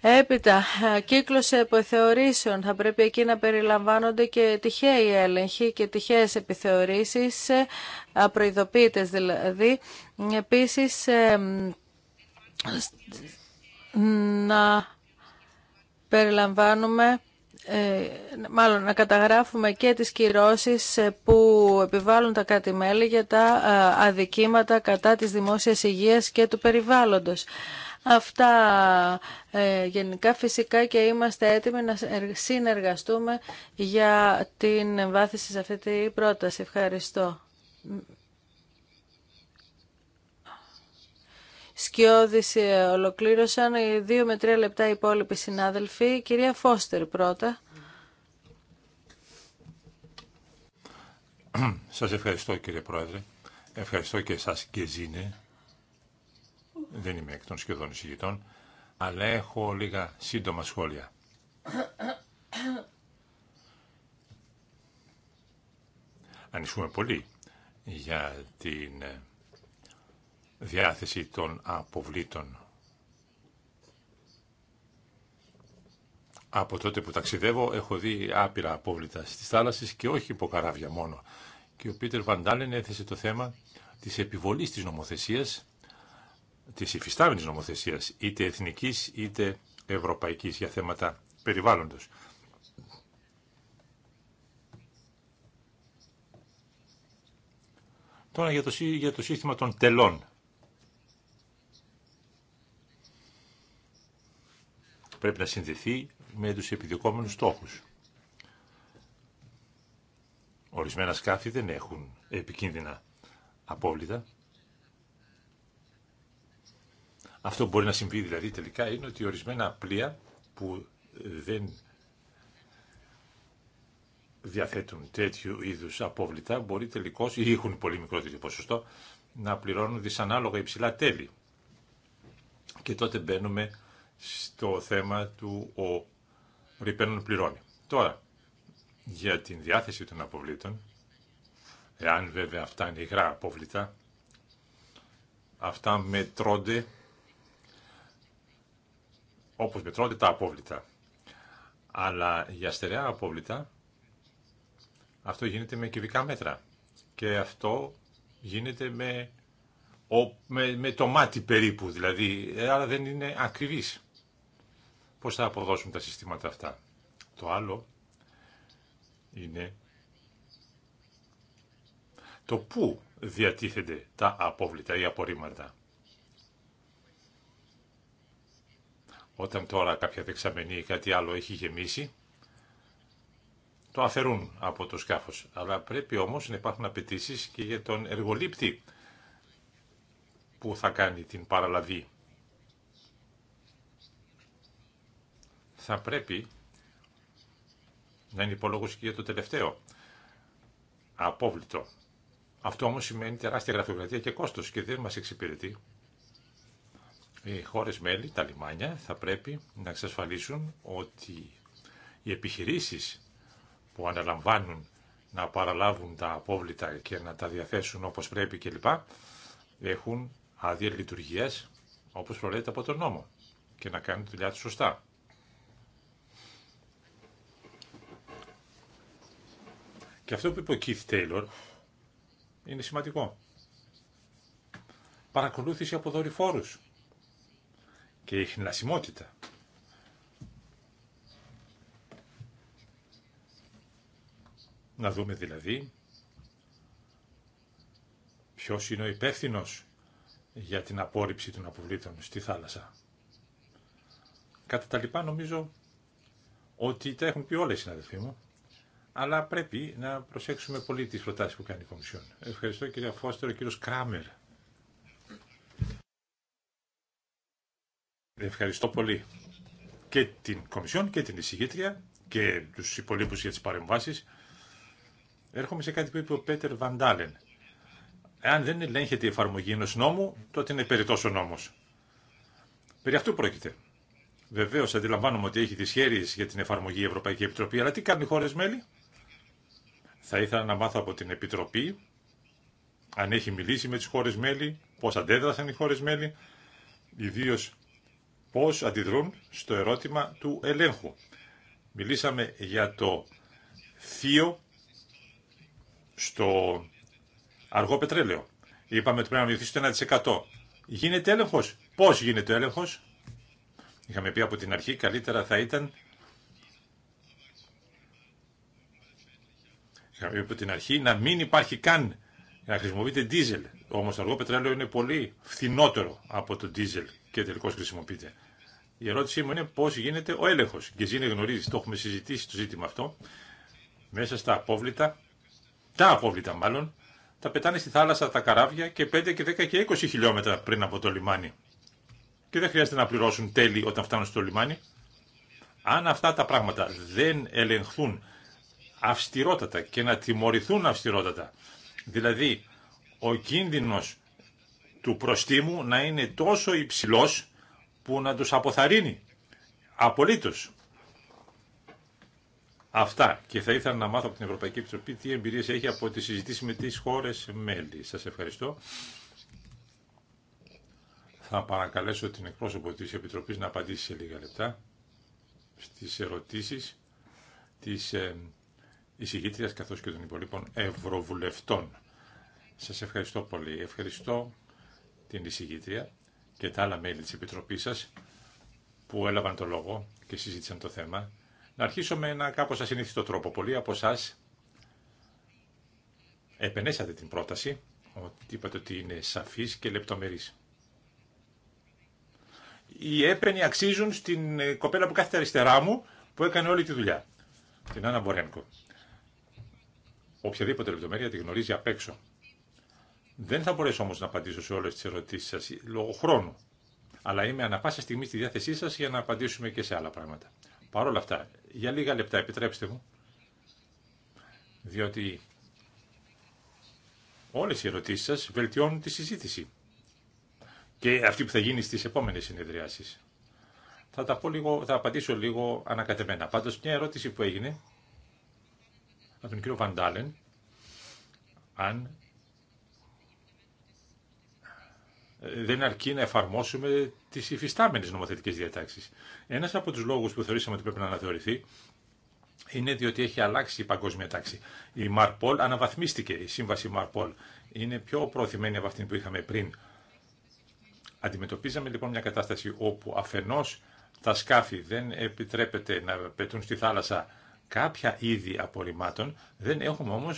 Έπειτα, κύκλος επιθεωρήσεων. Θα πρέπει εκεί να περιλαμβάνονται και τυχαίοι έλεγχοι και τυχαίες επιθεωρήσεις, ε, απροειδοποίητες δηλαδή. Επίσης, ε, να περιλαμβάνουμε ε, μάλλον να καταγράφουμε και τις κυρώσεις που επιβάλλουν τα κάτι μελη για τα αδικήματα κατά της δημόσιας υγείας και του περιβάλλοντος. Αυτά ε, γενικά φυσικά και είμαστε έτοιμοι να ε, συνεργαστούμε για την εμβάθυνση σε αυτή την πρόταση. Ευχαριστώ. Σκιώδης ε, ολοκλήρωσαν οι δύο με τρία λεπτά υπόλοιποι συνάδελφοι. Κυρία Φώστερ πρώτα. Σας ευχαριστώ κύριε Πρόεδρε. Ευχαριστώ και εσάς και Ζήνε δεν είμαι εκ των σχεδόν εισηγητών, αλλά έχω λίγα σύντομα σχόλια. Ανησυχούμε πολύ για την ε, διάθεση των αποβλήτων. Από τότε που ταξιδεύω έχω δει άπειρα απόβλητα στις θάλασσες και όχι καράβια μόνο. Και ο Πίτερ Βαντάλεν έθεσε το θέμα της επιβολής της νομοθεσίας Τη υφιστάμενη Νομοθεσία, είτε εθνικής είτε ευρωπαϊκής για θέματα περιβάλλοντος. Τώρα για το, για το σύστημα των τελών. Πρέπει να συνδεθεί με τους επιδιωκόμενους στόχους. Ορισμένα σκάφη δεν έχουν επικίνδυνα απόβλητα. Αυτό που μπορεί να συμβεί δηλαδή τελικά είναι ότι ορισμένα πλοία που ε, δεν διαθέτουν τέτοιου είδου απόβλητα μπορεί τελικώ ή έχουν πολύ μικρότερο ποσοστό να πληρώνουν δυσανάλογα υψηλά τέλη. Και τότε μπαίνουμε στο θέμα του ο ρηπαίνων πληρώνει. Τώρα, για την διάθεση των αποβλήτων, εάν βέβαια αυτά είναι υγρά απόβλητα, αυτά μετρώνται όπως μετρώνται τα απόβλητα. Αλλά για στερεά απόβλητα αυτό γίνεται με κυβικά μέτρα. Και αυτό γίνεται με, με, με το μάτι περίπου, δηλαδή, ε, αλλά δεν είναι ακριβής. Πώς θα αποδώσουν τα συστήματα αυτά. Το άλλο είναι το πού διατίθενται τα απόβλητα ή απορρίμματα. Όταν τώρα κάποια δεξαμενή ή κάτι άλλο έχει γεμίσει, το αφαιρούν από το σκάφος. Αλλά πρέπει όμως να υπάρχουν απαιτήσει και για τον εργολήπτη που θα κάνει την παραλαβή. Θα πρέπει να είναι υπόλογος και για το τελευταίο απόβλητο. Αυτό όμως σημαίνει τεράστια γραφειοκρατία και κόστος και δεν μας εξυπηρετεί οι ε, χώρες μέλη, τα λιμάνια, θα πρέπει να εξασφαλίσουν ότι οι επιχειρήσεις που αναλαμβάνουν να παραλάβουν τα απόβλητα και να τα διαθέσουν όπως πρέπει κλπ. έχουν άδεια λειτουργία όπως προβλέπεται από τον νόμο και να κάνουν τη δουλειά τους σωστά. Και αυτό που είπε ο Keith Taylor είναι σημαντικό. Παρακολούθηση από δορυφόρους και η χνηλασιμότητα. Να δούμε δηλαδή ποιος είναι ο υπεύθυνο για την απόρριψη των αποβλήτων στη θάλασσα. Κατά τα λοιπά νομίζω ότι τα έχουν πει όλες οι συναδελφοί μου, αλλά πρέπει να προσέξουμε πολύ τις προτάσεις που κάνει η Κομισιόν. Ευχαριστώ κύριε Φώστερο, κύριος Κράμερ. Ευχαριστώ πολύ και την Κομισιόν και την εισηγήτρια και τους υπολείπους για τις παρεμβάσεις. Έρχομαι σε κάτι που είπε ο Πέτερ Βαντάλεν. Εάν δεν ελέγχεται η εφαρμογή ενός νόμου, τότε είναι περιττός ο νόμος. Περί αυτού πρόκειται. Βεβαίω αντιλαμβάνομαι ότι έχει τι για την εφαρμογή η Ευρωπαϊκή Επιτροπή, αλλά τι κάνουν οι χώρε μέλη. Θα ήθελα να μάθω από την Επιτροπή αν έχει μιλήσει με τις χώρε μέλη, πώ αντέδρασαν οι χώρε μέλη, ιδίω πώς αντιδρούν στο ερώτημα του ελέγχου. Μιλήσαμε για το θείο στο αργό πετρέλαιο. Είπαμε ότι πρέπει να μειωθεί στο 1%. Γίνεται έλεγχος. Πώς γίνεται ο έλεγχος. Είχαμε πει από την αρχή καλύτερα θα ήταν Είχαμε πει από την αρχή να μην υπάρχει καν να χρησιμοποιείται δίζελ. Όμως το αργό πετρέλαιο είναι πολύ φθηνότερο από το δίζελ και τελικώ χρησιμοποιείται. Η ερώτησή μου είναι πώ γίνεται ο έλεγχο Και Ζήνε γνωρίζει, το έχουμε συζητήσει το ζήτημα αυτό, μέσα στα απόβλητα, τα απόβλητα μάλλον, τα πετάνε στη θάλασσα τα καράβια και 5 και 10 και 20 χιλιόμετρα πριν από το λιμάνι. Και δεν χρειάζεται να πληρώσουν τέλη όταν φτάνουν στο λιμάνι. Αν αυτά τα πράγματα δεν ελεγχθούν αυστηρότατα και να τιμωρηθούν αυστηρότατα, δηλαδή ο κίνδυνος του προστίμου να είναι τόσο υψηλός που να τους αποθαρρύνει. Απολύτως. Αυτά. Και θα ήθελα να μάθω από την Ευρωπαϊκή Επιτροπή τι εμπειρίες έχει από τη συζητήση με τις χώρες μέλη. Σας ευχαριστώ. Θα παρακαλέσω την εκπρόσωπο της Επιτροπής να απαντήσει σε λίγα λεπτά στις ερωτήσεις της ε, εισηγήτριας καθώς και των υπολείπων ευρωβουλευτών. Σας ευχαριστώ πολύ. Ευχαριστώ την εισηγήτρια και τα άλλα μέλη της Επιτροπής σας που έλαβαν το λόγο και συζήτησαν το θέμα. Να αρχίσω με ένα κάπως ασυνήθιστο τρόπο. Πολλοί από εσά επενέσατε την πρόταση, ότι είπατε ότι είναι σαφής και λεπτομερής. Οι έπαινοι αξίζουν στην κοπέλα που κάθεται αριστερά μου, που έκανε όλη τη δουλειά, την Άννα Μπορένκο. Οποιαδήποτε λεπτομέρεια τη γνωρίζει απ' έξω. Δεν θα μπορέσω όμως να απαντήσω σε όλες τις ερωτήσεις σας λόγω χρόνου. Αλλά είμαι ανα πάσα στιγμή στη διάθεσή σας για να απαντήσουμε και σε άλλα πράγματα. Παρ' όλα αυτά, για λίγα λεπτά επιτρέψτε μου, διότι όλες οι ερωτήσεις σα βελτιώνουν τη συζήτηση και αυτή που θα γίνει στις επόμενες συνεδριάσεις. Θα, τα πω λίγο, θα απαντήσω λίγο ανακατεμένα. Πάντω μια ερώτηση που έγινε από τον κύριο Βαντάλεν, αν δεν αρκεί να εφαρμόσουμε τι υφιστάμενε νομοθετικέ διατάξει. Ένα από του λόγου που θεωρήσαμε ότι πρέπει να αναθεωρηθεί είναι διότι έχει αλλάξει η παγκόσμια τάξη. Η Μαρπόλ αναβαθμίστηκε, η σύμβαση Μαρπόλ. Είναι πιο προωθημένη από αυτήν που είχαμε πριν. Αντιμετωπίζαμε λοιπόν μια κατάσταση όπου αφενό τα σκάφη δεν επιτρέπεται να πετούν στη θάλασσα κάποια είδη απορριμμάτων, δεν έχουμε όμω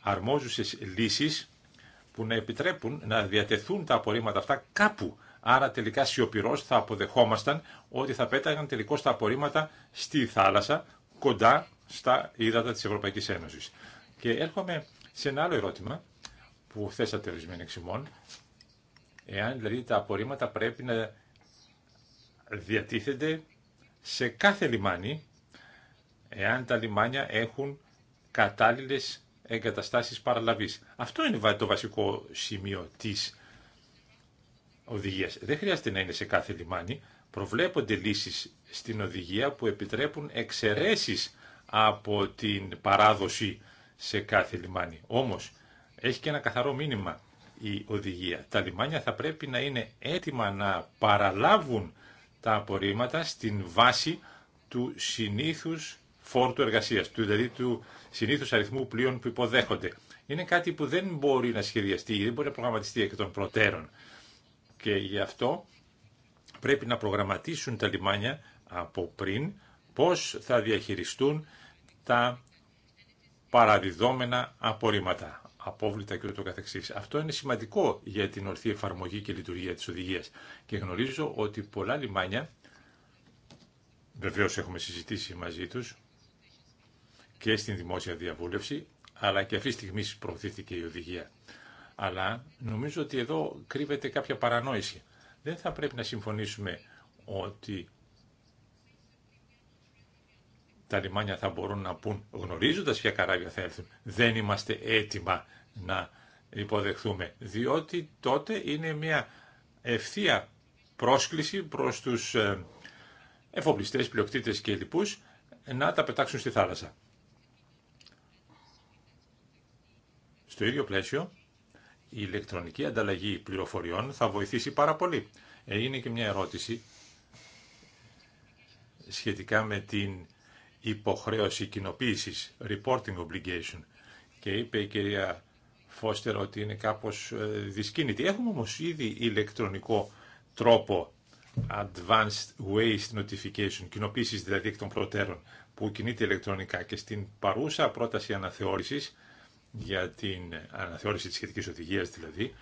αρμόζουσε λύσει που να επιτρέπουν να διατεθούν τα απορρίμματα αυτά κάπου. Άρα τελικά σιωπηρό θα αποδεχόμασταν ότι θα πέταγαν τελικώ τα απορρίμματα στη θάλασσα κοντά στα ύδατα της Ευρωπαϊκής Ένωσης. Και έρχομαι σε ένα άλλο ερώτημα που θέσατε ορισμένοι εξημών. Εάν δηλαδή τα απορρίμματα πρέπει να διατίθενται σε κάθε λιμάνι, εάν τα λιμάνια έχουν κατάλληλες εγκαταστάσεις παραλαβής. Αυτό είναι το βασικό σημείο της οδηγίας. Δεν χρειάζεται να είναι σε κάθε λιμάνι. Προβλέπονται λύσεις στην οδηγία που επιτρέπουν εξαιρέσει από την παράδοση σε κάθε λιμάνι. Όμως, έχει και ένα καθαρό μήνυμα η οδηγία. Τα λιμάνια θα πρέπει να είναι έτοιμα να παραλάβουν τα απορρίμματα στην βάση του συνήθους φόρτου εργασία, του, δηλαδή του συνήθους αριθμού πλοίων που υποδέχονται. Είναι κάτι που δεν μπορεί να σχεδιαστεί, δεν μπορεί να προγραμματιστεί εκ των προτέρων. Και γι' αυτό πρέπει να προγραμματίσουν τα λιμάνια από πριν πώς θα διαχειριστούν τα παραδιδόμενα απορρίμματα, απόβλητα και ούτω καθεξής. Αυτό είναι σημαντικό για την ορθή εφαρμογή και λειτουργία τη οδηγία. Και γνωρίζω ότι πολλά λιμάνια, βεβαίω έχουμε συζητήσει μαζί τους, και στην δημόσια διαβούλευση, αλλά και αυτή τη στιγμή προωθήθηκε η οδηγία. Αλλά νομίζω ότι εδώ κρύβεται κάποια παρανόηση. Δεν θα πρέπει να συμφωνήσουμε ότι τα λιμάνια θα μπορούν να πούν γνωρίζοντας ποια καράβια θα έρθουν. Δεν είμαστε έτοιμα να υποδεχθούμε, διότι τότε είναι μια ευθεία πρόσκληση προς τους ε, εφοπλιστές, πλειοκτήτες και λοιπούς να τα πετάξουν στη θάλασσα. Στο ίδιο πλαίσιο, η ηλεκτρονική ανταλλαγή πληροφοριών θα βοηθήσει πάρα πολύ. Έγινε και μια ερώτηση σχετικά με την υποχρέωση κοινοποίηση, reporting obligation. Και είπε η κυρία Φώστερ ότι είναι κάπως ε, δυσκίνητη. Έχουμε όμως ήδη ηλεκτρονικό τρόπο advanced waste notification, κοινοποίησης δηλαδή εκ των προτέρων που κινείται ηλεκτρονικά και στην παρούσα πρόταση αναθεώρησης για την αναθεώρηση της σχετικής οδηγίας δηλαδή,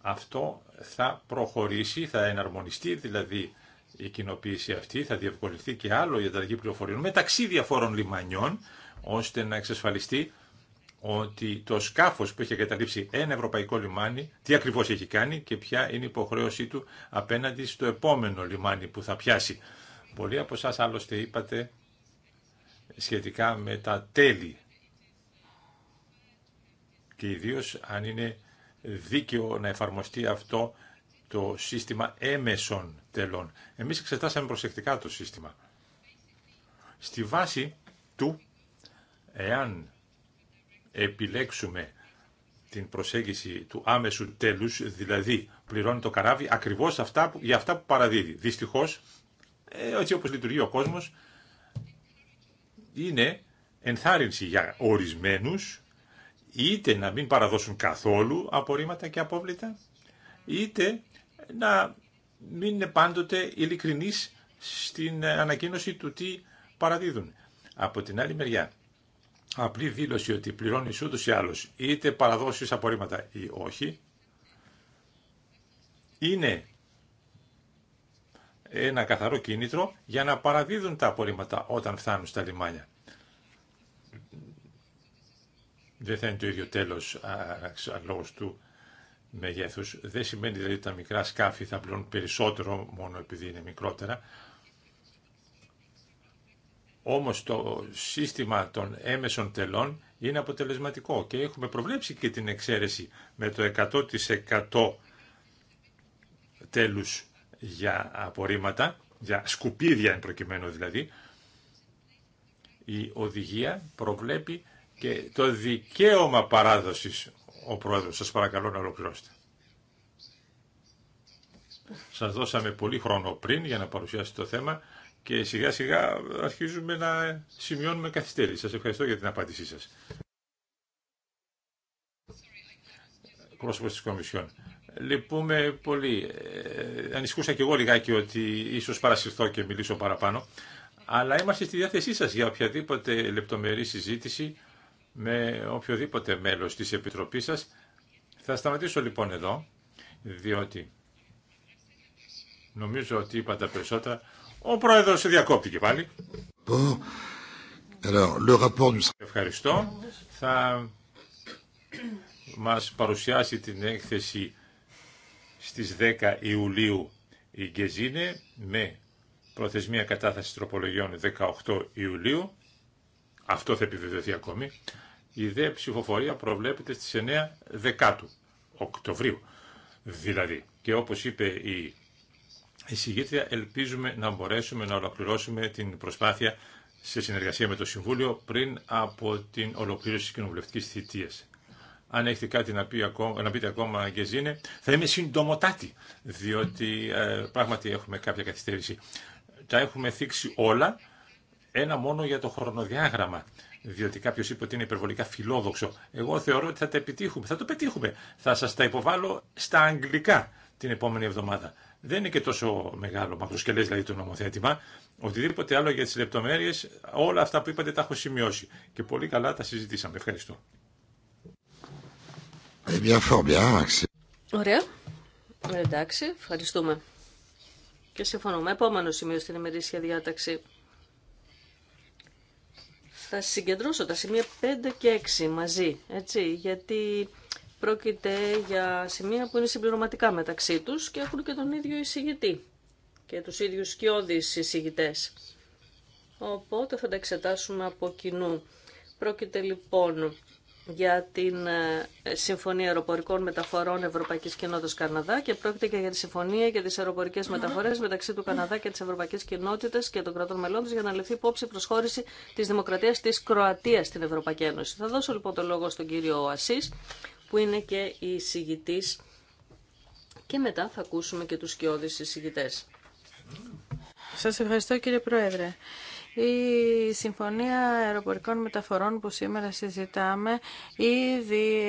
αυτό θα προχωρήσει, θα εναρμονιστεί δηλαδή η κοινοποίηση αυτή, θα διευκολυνθεί και άλλο η ανταλλαγή πληροφοριών μεταξύ διαφόρων λιμανιών, ώστε να εξασφαλιστεί ότι το σκάφο που έχει εγκαταλείψει ένα ευρωπαϊκό λιμάνι, τι ακριβώ έχει κάνει και ποια είναι η υποχρέωσή του απέναντι στο επόμενο λιμάνι που θα πιάσει. Πολλοί από εσά άλλωστε είπατε σχετικά με τα τέλη και ιδίως αν είναι δίκαιο να εφαρμοστεί αυτό το σύστημα έμεσων τελών. Εμείς εξετάσαμε προσεκτικά το σύστημα. Στη βάση του, εάν επιλέξουμε την προσέγγιση του άμεσου τέλους, δηλαδή πληρώνει το καράβι ακριβώς αυτά που, για αυτά που παραδίδει. Δυστυχώς, ε, έτσι όπως λειτουργεί ο κόσμος, είναι ενθάρρυνση για ορισμένους είτε να μην παραδώσουν καθόλου απορρίμματα και απόβλητα, είτε να μην είναι πάντοτε ειλικρινείς στην ανακοίνωση του τι παραδίδουν. Από την άλλη μεριά, απλή δήλωση ότι πληρώνει ούτως ή άλλως, είτε παραδώσεις απορρίμματα ή όχι, είναι ένα καθαρό κίνητρο για να παραδίδουν τα απορρίμματα όταν φτάνουν στα λιμάνια δεν θα είναι το ίδιο τέλο λόγω του μεγέθου. Δεν σημαίνει δηλαδή ότι τα μικρά σκάφη θα πληρώνουν περισσότερο μόνο επειδή είναι μικρότερα. Όμως το σύστημα των έμεσων τελών είναι αποτελεσματικό και έχουμε προβλέψει και την εξαίρεση με το 100% τέλους για απορρίμματα, για σκουπίδια εν προκειμένου δηλαδή. Η οδηγία προβλέπει και το δικαίωμα παράδοσης ο Πρόεδρος. Σας παρακαλώ να ολοκληρώσετε. Σας δώσαμε πολύ χρόνο πριν για να παρουσιάσετε το θέμα και σιγά σιγά αρχίζουμε να σημειώνουμε καθυστέρηση. Σας ευχαριστώ για την απάντησή σας. Πρόσωπος της Κομισιόν. Λυπούμε πολύ. Ε, ανησυχούσα και εγώ λιγάκι ότι ίσως παρασυρθώ και μιλήσω παραπάνω. Αλλά είμαστε στη διάθεσή σας για οποιαδήποτε λεπτομερή συζήτηση με οποιοδήποτε μέλος της Επιτροπής σας. Θα σταματήσω λοιπόν εδώ, διότι νομίζω ότι είπα τα περισσότερα. Ο Πρόεδρος διακόπτηκε πάλι. Ευχαριστώ. Θα μας παρουσιάσει την έκθεση στις 10 Ιουλίου η Γκεζίνε με προθεσμία κατάθεση τροπολογιών 18 Ιουλίου αυτό θα επιβεβαιωθεί ακόμη. Η δε ψηφοφορία προβλέπεται στις 9 Δεκάτου, Οκτωβρίου δηλαδή. Και όπως είπε η εισηγήτρια, ελπίζουμε να μπορέσουμε να ολοκληρώσουμε την προσπάθεια σε συνεργασία με το Συμβούλιο πριν από την ολοκλήρωση της κοινοβουλευτικής θητείας. Αν έχετε κάτι να, πει ακόμα, να πείτε ακόμα, Γκεζίνε, θα είμαι συντομοτάτη, διότι ε, πράγματι έχουμε κάποια καθυστέρηση. Τα έχουμε θίξει όλα ένα μόνο για το χρονοδιάγραμμα. Διότι κάποιο είπε ότι είναι υπερβολικά φιλόδοξο. Εγώ θεωρώ ότι θα τα επιτύχουμε. Θα το πετύχουμε. Θα σα τα υποβάλω στα αγγλικά την επόμενη εβδομάδα. Δεν είναι και τόσο μεγάλο μακροσκελέ δηλαδή το νομοθέτημα. Οτιδήποτε άλλο για τι λεπτομέρειε, όλα αυτά που είπατε τα έχω σημειώσει. Και πολύ καλά τα συζητήσαμε. Ευχαριστώ. Ε, Ωραία. Ε, εντάξει, ευχαριστούμε. Και συμφωνούμε. Επόμενο σημείο στην ημερήσια διάταξη θα συγκεντρώσω τα σημεία 5 και 6 μαζί, έτσι, γιατί πρόκειται για σημεία που είναι συμπληρωματικά μεταξύ τους και έχουν και τον ίδιο εισηγητή και τους ίδιους σκιώδεις εισηγητές. Οπότε θα τα εξετάσουμε από κοινού. Πρόκειται λοιπόν για την ε, Συμφωνία Αεροπορικών Μεταφορών Ευρωπαϊκής Κοινότητας Καναδά και πρόκειται και για τη Συμφωνία για τις αεροπορικές μεταφορές μεταξύ του Καναδά και της Ευρωπαϊκής Κοινότητας και των κρατών μελών της για να λεφθεί υπόψη προσχώρηση της Δημοκρατίας της Κροατίας στην Ευρωπαϊκή Ένωση. Θα δώσω λοιπόν το λόγο στον κύριο Ασής που είναι και η συγητής και μετά θα ακούσουμε και τους κοιόδης συγητές. Σας ευχαριστώ κύριε Πρόεδρε. Η Συμφωνία Αεροπορικών Μεταφορών που σήμερα συζητάμε ήδη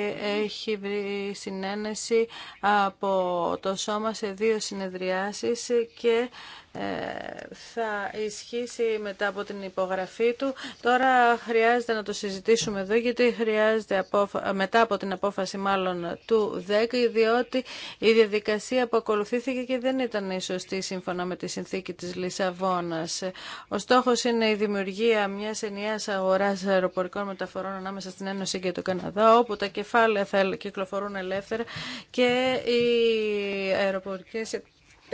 έχει βρει συνένεση από το σώμα σε δύο συνεδριάσεις και ε, θα ισχύσει μετά από την υπογραφή του. Τώρα χρειάζεται να το συζητήσουμε εδώ γιατί χρειάζεται μετά από την απόφαση μάλλον του 10 διότι η διαδικασία που ακολουθήθηκε και δεν ήταν η σωστή σύμφωνα με τη συνθήκη της Λισαβόνας. Ο στόχος είναι η δημιουργία μιας ενιαίας αγοράς αεροπορικών μεταφορών ανάμεσα στην Ένωση και το Καναδά όπου τα κεφάλαια θα κυκλοφορούν ελεύθερα και οι αεροπορικές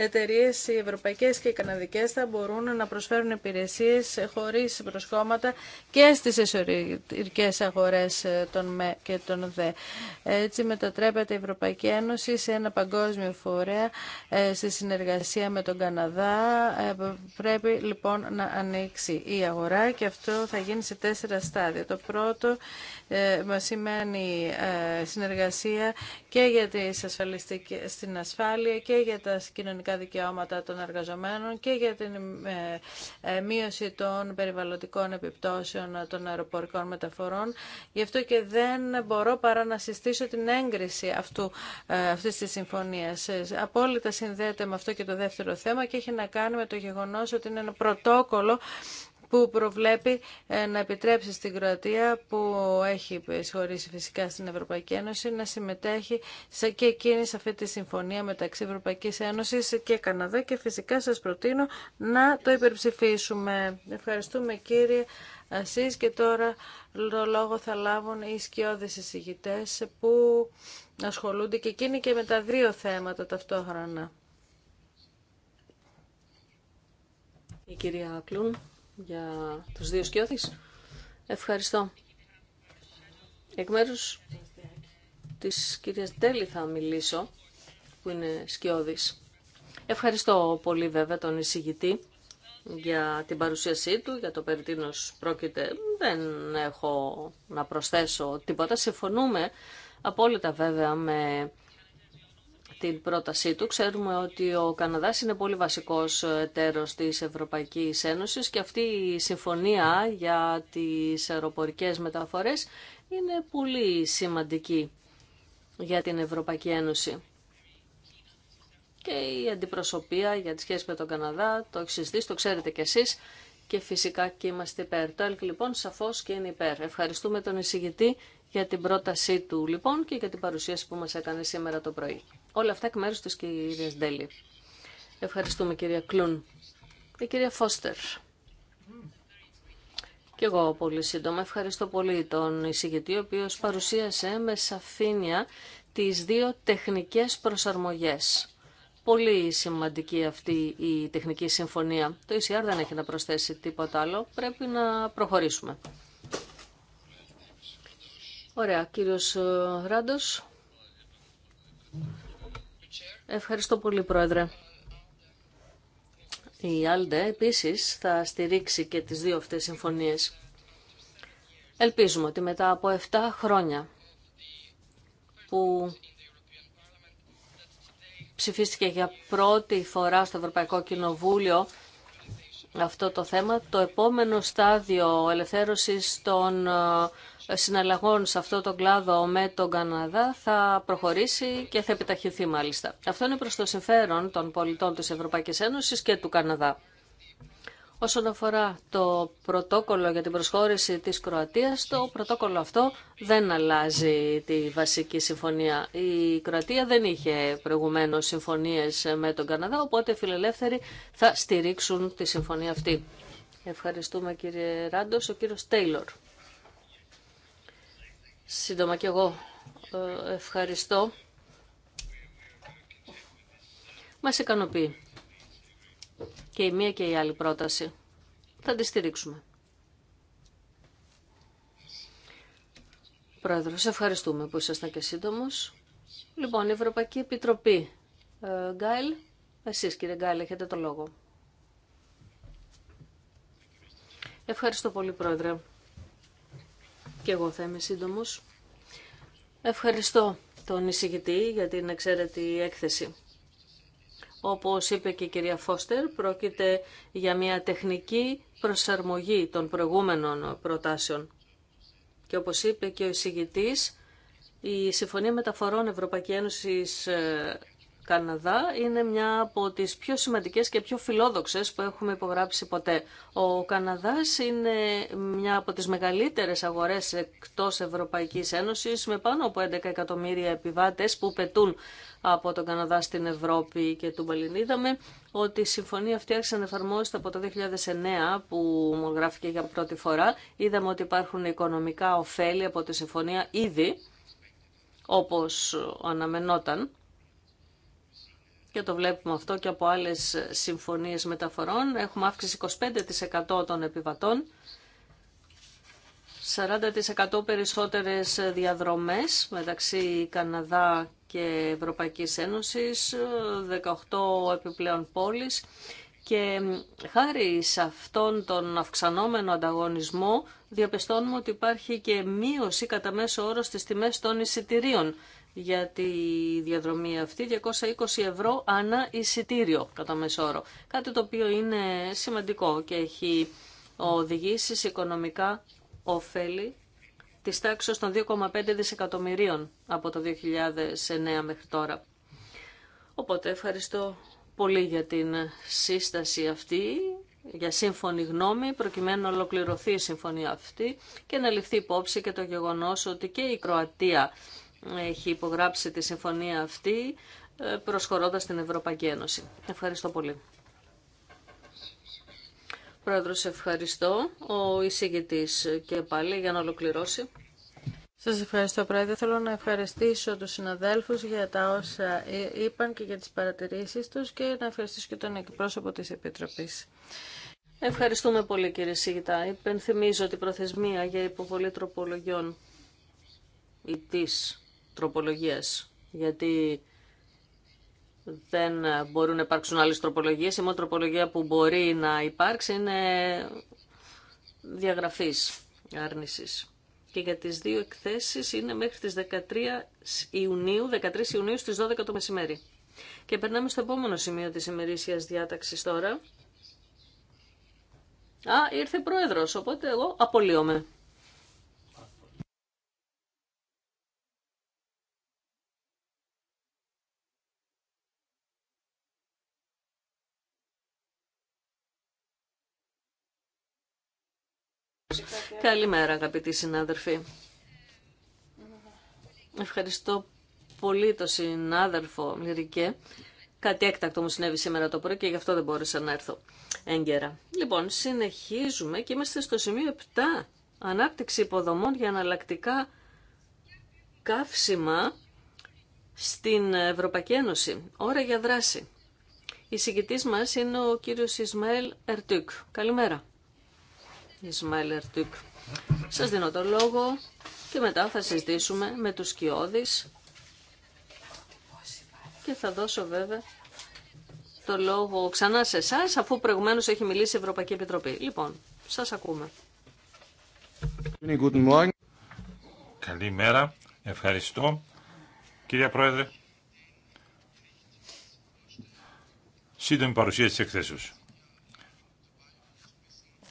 εταιρείε οι ευρωπαϊκέ και οι καναδικέ θα μπορούν να προσφέρουν υπηρεσίε χωρί προσκόμματα και στι εσωτερικέ αγορέ ε, των ΜΕ και των ΔΕ. Έτσι μετατρέπεται η Ευρωπαϊκή Ένωση σε ένα παγκόσμιο φορέα ε, στη συνεργασία με τον Καναδά. Ε, πρέπει λοιπόν να ανοίξει η αγορά και αυτό θα γίνει σε τέσσερα στάδια. Το πρώτο ε, σημαίνει ε, συνεργασία και για τις ασφαλιστικές, στην ασφάλεια και για τα κοινωνικά δικαιώματα των εργαζομένων και για την ε, μείωση των περιβαλλοντικών επιπτώσεων των αεροπορικών μεταφορών. Γι' αυτό και δεν μπορώ παρά να συστήσω την έγκριση αυτού, αυτής της συμφωνίας. Απόλυτα συνδέεται με αυτό και το δεύτερο θέμα και έχει να κάνει με το γεγονός ότι είναι ένα πρωτόκολλο που προβλέπει ε, να επιτρέψει στην Κροατία που έχει εισχωρήσει φυσικά στην Ευρωπαϊκή Ένωση να συμμετέχει σε και εκείνη σε αυτή τη συμφωνία μεταξύ Ευρωπαϊκής Ένωσης και Καναδά και φυσικά σας προτείνω να το υπερψηφίσουμε. Ευχαριστούμε κύριε Ασής και τώρα το λόγο θα λάβουν οι σκιώδες εισηγητές που ασχολούνται και εκείνοι και με τα δύο θέματα ταυτόχρονα. Η κυρία Άκλουν για τους δύο σκιώθεις. Ευχαριστώ. Εκ μέρους της κυρίας Τέλη θα μιλήσω, που είναι σκιώδης. Ευχαριστώ πολύ βέβαια τον εισηγητή για την παρουσίασή του, για το περί πρόκειται. Δεν έχω να προσθέσω τίποτα. Συμφωνούμε απόλυτα βέβαια με την πρότασή του. Ξέρουμε ότι ο Καναδάς είναι πολύ βασικός εταίρος της Ευρωπαϊκής Ένωσης και αυτή η συμφωνία για τις αεροπορικές μεταφορές είναι πολύ σημαντική για την Ευρωπαϊκή Ένωση. Και η αντιπροσωπεία για τις σχέσεις με τον Καναδά, το έχει συζητήσει, το ξέρετε κι εσείς και φυσικά και είμαστε υπέρ. Το ΕΛΚ λοιπόν σαφώς και είναι υπέρ. Ευχαριστούμε τον εισηγητή για την πρότασή του λοιπόν και για την παρουσίαση που μας έκανε σήμερα το πρωί. Όλα αυτά εκ μέρους της κυρίας Ντέλη. Ευχαριστούμε κυρία Κλούν. Και κυρία Φώστερ. Και εγώ πολύ σύντομα ευχαριστώ πολύ τον εισηγητή, ο οποίος παρουσίασε με σαφήνεια τις δύο τεχνικές προσαρμογές. Πολύ σημαντική αυτή η τεχνική συμφωνία. Το ECR δεν έχει να προσθέσει τίποτα άλλο. Πρέπει να προχωρήσουμε. Ωραία, κύριος Ράντος. Ευχαριστώ πολύ, Πρόεδρε. Η Άλντε επίσης θα στηρίξει και τις δύο αυτές συμφωνίες. Ελπίζουμε ότι μετά από 7 χρόνια που ψηφίστηκε για πρώτη φορά στο Ευρωπαϊκό Κοινοβούλιο αυτό το θέμα. Το επόμενο στάδιο ελευθέρωσης των ε, συναλλαγών σε αυτό το κλάδο με τον Καναδά θα προχωρήσει και θα επιταχυνθεί μάλιστα. Αυτό είναι προς το συμφέρον των πολιτών της Ευρωπαϊκής Ένωσης και του Καναδά. Όσον αφορά το πρωτόκολλο για την προσχώρηση της Κροατίας, το πρωτόκολλο αυτό δεν αλλάζει τη βασική συμφωνία. Η Κροατία δεν είχε προηγουμένως συμφωνίες με τον Καναδά, οπότε οι φιλελεύθεροι θα στηρίξουν τη συμφωνία αυτή. Ευχαριστούμε κύριε Ράντος, ο κύριος Τέιλορ. Σύντομα και εγώ ε, ευχαριστώ. Μας ικανοποιεί και η μία και η άλλη πρόταση. Θα τη στηρίξουμε. Πρόεδρος, ευχαριστούμε που ήσασταν και σύντομο. Λοιπόν, η Ευρωπαϊκή Επιτροπή. Ε, Γκάιλ, εσείς κύριε Γκάιλ έχετε το λόγο. Ευχαριστώ πολύ πρόεδρε. Και εγώ θα είμαι σύντομος. Ευχαριστώ τον εισηγητή για την εξαίρετη έκθεση. Όπως είπε και η κυρία Φώστερ, πρόκειται για μια τεχνική προσαρμογή των προηγούμενων προτάσεων. Και όπως είπε και ο εισηγητής, η Συμφωνία Μεταφορών Ευρωπαϊκή Ένωσης ε, Καναδά είναι μια από τις πιο σημαντικές και πιο φιλόδοξες που έχουμε υπογράψει ποτέ. Ο Καναδάς είναι μια από τις μεγαλύτερες αγορές εκτός Ευρωπαϊκής Ένωσης με πάνω από 11 εκατομμύρια επιβάτες που πετούν από τον Καναδά στην Ευρώπη και του Μπαλιν. Είδαμε ότι η συμφωνία αυτή άρχισε να εφαρμόζεται από το 2009 που γράφηκε για πρώτη φορά. Είδαμε ότι υπάρχουν οικονομικά ωφέλη από τη συμφωνία ήδη όπως αναμενόταν και το βλέπουμε αυτό και από άλλες συμφωνίες μεταφορών. Έχουμε αύξηση 25% των επιβατών, 40% περισσότερες διαδρομές μεταξύ Καναδά και Ευρωπαϊκής Ένωσης, 18 επιπλέον πόλεις και χάρη σε αυτόν τον αυξανόμενο ανταγωνισμό διαπιστώνουμε ότι υπάρχει και μείωση κατά μέσο όρο στις τιμές των εισιτηρίων για τη διαδρομή αυτή, 220 ευρώ ανά εισιτήριο κατά μεσόρο. Κάτι το οποίο είναι σημαντικό και έχει οδηγήσει σε οικονομικά ωφέλη της τάξης των 2,5 δισεκατομμυρίων από το 2009 μέχρι τώρα. Οπότε ευχαριστώ πολύ για την σύσταση αυτή, για σύμφωνη γνώμη, προκειμένου να ολοκληρωθεί η συμφωνία αυτή και να ληφθεί υπόψη και το γεγονός ότι και η Κροατία έχει υπογράψει τη συμφωνία αυτή ε, προσχωρώντας την Ευρωπαϊκή Ένωση. Ευχαριστώ πολύ. Πρόεδρος, ευχαριστώ. Ο εισηγητή και πάλι για να ολοκληρώσει. Σας ευχαριστώ Πρόεδρε. Θέλω να ευχαριστήσω του συναδέλφου για τα όσα είπαν και για τις παρατηρήσεις τους και να ευχαριστήσω και τον εκπρόσωπο της Επίτροπή. Ευχαριστούμε πολύ κύριε Σίγητα. Υπενθυμίζω ότι η προθεσμία για υποβολή τροπολογιών ή της γιατί δεν μπορούν να υπάρξουν άλλες τροπολογίες. Η μόνη τροπολογία που μπορεί να υπάρξει είναι διαγραφής άρνησης. Και για τις δύο εκθέσεις είναι μέχρι τις 13 Ιουνίου, 13 Ιουνίου στις 12 το μεσημέρι. Και περνάμε στο επόμενο σημείο της ημερήσιας διάταξης τώρα. Α, ήρθε πρόεδρος, οπότε εγώ απολύομαι. Καλημέρα αγαπητοί συνάδελφοι. Ευχαριστώ πολύ τον συνάδελφο Λυρικέ. Κάτι έκτακτο μου συνέβη σήμερα το πρωί και γι' αυτό δεν μπόρεσα να έρθω έγκαιρα. Λοιπόν, συνεχίζουμε και είμαστε στο σημείο 7. Ανάπτυξη υποδομών για αναλλακτικά καύσιμα στην Ευρωπαϊκή Ένωση. Ώρα για δράση. Η συγκητής μας είναι ο κύριος Ισμαήλ Ερτούκ. Καλημέρα. Ισμαήλ Ερτουκ. Σας δίνω το λόγο και μετά θα συζητήσουμε με τους Κιώδης και θα δώσω βέβαια το λόγο ξανά σε εσά, αφού προηγουμένω έχει μιλήσει η Ευρωπαϊκή Επιτροπή. Λοιπόν, σα ακούμε. Καλημέρα. Ευχαριστώ. Κυρία Πρόεδρε, σύντομη παρουσία της εκθέσεως.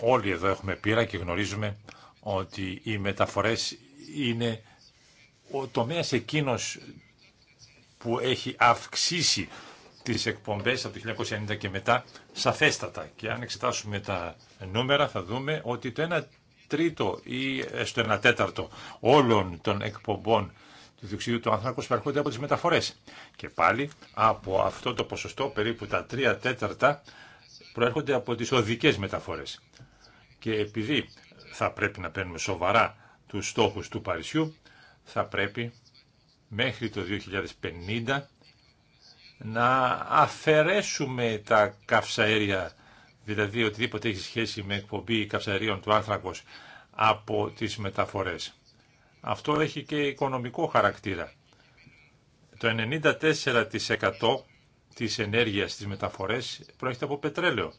Όλοι εδώ έχουμε πείρα και γνωρίζουμε ότι οι μεταφορές είναι ο τομέας εκείνος που έχει αυξήσει τις εκπομπές από το 1990 και μετά σαφέστατα. Και αν εξετάσουμε τα νούμερα θα δούμε ότι το 1 τρίτο ή στο 1 τέταρτο όλων των εκπομπών του διοξιδίου του άνθρακου προέρχονται από τις μεταφορές. Και πάλι από αυτό το ποσοστό περίπου τα 3 τέταρτα προέρχονται από τις οδικές μεταφορές. Και επειδή θα πρέπει να παίρνουμε σοβαρά τους στόχους του Παρισιού, θα πρέπει μέχρι το 2050 να αφαιρέσουμε τα καυσαέρια, δηλαδή οτιδήποτε έχει σχέση με εκπομπή καυσαερίων του άνθρακος από τις μεταφορές. Αυτό έχει και οικονομικό χαρακτήρα. Το 94% της ενέργειας της μεταφορές προέρχεται από πετρέλαιο.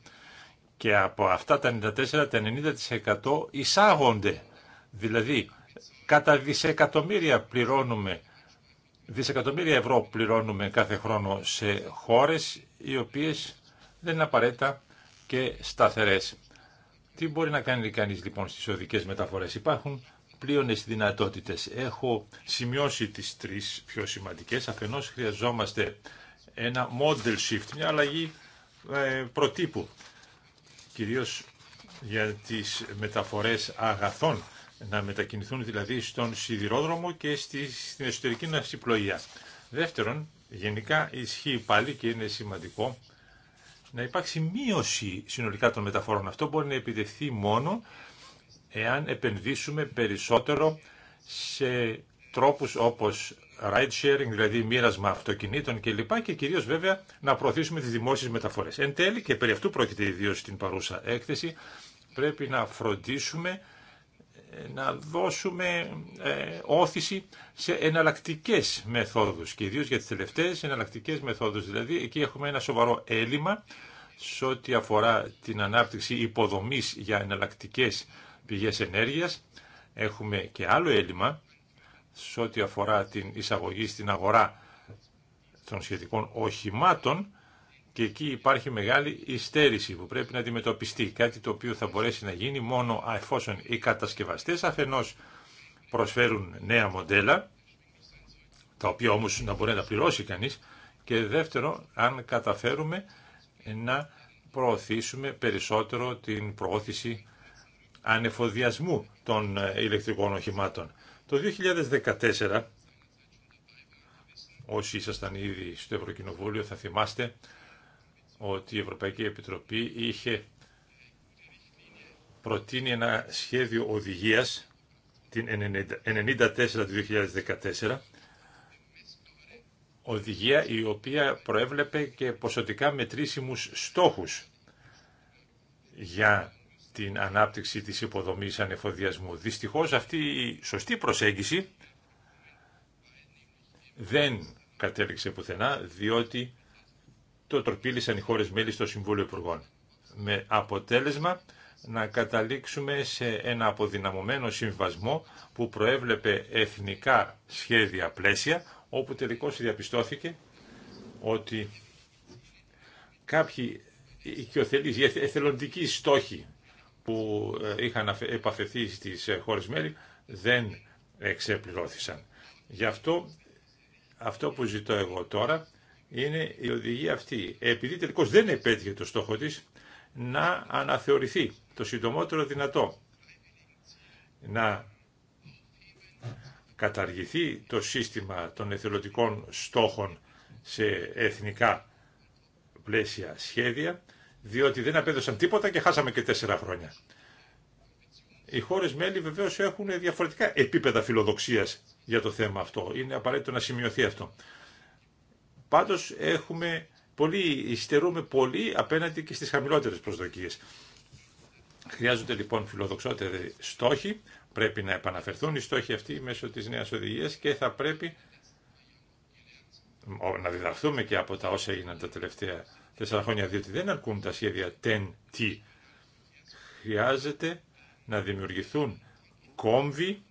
Και από αυτά τα 94, τα 90% εισάγονται. Δηλαδή, κατά δισεκατομμύρια πληρώνουμε, δισεκατομμύρια ευρώ πληρώνουμε κάθε χρόνο σε χώρες οι οποίες δεν είναι απαραίτητα και σταθερές. Τι μπορεί να κάνει κανείς λοιπόν στις οδικές μεταφορές. Υπάρχουν πλήρωνες δυνατότητες. Έχω σημειώσει τις τρεις πιο σημαντικές. Αφενός χρειαζόμαστε ένα model shift, μια αλλαγή ε, προτύπου κυρίως για τις μεταφορές αγαθών, να μετακινηθούν δηλαδή στον σιδηρόδρομο και στη, στην εσωτερική ναυσιπλοεία. Δεύτερον, γενικά ισχύει πάλι και είναι σημαντικό να υπάρξει μείωση συνολικά των μεταφορών. Αυτό μπορεί να επιτευχθεί μόνο εάν επενδύσουμε περισσότερο σε τρόπους όπως ride sharing, δηλαδή μοίρασμα αυτοκινήτων κλπ. και κυρίως βέβαια να προωθήσουμε τι δημόσιες μεταφορές. Εν τέλει και περί αυτού πρόκειται ιδίω στην παρούσα έκθεση, πρέπει να φροντίσουμε ε, να δώσουμε ε, όθηση σε εναλλακτικέ μεθόδους και ιδίω για τις τελευταίε εναλλακτικέ μεθόδους. Δηλαδή εκεί έχουμε ένα σοβαρό έλλειμμα σε ό,τι αφορά την ανάπτυξη υποδομή για εναλλακτικέ πηγέ ενέργεια. Έχουμε και άλλο έλλειμμα σε ό,τι αφορά την εισαγωγή στην αγορά των σχετικών οχημάτων και εκεί υπάρχει μεγάλη υστέρηση που πρέπει να αντιμετωπιστεί, κάτι το οποίο θα μπορέσει να γίνει μόνο εφόσον οι κατασκευαστές αφενός προσφέρουν νέα μοντέλα, τα οποία όμως να μπορεί να τα πληρώσει κανείς, και δεύτερο, αν καταφέρουμε να προωθήσουμε περισσότερο την προώθηση ανεφοδιασμού των ηλεκτρικών οχημάτων. Το 2014, όσοι ήσασταν ήδη στο Ευρωκοινοβούλιο θα θυμάστε ότι η Ευρωπαϊκή Επιτροπή είχε προτείνει ένα σχέδιο οδηγίας την 94 του 2014 οδηγία η οποία προέβλεπε και ποσοτικά μετρήσιμους στόχους για την ανάπτυξη της υποδομής ανεφοδιασμού. Δυστυχώς αυτή η σωστή προσέγγιση δεν κατέληξε πουθενά, διότι το τροπήλησαν οι χώρες μέλη στο Συμβούλιο Υπουργών. Με αποτέλεσμα να καταλήξουμε σε ένα αποδυναμωμένο συμβασμό που προέβλεπε εθνικά σχέδια πλαίσια, όπου τελικώς διαπιστώθηκε ότι κάποιοι οικειοθελείς εθελοντικοί στόχοι που ε, είχαν επαφεθεί στις ε, χώρες μέλη δεν εξεπληρώθησαν. Γι' αυτό, αυτό που ζητώ εγώ τώρα είναι η οδηγία αυτή, επειδή τελικώ δεν επέτυχε το στόχο της, να αναθεωρηθεί το συντομότερο δυνατό. Να καταργηθεί το σύστημα των εθελοντικών στόχων σε εθνικά πλαίσια σχέδια διότι δεν απέδωσαν τίποτα και χάσαμε και τέσσερα χρόνια. Οι χώρες μέλη βεβαίως έχουν διαφορετικά επίπεδα φιλοδοξίας για το θέμα αυτό. Είναι απαραίτητο να σημειωθεί αυτό. Πάντως έχουμε πολύ, υστερούμε πολύ απέναντι και στις χαμηλότερες προσδοκίες. Χρειάζονται λοιπόν φιλοδοξότεροι στόχοι, πρέπει να επαναφερθούν οι στόχοι αυτοί μέσω της νέας οδηγίας και θα πρέπει να διδαχθούμε και από τα όσα έγιναν τα τελευταία τέσσερα χρόνια, διότι δεν αρκούν τα σχεδια τεν τεν-τι. Χρειάζεται να δημιουργηθούν κόμβοι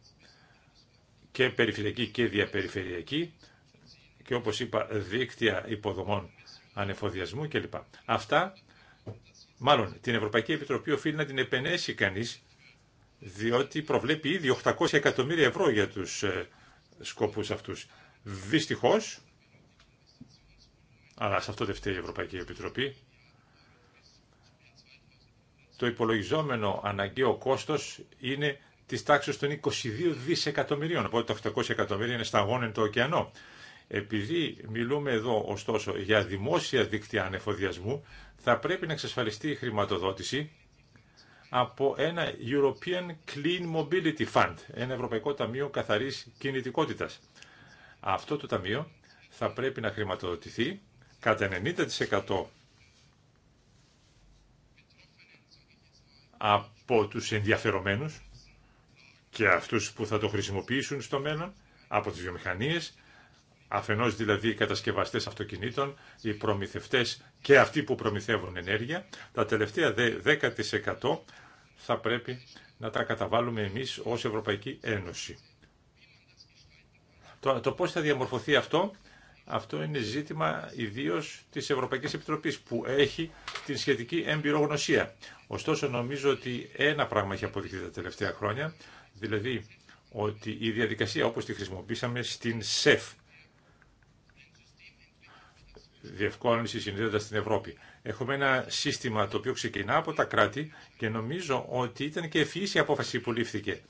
και περιφερειακοί και διαπεριφερειακοί και όπως είπα δίκτυα υποδομών ανεφοδιασμού κλπ. Αυτά, μάλλον την Ευρωπαϊκή Επιτροπή οφείλει να την επενέσει κανείς διότι προβλέπει ήδη 800 εκατομμύρια ευρώ για τους ε, σκοπούς αυτούς. Δυστυχώς αλλά σε αυτό δεν φταίει η Ευρωπαϊκή Επιτροπή. Το υπολογιζόμενο αναγκαίο κόστος είναι της τάξης των 22 δισεκατομμυρίων, οπότε τα 800 εκατομμύρια είναι σταγόνεν το ωκεανό. Επειδή μιλούμε εδώ ωστόσο για δημόσια δίκτυα ανεφοδιασμού, θα πρέπει να εξασφαλιστεί η χρηματοδότηση από ένα European Clean Mobility Fund, ένα Ευρωπαϊκό Ταμείο Καθαρής Κινητικότητας. Αυτό το ταμείο θα πρέπει να χρηματοδοτηθεί κατά 90% από τους ενδιαφερομένους και αυτούς που θα το χρησιμοποιήσουν στο μέλλον, από τις βιομηχανίες, αφενός δηλαδή οι κατασκευαστές αυτοκινήτων, οι προμηθευτές και αυτοί που προμηθεύουν ενέργεια, τα τελευταία 10% θα πρέπει να τα καταβάλουμε εμείς ως Ευρωπαϊκή Ένωση. Το, το πώς θα διαμορφωθεί αυτό αυτό είναι ζήτημα ιδίω τη Ευρωπαϊκή Επιτροπή που έχει την σχετική εμπειρογνωσία. Ωστόσο, νομίζω ότι ένα πράγμα έχει αποδειχθεί τα τελευταία χρόνια, δηλαδή ότι η διαδικασία όπως τη χρησιμοποίησαμε στην ΣΕΦ, διευκόλυνση συνδέοντα στην Ευρώπη. Έχουμε ένα σύστημα το οποίο ξεκινά από τα κράτη και νομίζω ότι ήταν και ευφυής η απόφαση που λήφθηκε.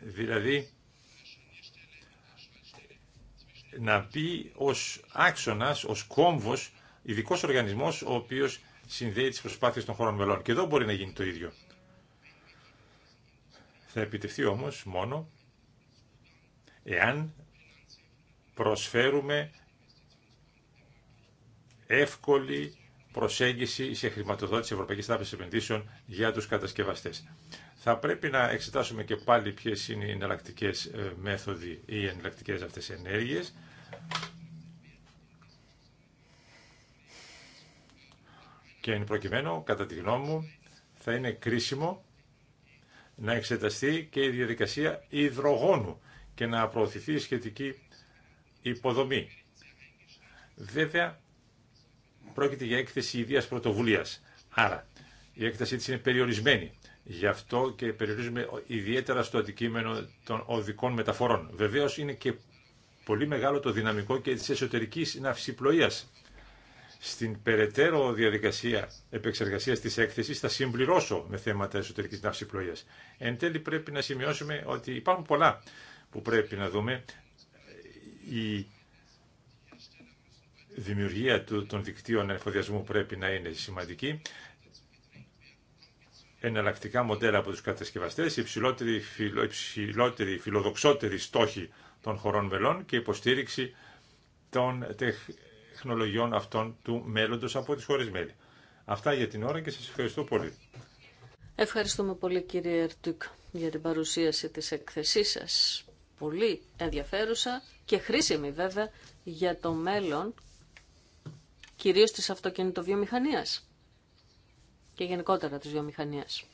Δηλαδή, να πει ως άξονας, ως κόμβος, ειδικό οργανισμός ο οποίος συνδέει τις προσπάθειες των χωρών μελών. Και εδώ μπορεί να γίνει το ίδιο. Θα επιτευχθεί όμως μόνο εάν προσφέρουμε εύκολη προσέγγιση σε χρηματοδότηση Ευρωπαϊκής Τράπεζας Επενδύσεων για τους κατασκευαστές. Θα πρέπει να εξετάσουμε και πάλι ποιε είναι οι εναλλακτικέ ε, μέθοδοι ή οι εναλλακτικέ αυτέ ενέργειε. Και εν προκειμένου, κατά τη γνώμη μου, θα είναι κρίσιμο να εξεταστεί και η διαδικασία υδρογόνου και να προωθηθεί η σχετική υποδομή. Βέβαια, πρόκειται για έκθεση ιδίας πρωτοβουλίας. Άρα, η έκθεσή της είναι περιορισμένη. Γι' αυτό και περιορίζουμε ιδιαίτερα στο αντικείμενο των οδικών μεταφορών. Βεβαίω είναι και πολύ μεγάλο το δυναμικό και τη εσωτερική ναυσιπλοεία. Στην περαιτέρω διαδικασία επεξεργασία τη έκθεση θα συμπληρώσω με θέματα εσωτερική ναυσιπλοεία. Εν τέλει πρέπει να σημειώσουμε ότι υπάρχουν πολλά που πρέπει να δούμε. Η δημιουργία των δικτύων εφοδιασμού πρέπει να είναι σημαντική εναλλακτικά μοντέλα από τους κατασκευαστές, υψηλότερη, φιλο, υψηλότερη φιλοδοξότερη στόχη των χωρών μελών και υποστήριξη των τεχνολογιών αυτών του μέλλοντος από τις χώρες μέλη. Αυτά για την ώρα και σας ευχαριστώ πολύ. Ευχαριστούμε πολύ κύριε Ερτουκ για την παρουσίαση της εκθεσής σας. Πολύ ενδιαφέρουσα και χρήσιμη βέβαια για το μέλλον κυρίως της αυτοκινητοβιομηχανίας και γενικότερα της βιομηχανίας.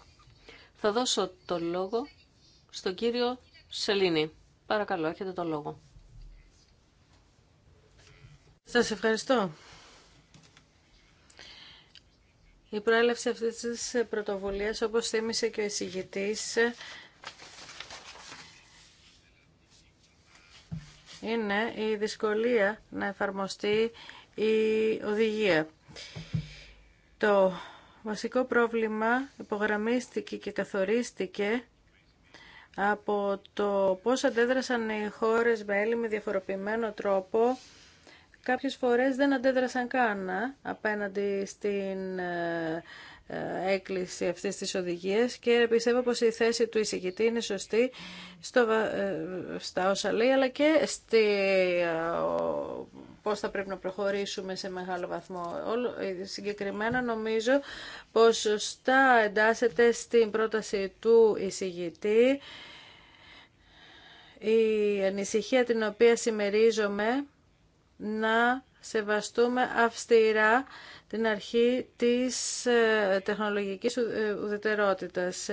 Θα δώσω το λόγο στον κύριο Σελίνη. Παρακαλώ, έχετε το λόγο. Σας ευχαριστώ. Η προέλευση αυτής της πρωτοβουλίας, όπως θύμισε και ο εισηγητής, είναι η δυσκολία να εφαρμοστεί η οδηγία. Το βασικό πρόβλημα υπογραμμίστηκε και καθορίστηκε από το πώς αντέδρασαν οι χώρες μέλη με διαφοροποιημένο τρόπο. Κάποιες φορές δεν αντέδρασαν καν απέναντι στην ε, ε, έκκληση αυτής της οδηγίας και πιστεύω πως η θέση του εισηγητή είναι σωστή στο, ε, στα όσα λέει αλλά και στη, ε, πώς θα πρέπει να προχωρήσουμε σε μεγάλο βαθμό. Συγκεκριμένα νομίζω πως σωστά εντάσσεται στην πρόταση του εισηγητή η ανησυχία την οποία συμμερίζομαι να σεβαστούμε αυστηρά την αρχή της ε, τεχνολογικής ε, ουδετερότητας.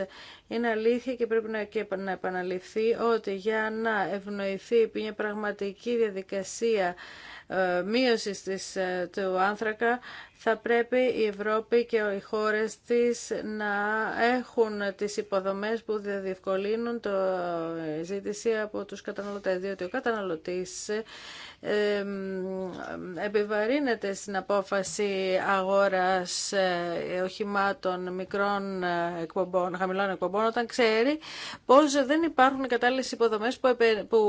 Είναι αλήθεια και πρέπει να επαναληφθεί ότι για να ευνοηθεί μια πραγματική διαδικασία ε, μείωσης του άνθρακα θα πρέπει η Ευρώπη και οι χώρες της να έχουν τις υποδομές που διευκολύνουν το ζήτηση από τους καταναλωτές, διότι ο καταναλωτής επιβαρύνεται στην απόφαση αγόρας ε, οχημάτων μικρών ε, εκπομπών, χαμηλών εκπομπών, όταν ξέρει πως δεν υπάρχουν κατάλληλες υποδομές που, που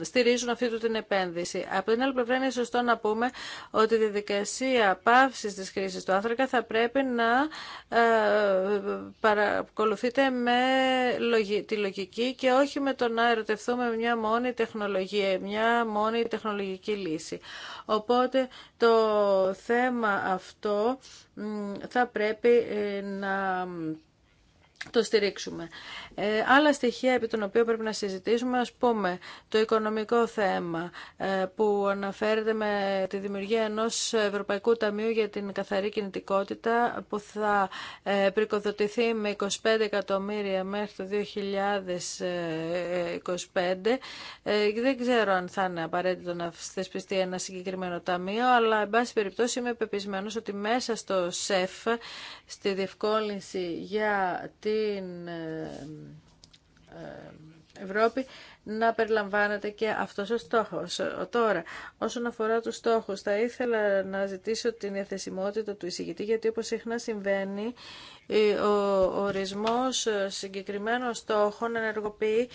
στηρίζουν αυτή του την επένδυση. Από την άλλη πλευρά είναι σωστό να πούμε ότι η διαδικασία απαγόρευσης της του άνθρακα θα πρέπει να ε, παρακολουθείτε με τη λογική και όχι με το να ερωτευτούμε μια μόνη τεχνολογία, μια μόνη τεχνολογική λύση. Οπότε το θέμα αυτό θα πρέπει ε, να το στηρίξουμε. Ε, άλλα στοιχεία επί των οποίων πρέπει να συζητήσουμε, ας πούμε, το οικονομικό θέμα ε, που αναφέρεται με τη δημιουργία ενός Ευρωπαϊκού Ταμείου για την καθαρή κινητικότητα που θα ε, πρικοδοτηθεί με 25 εκατομμύρια μέχρι το 2025. Ε, δεν ξέρω αν θα είναι απαραίτητο να θεσπιστεί ένα συγκεκριμένο ταμείο, αλλά εν πάση περιπτώσει είμαι πεπισμένος ότι μέσα στο ΣΕΦ, στη διευκόλυνση για τη ε, ε, Ευρώπη να περιλαμβάνεται και αυτός ο στόχος. Τώρα, όσον αφορά τους στόχους, θα ήθελα να ζητήσω την διαθεσιμότητα του εισηγητή, γιατί όπως συχνά συμβαίνει, ε, ο ορισμός συγκεκριμένων στόχων ενεργοποιεί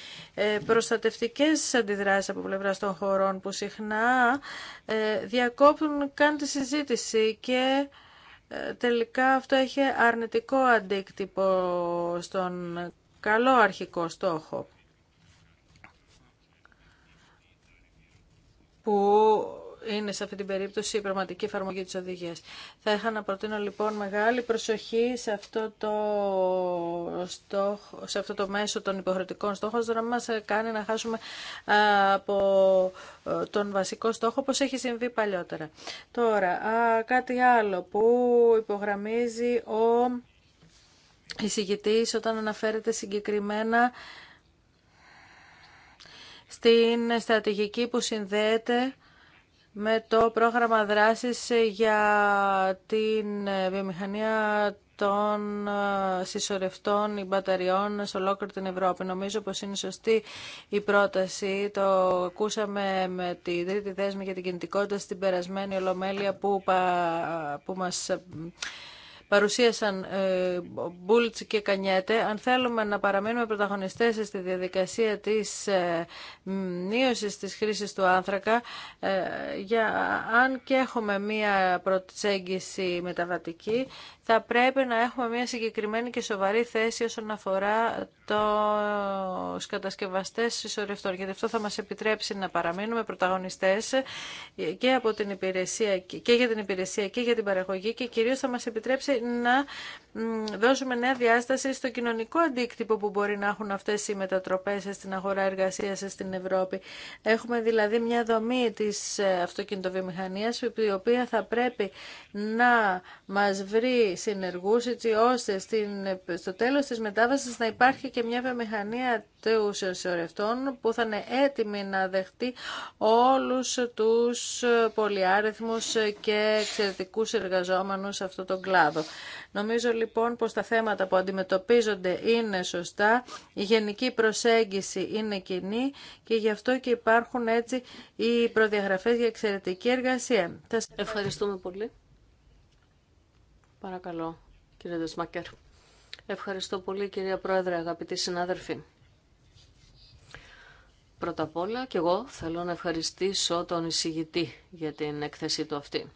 προστατευτικές αντιδράσεις από πλευρά των χωρών, που συχνά διακόπτουν καν τη συζήτηση και ε, τελικά αυτό έχει αρνητικό αντίκτυπο στον καλό αρχικό στόχο που είναι σε αυτή την περίπτωση η πραγματική εφαρμογή της οδηγίας. Θα είχα να προτείνω λοιπόν μεγάλη προσοχή σε αυτό το, στόχο, σε αυτό το μέσο των υποχρεωτικών στόχων, να μας κάνει να χάσουμε από ε, τον βασικό στόχο, όπως έχει συμβεί παλιότερα. Τώρα, κάτι άλλο που υπογραμμίζει ο εισηγητής όταν αναφέρεται συγκεκριμένα στην στρατηγική που συνδέεται με το πρόγραμμα δράσης για την βιομηχανία των συσσωρευτών μπαταριών σε ολόκληρη την Ευρώπη. Νομίζω πως είναι σωστή η πρόταση. Το ακούσαμε με τη τρίτη δέσμη για την κινητικότητα στην περασμένη ολομέλεια που, που μας παρουσίασαν ε, Μπούλτς και Κανιέτε, αν θέλουμε να παραμείνουμε πρωταγωνιστές στη διαδικασία της ε, μείωσης της χρήσης του άνθρακα, ε, για, αν και έχουμε μία προσέγγιση μεταβατική, θα πρέπει να έχουμε μια συγκεκριμένη και σοβαρή θέση όσον αφορά το κατασκευαστές συσσωρευτών, γιατί αυτό θα μας επιτρέψει να παραμείνουμε πρωταγωνιστές και, από την υπηρεσία, και για την υπηρεσία και για την παραγωγή και κυρίως θα μας επιτρέψει να δώσουμε νέα διάσταση στο κοινωνικό αντίκτυπο που μπορεί να έχουν αυτές οι μετατροπές στην αγορά εργασίας στην Ευρώπη. Έχουμε δηλαδή μια δομή της αυτοκινητοβιομηχανίας η οποία θα πρέπει να μας βρει συνεργούς έτσι ώστε στην, στο τέλος της μετάβασης να υπάρχει και μια βιομηχανία του ορεφτόν που θα είναι έτοιμη να δεχτεί όλους τους πολυάριθμους και εξαιρετικούς εργαζόμενους σε αυτόν τον κλάδο. Νομίζω λοιπόν πως τα θέματα που αντιμετωπίζονται είναι σωστά, η γενική προσέγγιση είναι κοινή και γι' αυτό και υπάρχουν έτσι οι προδιαγραφές για εξαιρετική εργασία. Ευχαριστούμε πολύ. Παρακαλώ, κύριε Δεσμάκερ. Ευχαριστώ πολύ, κυρία Πρόεδρε, αγαπητοί συνάδελφοι. Πρώτα απ' όλα και εγώ θέλω να ευχαριστήσω τον εισηγητή για την εκθεσή του αυτή.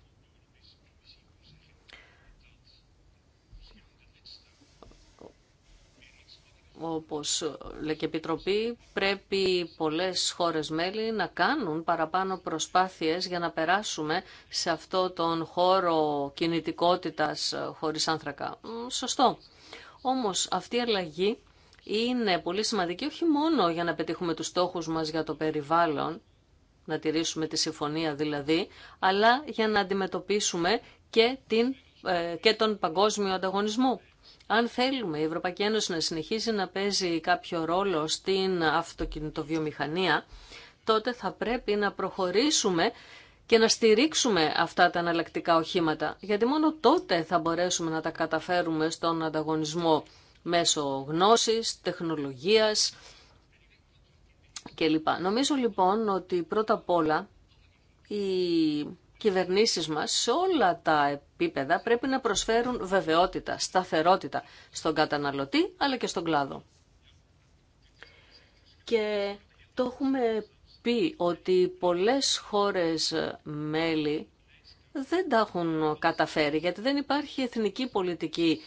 όπως λέει και η Επιτροπή, πρέπει πολλές χώρες μέλη να κάνουν παραπάνω προσπάθειες για να περάσουμε σε αυτό τον χώρο κινητικότητας χωρίς άνθρακα. Σωστό. Όμως αυτή η αλλαγή είναι πολύ σημαντική όχι μόνο για να πετύχουμε τους στόχους μας για το περιβάλλον, να τηρήσουμε τη συμφωνία δηλαδή, αλλά για να αντιμετωπίσουμε και, την, ε, και τον παγκόσμιο ανταγωνισμό. Αν θέλουμε η Ευρωπαϊκή Ένωση να συνεχίσει να παίζει κάποιο ρόλο στην αυτοκινητοβιομηχανία, τότε θα πρέπει να προχωρήσουμε και να στηρίξουμε αυτά τα αναλλακτικά οχήματα, γιατί μόνο τότε θα μπορέσουμε να τα καταφέρουμε στον ανταγωνισμό μέσω γνώσης, τεχνολογίας κλπ. Νομίζω λοιπόν ότι πρώτα απ' όλα η κυβερνήσεις μας σε όλα τα επίπεδα πρέπει να προσφέρουν βεβαιότητα, σταθερότητα στον καταναλωτή αλλά και στον κλάδο. Και το έχουμε πει ότι πολλές χώρες μέλη δεν τα έχουν καταφέρει γιατί δεν υπάρχει εθνική πολιτική,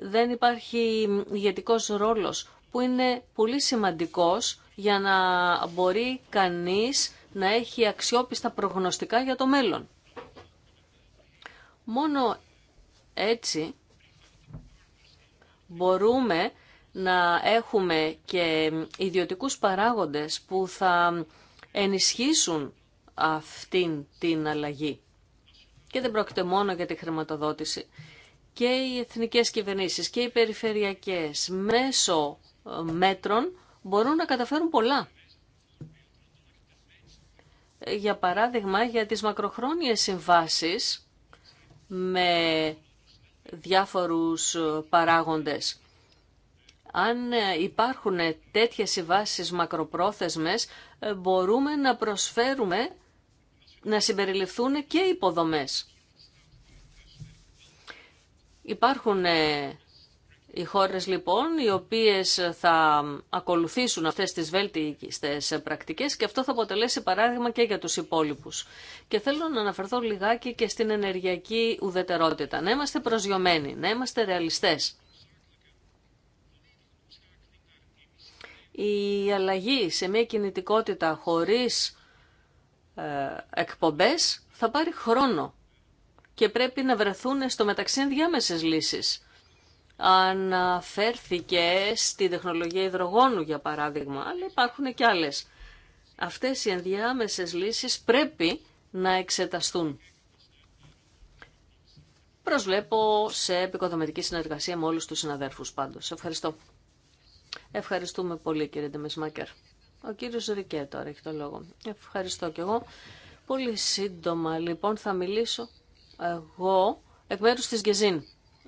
δεν υπάρχει ηγετικός ρόλος που είναι πολύ σημαντικός για να μπορεί κανείς να έχει αξιόπιστα προγνωστικά για το μέλλον. Μόνο έτσι μπορούμε να έχουμε και ιδιωτικούς παράγοντες που θα ενισχύσουν αυτήν την αλλαγή. Και δεν πρόκειται μόνο για τη χρηματοδότηση. Και οι εθνικές κυβερνήσεις και οι περιφερειακές μέσω ε, μέτρων μπορούν να καταφέρουν πολλά. Ε, για παράδειγμα, για τις μακροχρόνιες συμβάσεις με διάφορους παράγοντες. Αν υπάρχουν τέτοιες συμβάσεις μακροπρόθεσμες, μπορούμε να προσφέρουμε να συμπεριληφθούν και υποδομές. Υπάρχουν οι χώρες λοιπόν οι οποίες θα ακολουθήσουν αυτές τις βέλτιστες πρακτικές και αυτό θα αποτελέσει παράδειγμα και για τους υπόλοιπους. Και θέλω να αναφερθώ λιγάκι και στην ενεργειακή ουδετερότητα. Να είμαστε προσγειωμένοι, να είμαστε ρεαλιστές. Η αλλαγή σε μια κινητικότητα χωρίς ε, εκπομπές θα πάρει χρόνο και πρέπει να βρεθούν στο μεταξύ ενδιάμεσες λύσεις αναφέρθηκε στη τεχνολογία υδρογόνου για παράδειγμα, αλλά υπάρχουν και άλλες. Αυτές οι ενδιάμεσες λύσεις πρέπει να εξεταστούν. Προσβλέπω σε επικοδομητική συνεργασία με όλους τους συναδέρφους πάντως. Ευχαριστώ. Ευχαριστούμε πολύ κύριε Ντεμεσμάκερ. Ο κύριος Ρικέ τώρα έχει το λόγο. Ευχαριστώ κι εγώ. Πολύ σύντομα λοιπόν θα μιλήσω εγώ εκ μέρους της Γεζίν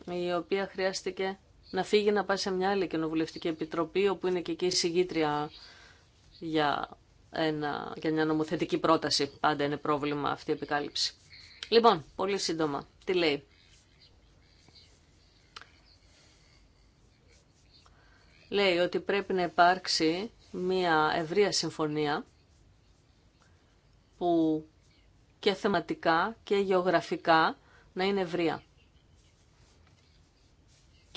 η οποία χρειάστηκε να φύγει να πάει σε μια άλλη κοινοβουλευτική επιτροπή, όπου είναι και εκεί η για, ένα, για μια νομοθετική πρόταση. Πάντα είναι πρόβλημα αυτή η επικάλυψη. Λοιπόν, πολύ σύντομα, τι λέει. Λέει ότι πρέπει να υπάρξει μια ευρεία συμφωνία που και θεματικά και γεωγραφικά να είναι ευρεία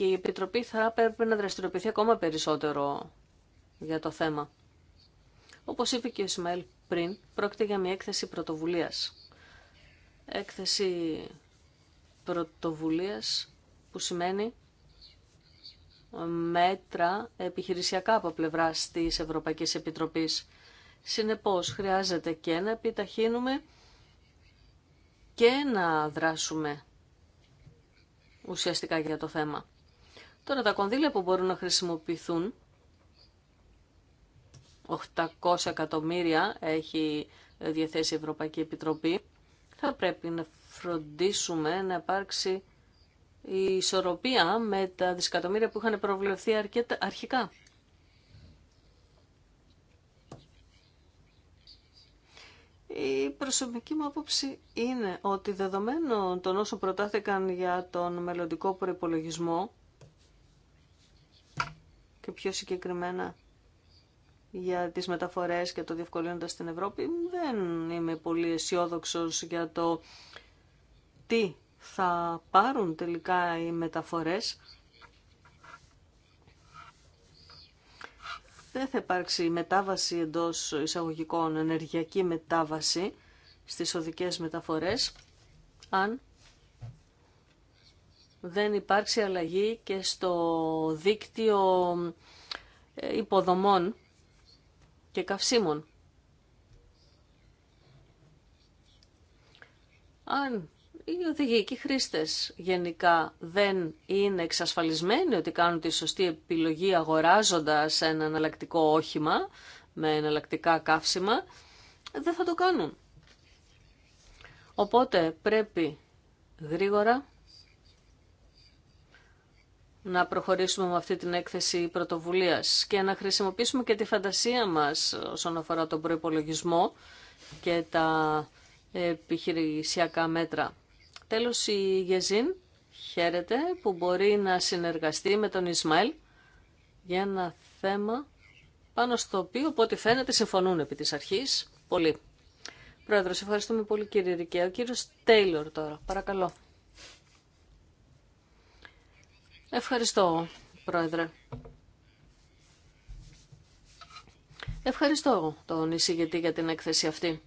και η Επιτροπή θα έπρεπε να δραστηριοποιηθεί ακόμα περισσότερο για το θέμα. Όπως είπε και ο Ισμαήλ πριν, πρόκειται για μια έκθεση πρωτοβουλίας. Έκθεση πρωτοβουλίας που σημαίνει μέτρα επιχειρησιακά από πλευρά της Ευρωπαϊκής Επιτροπής. Συνεπώς, χρειάζεται και να επιταχύνουμε και να δράσουμε ουσιαστικά για το θέμα. Τώρα τα κονδύλια που μπορούν να χρησιμοποιηθούν, 800 εκατομμύρια έχει διαθέσει η Ευρωπαϊκή Επιτροπή, θα πρέπει να φροντίσουμε να υπάρξει η ισορροπία με τα δισεκατομμύρια που είχαν προβλεφθεί αρχικά. Η προσωπική μου άποψη είναι ότι δεδομένων των όσων προτάθηκαν για τον μελλοντικό προϋπολογισμό, και πιο συγκεκριμένα για τις μεταφορές και το διευκολύνοντα στην Ευρώπη, δεν είμαι πολύ αισιόδοξο για το τι θα πάρουν τελικά οι μεταφορές. Δεν θα υπάρξει μετάβαση εντός εισαγωγικών, ενεργειακή μετάβαση στις οδικές μεταφορές, αν δεν υπάρξει αλλαγή και στο δίκτυο ε, υποδομών και καυσίμων. Αν οι οδηγοί οι χρήστες γενικά δεν είναι εξασφαλισμένοι ότι κάνουν τη σωστή επιλογή αγοράζοντας ένα εναλλακτικό όχημα με εναλλακτικά καύσιμα, δεν θα το κάνουν. Οπότε πρέπει γρήγορα να προχωρήσουμε με αυτή την έκθεση πρωτοβουλίας και να χρησιμοποιήσουμε και τη φαντασία μας όσον αφορά τον προπολογισμό και τα επιχειρησιακά μέτρα. Τέλος η Γεζίν χαίρεται που μπορεί να συνεργαστεί με τον Ισμαήλ για ένα θέμα πάνω στο οποίο, από ό,τι φαίνεται, συμφωνούν επί τη αρχής πολύ. Πρόεδρος, ευχαριστούμε πολύ κύριε Ρικαίο. Ο κύριος Τέιλορ τώρα, παρακαλώ. Ευχαριστώ, Πρόεδρε. Ευχαριστώ τον εισηγητή για την έκθεση αυτή.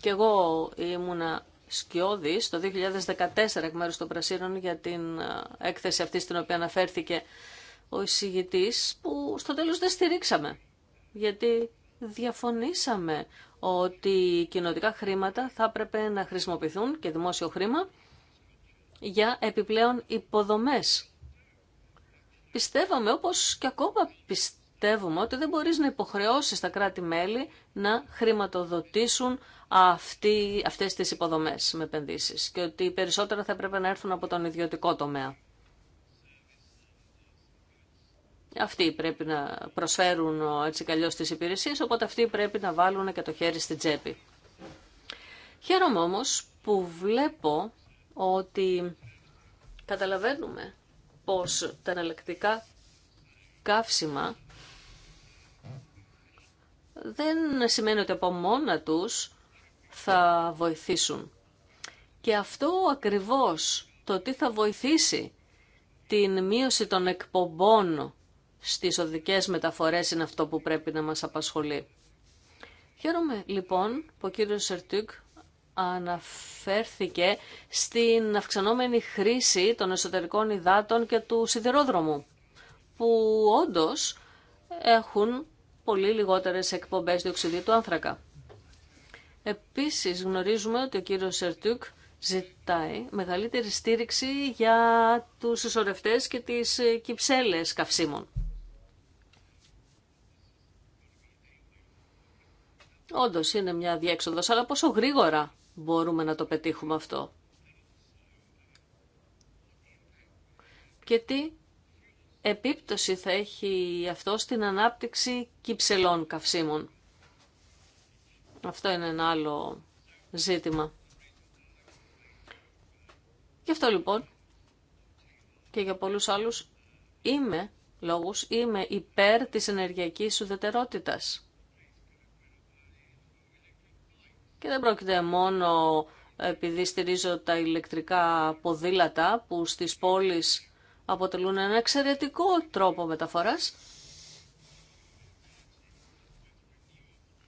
Και εγώ ήμουνα σκιώδη το 2014 εκ μέρους των Πρασίνων για την ε, έκθεση αυτή στην οποία αναφέρθηκε ο εισηγητής που στο τέλος δεν στηρίξαμε. Γιατί διαφωνήσαμε ότι κοινοτικά χρήματα θα έπρεπε να χρησιμοποιηθούν και δημόσιο χρήμα για επιπλέον υποδομές. Πιστεύαμε, όπως και ακόμα πιστεύουμε, ότι δεν μπορείς να υποχρεώσεις τα κράτη-μέλη να χρηματοδοτήσουν αυτοί, αυτές τις υποδομές με επενδύσεις και ότι περισσότερα θα έπρεπε να έρθουν από τον ιδιωτικό τομέα. Αυτοί πρέπει να προσφέρουν έτσι καλλιώ τις υπηρεσίες, οπότε αυτοί πρέπει να βάλουν και το χέρι στην τσέπη. Χαίρομαι όμως που βλέπω ότι καταλαβαίνουμε πως τα εναλλακτικά καύσιμα δεν σημαίνει ότι από μόνα τους θα βοηθήσουν. Και αυτό ακριβώς το τι θα βοηθήσει την μείωση των εκπομπών στις οδικές μεταφορές είναι αυτό που πρέπει να μας απασχολεί. Χαίρομαι λοιπόν που ο κύριος Σερτούκ αναφέρθηκε στην αυξανόμενη χρήση των εσωτερικών υδάτων και του σιδηρόδρομου, που όντως έχουν πολύ λιγότερες εκπομπές διοξιδίου του άνθρακα. Επίσης γνωρίζουμε ότι ο κύριος Σερτούκ ζητάει μεγαλύτερη στήριξη για τους συσσωρευτές και τις κυψέλες καυσίμων. Όντως είναι μια διέξοδος αλλά πόσο γρήγορα μπορούμε να το πετύχουμε αυτό. Και τι επίπτωση θα έχει αυτό στην ανάπτυξη κυψελών καυσίμων. Αυτό είναι ένα άλλο ζήτημα. Γι' αυτό λοιπόν και για πολλούς άλλους είμαι λόγους, είμαι υπέρ της ενεργειακής ουδετερότητας. Και δεν πρόκειται μόνο επειδή στηρίζω τα ηλεκτρικά ποδήλατα που στις πόλεις αποτελούν ένα εξαιρετικό τρόπο μεταφοράς.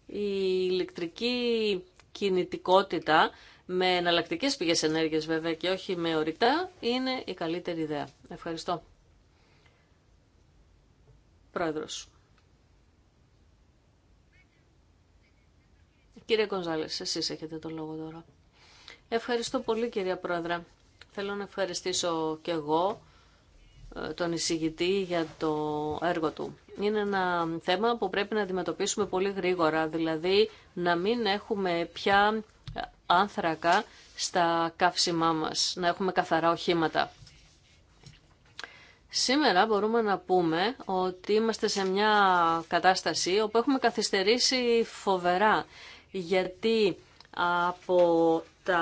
Η ηλεκτρική κινητικότητα με εναλλακτικές πηγές ενέργειας βέβαια και όχι με ορυκτά είναι η καλύτερη ιδέα. Ευχαριστώ. Πρόεδρος. Κύριε Κονζάλη, εσεί έχετε τον λόγο τώρα. Ευχαριστώ πολύ κυρία Πρόεδρε. Θέλω να ευχαριστήσω και εγώ ε, τον εισηγητή για το έργο του. Είναι ένα θέμα που πρέπει να αντιμετωπίσουμε πολύ γρήγορα, δηλαδή να μην έχουμε πια άνθρακα στα καύσιμά μας, να έχουμε καθαρά οχήματα. Σήμερα μπορούμε να πούμε ότι είμαστε σε μια κατάσταση όπου έχουμε καθυστερήσει φοβερά γιατί από τα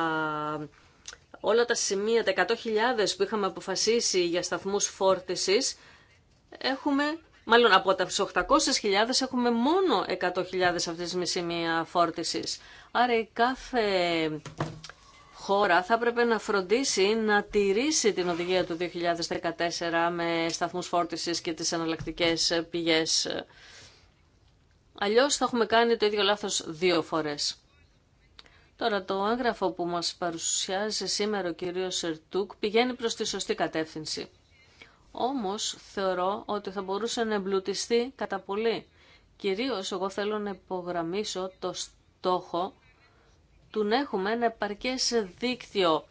όλα τα σημεία, τα 100.000 που είχαμε αποφασίσει για σταθμούς φόρτισης, έχουμε, μάλλον από τα 800.000 έχουμε μόνο 100.000 αυτές τις σημεία φόρτισης. Άρα η κάθε χώρα θα έπρεπε να φροντίσει να τηρήσει την οδηγία του 2014 με σταθμούς φόρτισης και τις εναλλακτικέ πηγές Αλλιώς θα έχουμε κάνει το ίδιο λάθος δύο φορές. Τώρα το έγγραφο που μας παρουσιάζει σήμερα ο κύριο Σερτούκ πηγαίνει προς τη σωστή κατεύθυνση. Όμως θεωρώ ότι θα μπορούσε να εμπλουτιστεί κατά πολύ. Κυρίως εγώ θέλω να υπογραμμίσω το στόχο του να έχουμε ένα επαρκές δίκτυο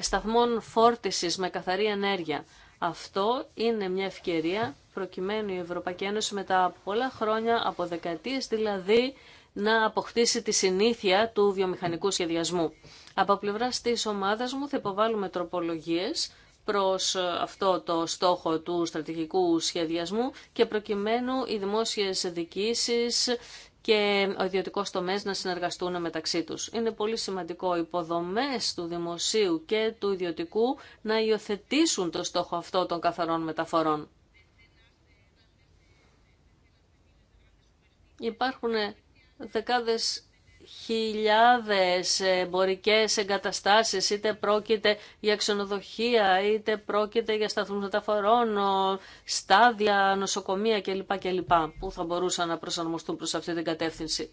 σταθμών φόρτισης με καθαρή ενέργεια. Αυτό είναι μια ευκαιρία προκειμένου η Ευρωπαϊκή Ένωση μετά από πολλά χρόνια, από δεκαετίες δηλαδή, να αποκτήσει τη συνήθεια του βιομηχανικού σχεδιασμού. Από πλευρά τη ομάδα μου θα υποβάλουμε τροπολογίε προς ε, αυτό το στόχο του στρατηγικού σχεδιασμού και προκειμένου οι δημόσιε διοικήσει και ο ιδιωτικό τομέα να συνεργαστούν μεταξύ του. Είναι πολύ σημαντικό οι υποδομέ του δημοσίου και του ιδιωτικού να υιοθετήσουν το στόχο αυτό των καθαρών μεταφορών. Υπάρχουν δεκάδες χιλιάδες εμπορικές εγκαταστάσεις, είτε πρόκειται για ξενοδοχεία, είτε πρόκειται για σταθμούς μεταφορών, στάδια, νοσοκομεία κλπ. κλπ. που θα μπορούσαν να προσαρμοστούν προς αυτή την κατεύθυνση.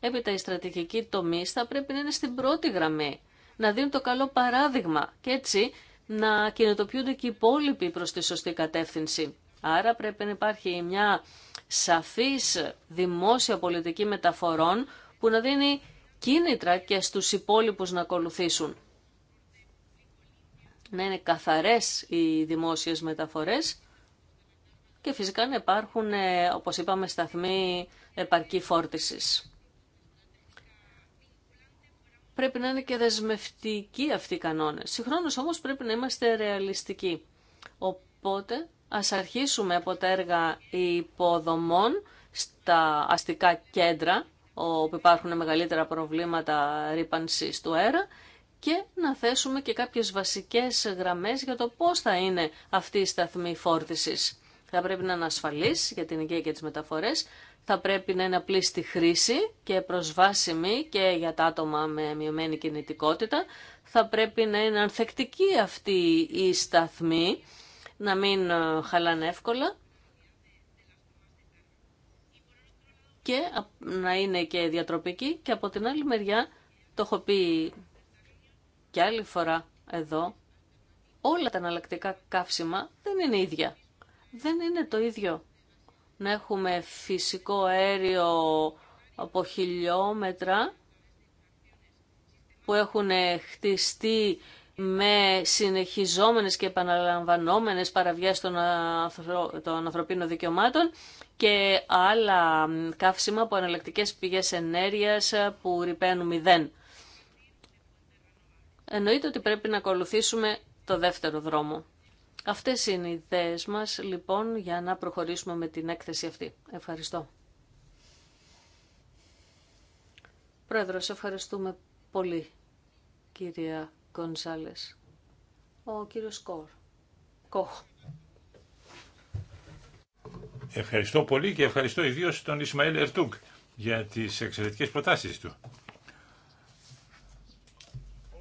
Έπειτα η στρατηγική τομή θα πρέπει να είναι στην πρώτη γραμμή, να δίνουν το καλό παράδειγμα και έτσι να κινητοποιούνται και οι υπόλοιποι προς τη σωστή κατεύθυνση. Άρα πρέπει να υπάρχει μια σαφής δημόσια πολιτική μεταφορών που να δίνει κίνητρα και στους υπόλοιπους να ακολουθήσουν. Να είναι καθαρές οι δημόσιες μεταφορές και φυσικά να υπάρχουν, ε, όπως είπαμε, σταθμοί επαρκή φόρτισης. Πρέπει να είναι και δεσμευτικοί αυτοί οι κανόνες. Συγχρόνως όμως πρέπει να είμαστε ρεαλιστικοί. Οπότε Ας αρχίσουμε από τα έργα υποδομών στα αστικά κέντρα, όπου υπάρχουν μεγαλύτερα προβλήματα ρήπανσης του αέρα, και να θέσουμε και κάποιες βασικές γραμμές για το πώς θα είναι αυτή η σταθμή φόρτισης. Θα πρέπει να είναι ασφαλής για την υγεία και τις μεταφορές, θα πρέπει να είναι απλή στη χρήση και προσβάσιμη και για τα άτομα με μειωμένη κινητικότητα, θα πρέπει να είναι ανθεκτική αυτή η σταθμή, να μην ε, χαλάνε εύκολα και να είναι και διατροπική και από την άλλη μεριά το έχω πει και άλλη φορά εδώ όλα τα αναλλακτικά καύσιμα δεν είναι ίδια. Δεν είναι το ίδιο να έχουμε φυσικό αέριο από χιλιόμετρα που έχουν χτιστεί με συνεχιζόμενες και επαναλαμβανόμενες παραβιάσεις των, ανθρωπίνων δικαιωμάτων και άλλα καύσιμα από εναλλακτικέ πηγές ενέργειας που ρηπαίνουν μηδέν. Εννοείται ότι πρέπει να ακολουθήσουμε το δεύτερο δρόμο. Αυτές είναι οι ιδέες μας, λοιπόν, για να προχωρήσουμε με την έκθεση αυτή. Ευχαριστώ. Πρόεδρος, ευχαριστούμε πολύ, κυρία ο κύριος Κόρ. Κόχ. Ευχαριστώ πολύ και ευχαριστώ ιδίω τον Ισμαήλ Ερτούγκ για τις εξαιρετικές προτάσεις του.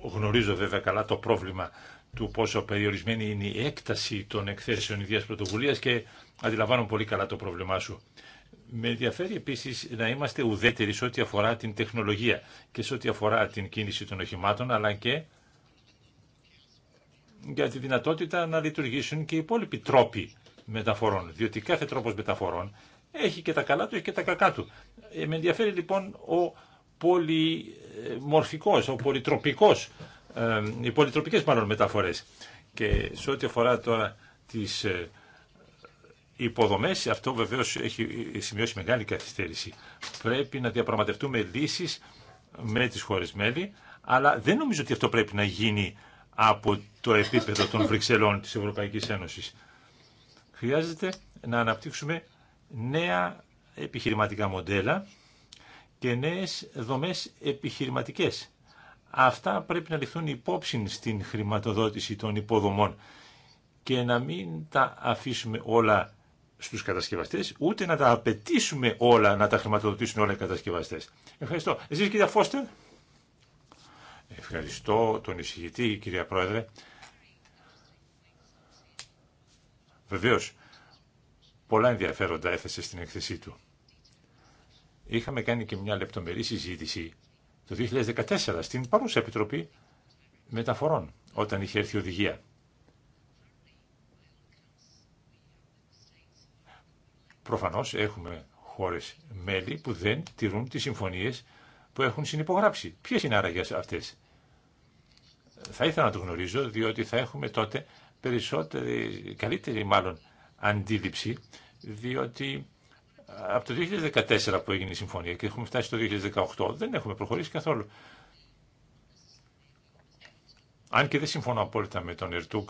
Γνωρίζω βέβαια καλά το πρόβλημα του πόσο περιορισμένη είναι η έκταση των εκθέσεων ιδίας πρωτοβουλία και αντιλαμβάνω πολύ καλά το πρόβλημά σου. Με ενδιαφέρει επίση να είμαστε ουδέτεροι σε ό,τι αφορά την τεχνολογία και σε ό,τι αφορά την κίνηση των οχημάτων, αλλά και για τη δυνατότητα να λειτουργήσουν και οι υπόλοιποι τρόποι μεταφορών. Διότι κάθε τρόπο μεταφορών έχει και τα καλά του, έχει και τα κακά του. Ε, με ενδιαφέρει λοιπόν ο πολυμορφικός, ο πολυτροπικό, ε, οι πολυτροπικέ μάλλον μεταφορές. Και σε ό,τι αφορά τώρα τις ε, υποδομές, αυτό βεβαίως έχει σημειώσει μεγάλη καθυστέρηση. Πρέπει να διαπραγματευτούμε λύσει με τι χώρε μέλη, αλλά δεν νομίζω ότι αυτό πρέπει να γίνει από το επίπεδο των Βρυξελών της Ευρωπαϊκής Ένωσης. Χρειάζεται να αναπτύξουμε νέα επιχειρηματικά μοντέλα και νέες δομές επιχειρηματικές. Αυτά πρέπει να ληφθούν υπόψη στην χρηματοδότηση των υποδομών και να μην τα αφήσουμε όλα στους κατασκευαστές, ούτε να τα απαιτήσουμε όλα, να τα χρηματοδοτήσουν όλα οι κατασκευαστές. Ευχαριστώ. Εσείς κύριε Φώστερ. Ευχαριστώ τον εισηγητή, κυρία Πρόεδρε. Βεβαίω, πολλά ενδιαφέροντα έθεσε στην έκθεσή του. Είχαμε κάνει και μια λεπτομερή συζήτηση το 2014 στην παρούσα Επιτροπή Μεταφορών, όταν είχε έρθει οδηγία. Προφανώς έχουμε χώρες μέλη που δεν τηρούν τις συμφωνίες που έχουν συνυπογράψει. Ποιε είναι άραγε αυτές. Θα ήθελα να το γνωρίζω, διότι θα έχουμε τότε περισσότερη, καλύτερη μάλλον αντίληψη, διότι από το 2014 που έγινε η συμφωνία και έχουμε φτάσει το 2018 δεν έχουμε προχωρήσει καθόλου. Αν και δεν συμφωνώ απόλυτα με τον Ερτούκ,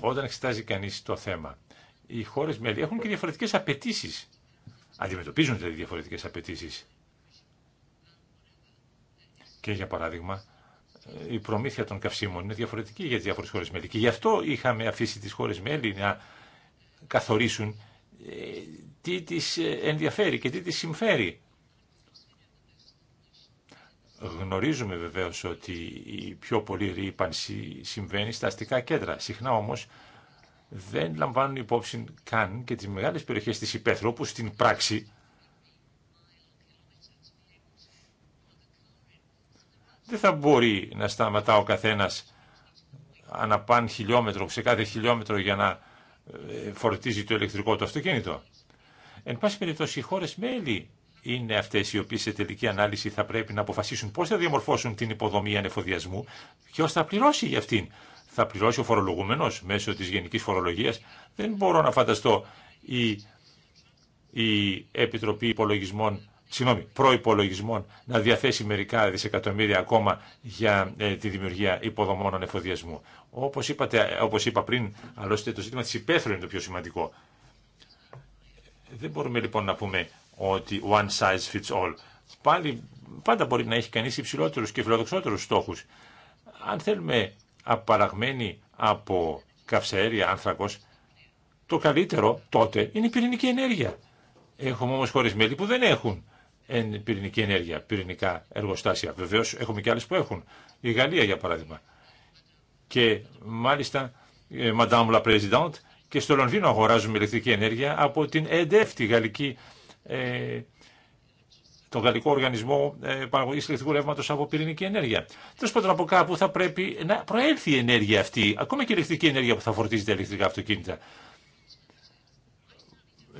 όταν εξετάζει κανείς το θέμα, οι χώρες μέλη έχουν και διαφορετικές απαιτήσει. Αντιμετωπίζουν δηλαδή διαφορετικές απαιτήσει. Και για παράδειγμα, ε, η προμήθεια των καυσίμων είναι διαφορετική για τι διάφορε χώρε μέλη. Και γι' αυτό είχαμε αφήσει τι χώρε μέλη να καθορίσουν ε, τι τι ε, ενδιαφέρει και τι τι συμφέρει. Γνωρίζουμε βεβαίω ότι η πιο πολλή ρήπανση συμβαίνει στα αστικά κέντρα. Συχνά όμως δεν λαμβάνουν υπόψη καν και τι μεγάλε περιοχέ τη υπαίθρου, όπου στην πράξη δεν θα μπορεί να σταματά ο καθένας ανά παν χιλιόμετρο, σε κάθε χιλιόμετρο για να ε, φορτίζει το ηλεκτρικό του αυτοκίνητο. Εν πάση περιπτώσει, οι χώρες μέλη είναι αυτές οι οποίες σε τελική ανάλυση θα πρέπει να αποφασίσουν πώς θα διαμορφώσουν την υποδομή ανεφοδιασμού και ως θα πληρώσει για αυτήν. Θα πληρώσει ο φορολογούμενος μέσω της γενικής φορολογίας. Δεν μπορώ να φανταστώ η, η Επιτροπή Υπολογισμών συγγνώμη, προϋπολογισμών να διαθέσει μερικά δισεκατομμύρια ακόμα για ε, τη δημιουργία υποδομών ανεφοδιασμού. Όπως, είπατε, όπως είπα πριν, άλλωστε το ζήτημα της υπαίθρου είναι το πιο σημαντικό. Δεν μπορούμε λοιπόν να πούμε ότι one size fits all. Πάλι, πάντα μπορεί να έχει κανείς υψηλότερους και φιλοδοξότερους στόχους. Αν θέλουμε απαραγμένη από καυσαέρια άνθρακος, το καλύτερο τότε είναι η πυρηνική ενέργεια. Έχουμε όμως χωρίς μέλη που δεν έχουν εν, πυρηνική ενέργεια, πυρηνικά εργοστάσια. Βεβαίω έχουμε και άλλε που έχουν. Η Γαλλία για παράδειγμα. Και μάλιστα, ε, Madame la Présidente, και στο Λονδίνο αγοράζουμε ηλεκτρική ενέργεια από την ΕΔΕΦ τη γαλλική, ε, τον γαλλικό οργανισμό ε, παραγωγή ηλεκτρικού ρεύματο από πυρηνική ενέργεια. Τέλο πάντων, από κάπου θα πρέπει να προέλθει η ενέργεια αυτή, ακόμα και η ηλεκτρική ενέργεια που θα φορτίζεται ηλεκτρικά αυτοκίνητα.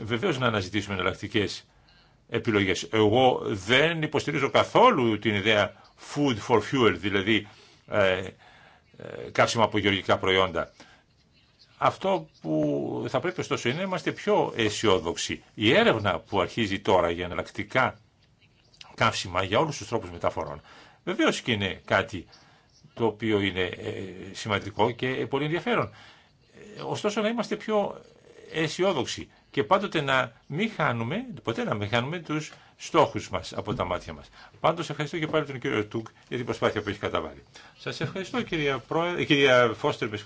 Βεβαίω να αναζητήσουμε εναλλακτικέ επιλογές. Εγώ δεν υποστηρίζω καθόλου την ιδέα food for fuel, δηλαδή ε, ε, καύσιμα από γεωργικά προϊόντα. Αυτό που θα πρέπει ωστόσο είναι να είμαστε πιο αισιόδοξοι. Η έρευνα που αρχίζει τώρα για εναλλακτικά καύσιμα για όλους τους τρόπους μεταφορών, βεβαίως και είναι κάτι το οποίο είναι ε, σημαντικό και πολύ ενδιαφέρον. Ωστόσο να είμαστε πιο αισιόδοξοι και πάντοτε να μην χάνουμε, ποτέ να μην χάνουμε τους στόχους μας από τα μάτια μας. Πάντως ευχαριστώ και πάλι τον κύριο Τούκ για την προσπάθεια που έχει καταβάλει. Σας ευχαριστώ κυρία, ε, κυρία Φώστερ, με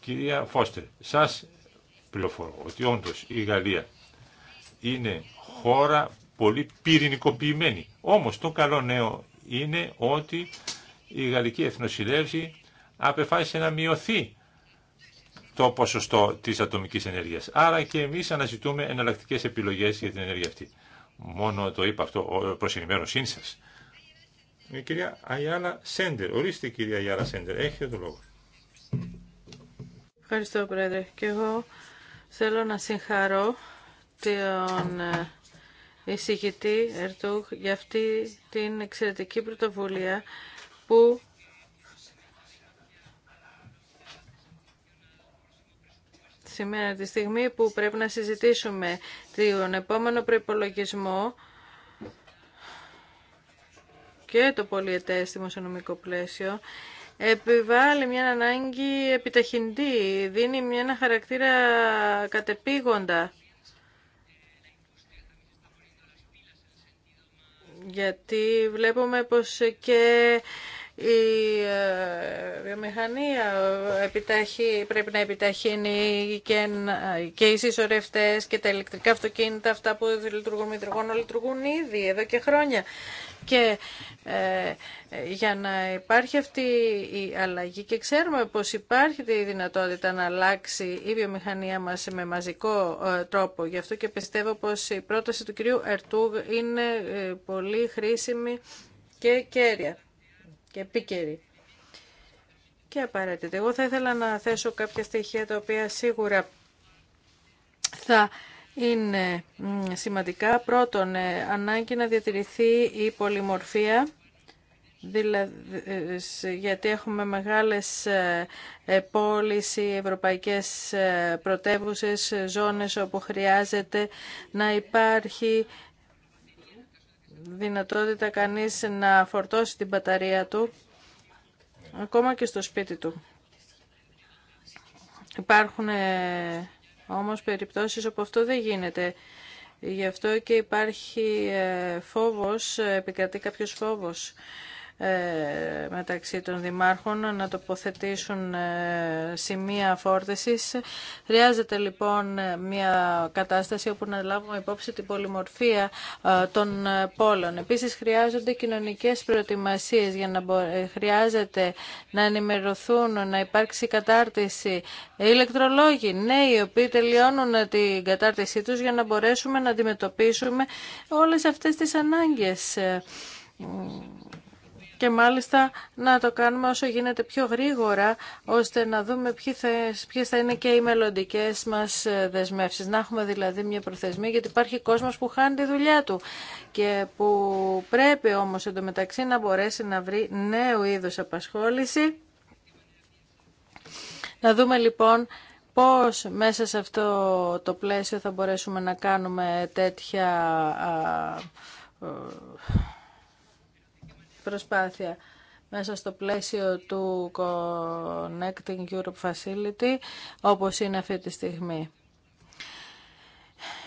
Κυρία Φώστερ, σας πληροφορώ ότι όντως η Γαλλία είναι χώρα πολύ πυρηνικοποιημένη. Όμως το καλό νέο είναι ότι η γαλλική εθνοσυλλεύση απεφάσισε να μειωθεί το ποσοστό τη ατομική ενέργεια. Άρα και εμεί αναζητούμε εναλλακτικές επιλογές για την ενέργεια αυτή. Μόνο το είπα αυτό προ ενημέρωσή σα. Η ε, κυρία Αγιάλα Σέντερ. Ορίστε κυρία Αγιάλα Σέντερ. Έχετε το λόγο. Ευχαριστώ πρόεδρε. Και εγώ θέλω να συγχαρώ τον ε, εισηγητή Ερτούγ για αυτή την εξαιρετική πρωτοβουλία που σήμερα, τη στιγμή που πρέπει να συζητήσουμε τον επόμενο προπολογισμό και το στο δημοσιονομικό πλαίσιο, επιβάλλει μια ανάγκη επιταχυντή, δίνει μια χαρακτήρα κατεπήγοντα. Γιατί βλέπουμε πως και η ε, βιομηχανία επιταχύ, πρέπει να επιταχύνει και, οι συσσωρευτές και τα ηλεκτρικά αυτοκίνητα, αυτά που λειτουργούν με υδρογόνο λειτουργούν ήδη εδώ και χρόνια. Και ε, για να υπάρχει αυτή η αλλαγή και ξέρουμε πως υπάρχει η δυνατότητα να αλλάξει η βιομηχανία μας με μαζικό ε, τρόπο. Γι' αυτό και πιστεύω πως η πρόταση του κυρίου Ερτούγ είναι ε, πολύ χρήσιμη και κέρια και επίκαιρη και απαραίτητα. Εγώ θα ήθελα να θέσω κάποια στοιχεία τα οποία σίγουρα θα είναι σημαντικά. Πρώτον, ε, ανάγκη να διατηρηθεί η πολυμορφία δηλαδή, ε, γιατί έχουμε μεγάλες ε, πόλεις ή ευρωπαϊκές πρωτεύουσες, ζώνες όπου χρειάζεται να υπάρχει δυνατότητα κανείς να φορτώσει την μπαταρία του ακόμα και στο σπίτι του. Υπάρχουν ε, όμως περιπτώσεις όπου αυτό δεν γίνεται. Γι' αυτό και υπάρχει ε, φόβος, ε, επικρατεί κάποιος φόβος. Ε, μεταξύ των δημάρχων να τοποθετήσουν ε, σημεία φόρτισης. Χρειάζεται λοιπόν μια κατάσταση όπου να λάβουμε υπόψη την πολυμορφία ε, των πόλων. Επίσης χρειάζονται κοινωνικές προετοιμασίες για να χρειάζεται να ενημερωθούν, να υπάρξει κατάρτιση. Ηλεκτρολόγοι, ναι, οι οποίοι τελειώνουν την κατάρτισή τους για να μπορέσουμε να αντιμετωπίσουμε όλες αυτές τις ανάγκες και μάλιστα να το κάνουμε όσο γίνεται πιο γρήγορα ώστε να δούμε ποιε θα είναι και οι μελλοντικέ μας ε, δεσμεύσεις. Να έχουμε δηλαδή μια προθεσμία γιατί υπάρχει κόσμος που χάνει τη δουλειά του και που πρέπει όμως εντωμεταξύ να μπορέσει να βρει νέου είδους απασχόληση. Να δούμε λοιπόν πώς μέσα σε αυτό το πλαίσιο θα μπορέσουμε να κάνουμε τέτοια προσπάθεια μέσα στο πλαίσιο του Connecting Europe Facility, όπως είναι αυτή τη στιγμή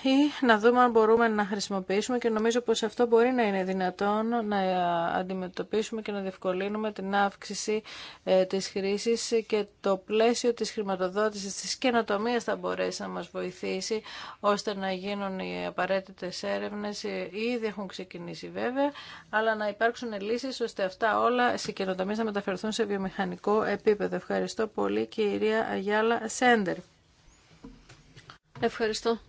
ή να δούμε αν μπορούμε να χρησιμοποιήσουμε και νομίζω πως αυτό μπορεί να είναι δυνατόν να αντιμετωπίσουμε και να διευκολύνουμε την αύξηση ε, της χρήσης και το πλαίσιο της χρηματοδότησης της καινοτομία θα μπορέσει να μας βοηθήσει ώστε να γίνουν οι απαραίτητες έρευνες ε, ήδη έχουν ξεκινήσει βέβαια αλλά να υπάρξουν λύσεις ώστε αυτά όλα σε καινοτομίες να μεταφερθούν σε βιομηχανικό επίπεδο. Ευχαριστώ πολύ κυρία Αγιάλα Σέντερ. Ευχαριστώ.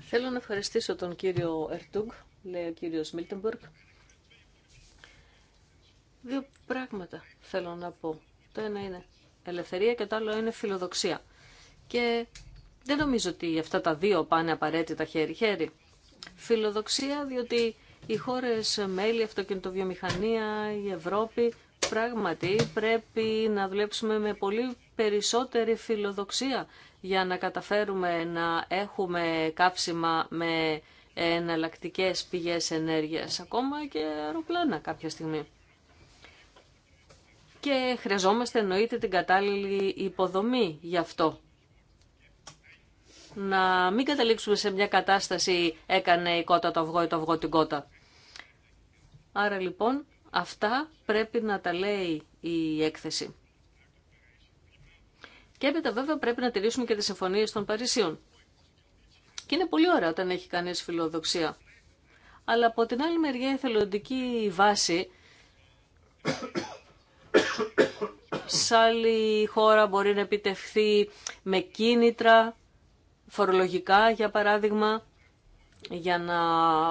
Θέλω να ευχαριστήσω τον κύριο Ερτούγκ, λέει ο κύριος Μίλτεμπουργκ. Δύο πράγματα θέλω να πω. Το ένα είναι ελευθερία και το άλλο είναι φιλοδοξία. Και δεν νομίζω ότι αυτά τα δύο πάνε απαραίτητα χέρι-χέρι. Φιλοδοξία διότι οι χώρες μέλη, η αυτοκινητοβιομηχανία, η Ευρώπη πράγματι πρέπει να δουλέψουμε με πολύ περισσότερη φιλοδοξία για να καταφέρουμε να έχουμε κάψιμα με εναλλακτικέ πηγές ενέργειας, ακόμα και αεροπλάνα κάποια στιγμή. Και χρειαζόμαστε εννοείται την κατάλληλη υποδομή γι' αυτό. Να μην καταλήξουμε σε μια κατάσταση έκανε η κότα το αυγό ή το αυγό την κότα. Άρα λοιπόν Αυτά πρέπει να τα λέει η έκθεση. Και έπειτα βέβαια πρέπει να τηρήσουμε και τις συμφωνίες των Παρισίων. Και είναι πολύ ωραία όταν έχει κανείς φιλοδοξία. Αλλά από την άλλη μεριά η θελοντική βάση σε άλλη χώρα μπορεί να επιτευχθεί με κίνητρα φορολογικά για παράδειγμα για να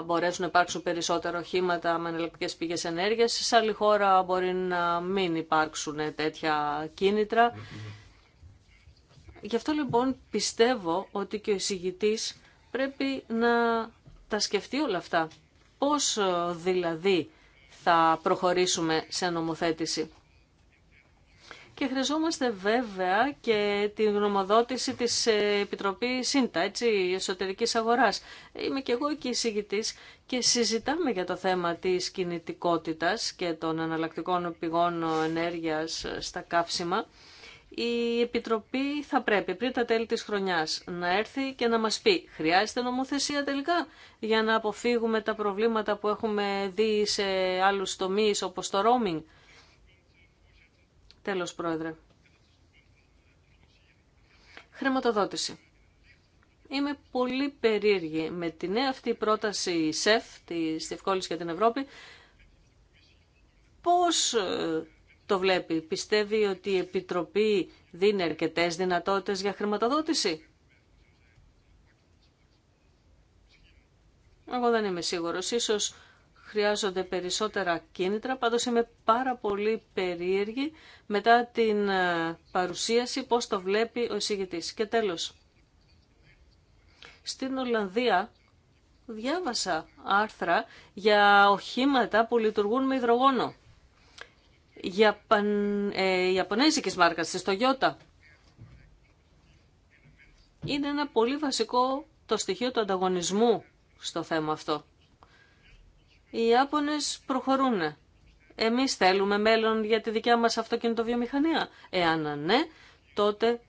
μπορέσουν να υπάρξουν περισσότερα οχήματα με εναλλακτικέ πηγέ ενέργεια. Σε άλλη χώρα μπορεί να μην υπάρξουν τέτοια κίνητρα. Γι' αυτό λοιπόν πιστεύω ότι και ο εισηγητή πρέπει να τα σκεφτεί όλα αυτά. Πώς ε, δηλαδή θα προχωρήσουμε σε νομοθέτηση και χρειαζόμαστε βέβαια και την γνωμοδότηση της ε, Επιτροπής ΣΥΝΤΑ, έτσι, εσωτερικής αγοράς. Είμαι και εγώ εκεί εισηγητής και συζητάμε για το θέμα της κινητικότητας και των αναλλακτικών πηγών ενέργειας ε, στα καύσιμα. Η Επιτροπή θα πρέπει πριν τα τέλη της χρονιάς να έρθει και να μας πει χρειάζεται νομοθεσία τελικά για να αποφύγουμε τα προβλήματα που έχουμε δει σε άλλους τομείς όπως το roaming. Τέλος, Πρόεδρε. Χρηματοδότηση. Είμαι πολύ περίεργη με την νέα αυτή πρόταση ΣΕΦ, τη Διευκόλυνση για την Ευρώπη. Πώς ε, το βλέπει, πιστεύει ότι η Επιτροπή δίνει αρκετέ δυνατότητες για χρηματοδότηση. Εγώ δεν είμαι σίγουρος. Ίσως χρειάζονται περισσότερα κίνητρα. Πάντως είμαι πάρα πολύ περίεργη μετά την ε, παρουσίαση πώς το βλέπει ο εισηγητής. Και τέλος, στην Ολλανδία διάβασα άρθρα για οχήματα που λειτουργούν με υδρογόνο. Για παν, ε, Ιαπωνέζικης μάρκας, στο Ιώτα. Είναι ένα πολύ βασικό το στοιχείο του ανταγωνισμού στο θέμα αυτό. Οι Ιάπωνε προχωρούν. Εμεί θέλουμε μέλλον για τη δικιά μας αυτοκινητοβιομηχανία. Εάν ναι, τότε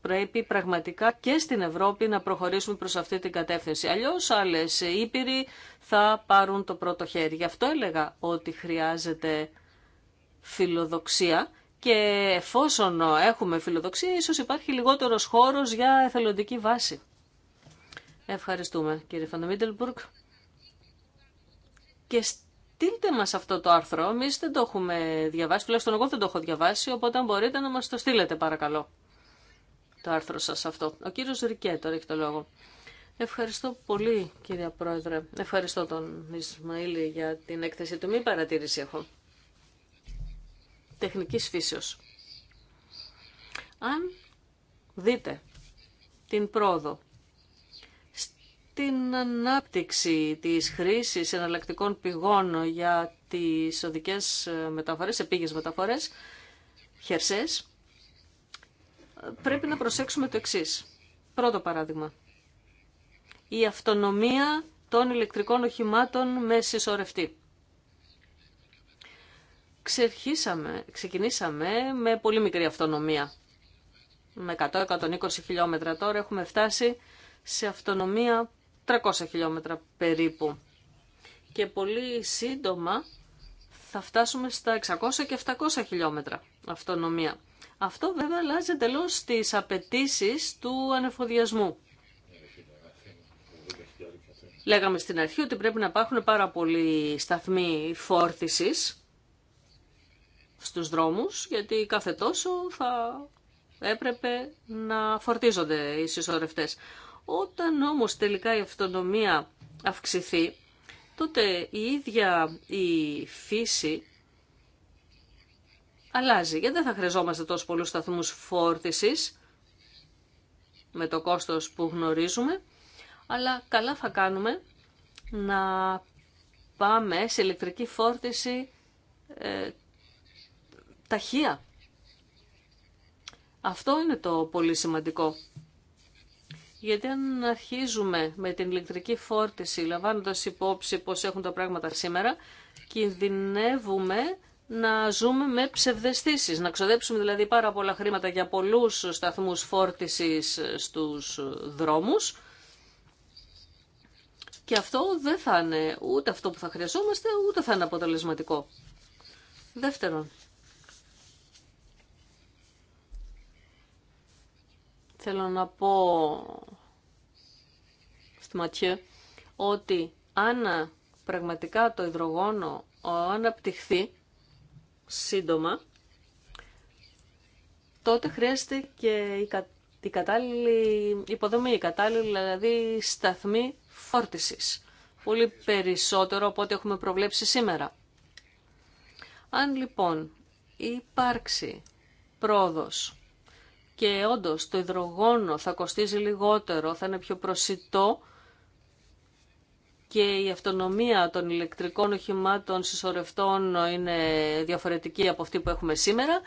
πρέπει πραγματικά και στην Ευρώπη να προχωρήσουμε προς αυτή την κατεύθυνση. Αλλιώς άλλες ήπειροι θα πάρουν το πρώτο χέρι. Γι' αυτό έλεγα ότι χρειάζεται φιλοδοξία και εφόσον έχουμε φιλοδοξία ίσως υπάρχει λιγότερος χώρος για εθελοντική βάση. Ευχαριστούμε κύριε Φανομίτελμπουργκ. Και στείλτε μας αυτό το άρθρο, εμεί δεν το έχουμε διαβάσει, τουλάχιστον εγώ δεν το έχω διαβάσει, οπότε αν μπορείτε να μα το στείλετε παρακαλώ, το άρθρο σας αυτό. Ο κύριος Ρικέ τώρα έχει το λόγο. Ευχαριστώ πολύ κύριε Πρόεδρε. Ευχαριστώ τον Ισμαήλ για την έκθεση του. μη παρατήρηση έχω. Τεχνική φύσεω. Αν δείτε την πρόοδο την ανάπτυξη της χρήσης εναλλακτικών πηγών για τις οδικές μεταφορές, επίγειες μεταφορές, χερσές, πρέπει να προσέξουμε το εξής. Πρώτο παράδειγμα. Η αυτονομία των ηλεκτρικών οχημάτων με συσσωρευτή. Ξερχίσαμε, ξεκινήσαμε με πολύ μικρή αυτονομία. Με 100-120 χιλιόμετρα τώρα έχουμε φτάσει σε αυτονομία 300 χιλιόμετρα περίπου. Και πολύ σύντομα θα φτάσουμε στα 600 και 700 χιλιόμετρα αυτονομία. Αυτό βέβαια αλλάζει εντελώ τις απαιτήσει του ανεφοδιασμού. Λέγαμε στην αρχή ότι πρέπει να υπάρχουν πάρα πολλοί σταθμοί φόρτισης στους δρόμους, γιατί κάθε τόσο θα έπρεπε να φορτίζονται οι συσσωρευτές. Όταν όμως τελικά η αυτονομία αυξηθεί, τότε η ίδια η φύση αλλάζει. Γιατί δεν θα χρειαζόμαστε τόσο πολλούς σταθμούς φόρτισης με το κόστος που γνωρίζουμε, αλλά καλά θα κάνουμε να πάμε σε ηλεκτρική φόρτιση ε, ταχεία. Αυτό είναι το πολύ σημαντικό. Γιατί αν αρχίζουμε με την ηλεκτρική φόρτιση, λαμβάνοντα υπόψη πώς έχουν τα πράγματα σήμερα, κινδυνεύουμε να ζούμε με ψευδεστήσεις, να ξοδέψουμε δηλαδή πάρα πολλά χρήματα για πολλούς σταθμούς φόρτισης στους δρόμους και αυτό δεν θα είναι ούτε αυτό που θα χρειαζόμαστε, ούτε θα είναι αποτελεσματικό. Δεύτερον, Θέλω να πω στη Ματιέ ότι αν πραγματικά το υδρογόνο αναπτυχθεί σύντομα, τότε χρειάζεται και η κατάλληλη υποδομή, η κατάλληλη δηλαδή σταθμή φόρτισης. Πολύ περισσότερο από ό,τι έχουμε προβλέψει σήμερα. Αν λοιπόν υπάρξει πρόοδος και όντως το υδρογόνο θα κοστίζει λιγότερο, θα είναι πιο προσιτό και η αυτονομία των ηλεκτρικών οχημάτων συσσωρευτών είναι διαφορετική από αυτή που έχουμε σήμερα.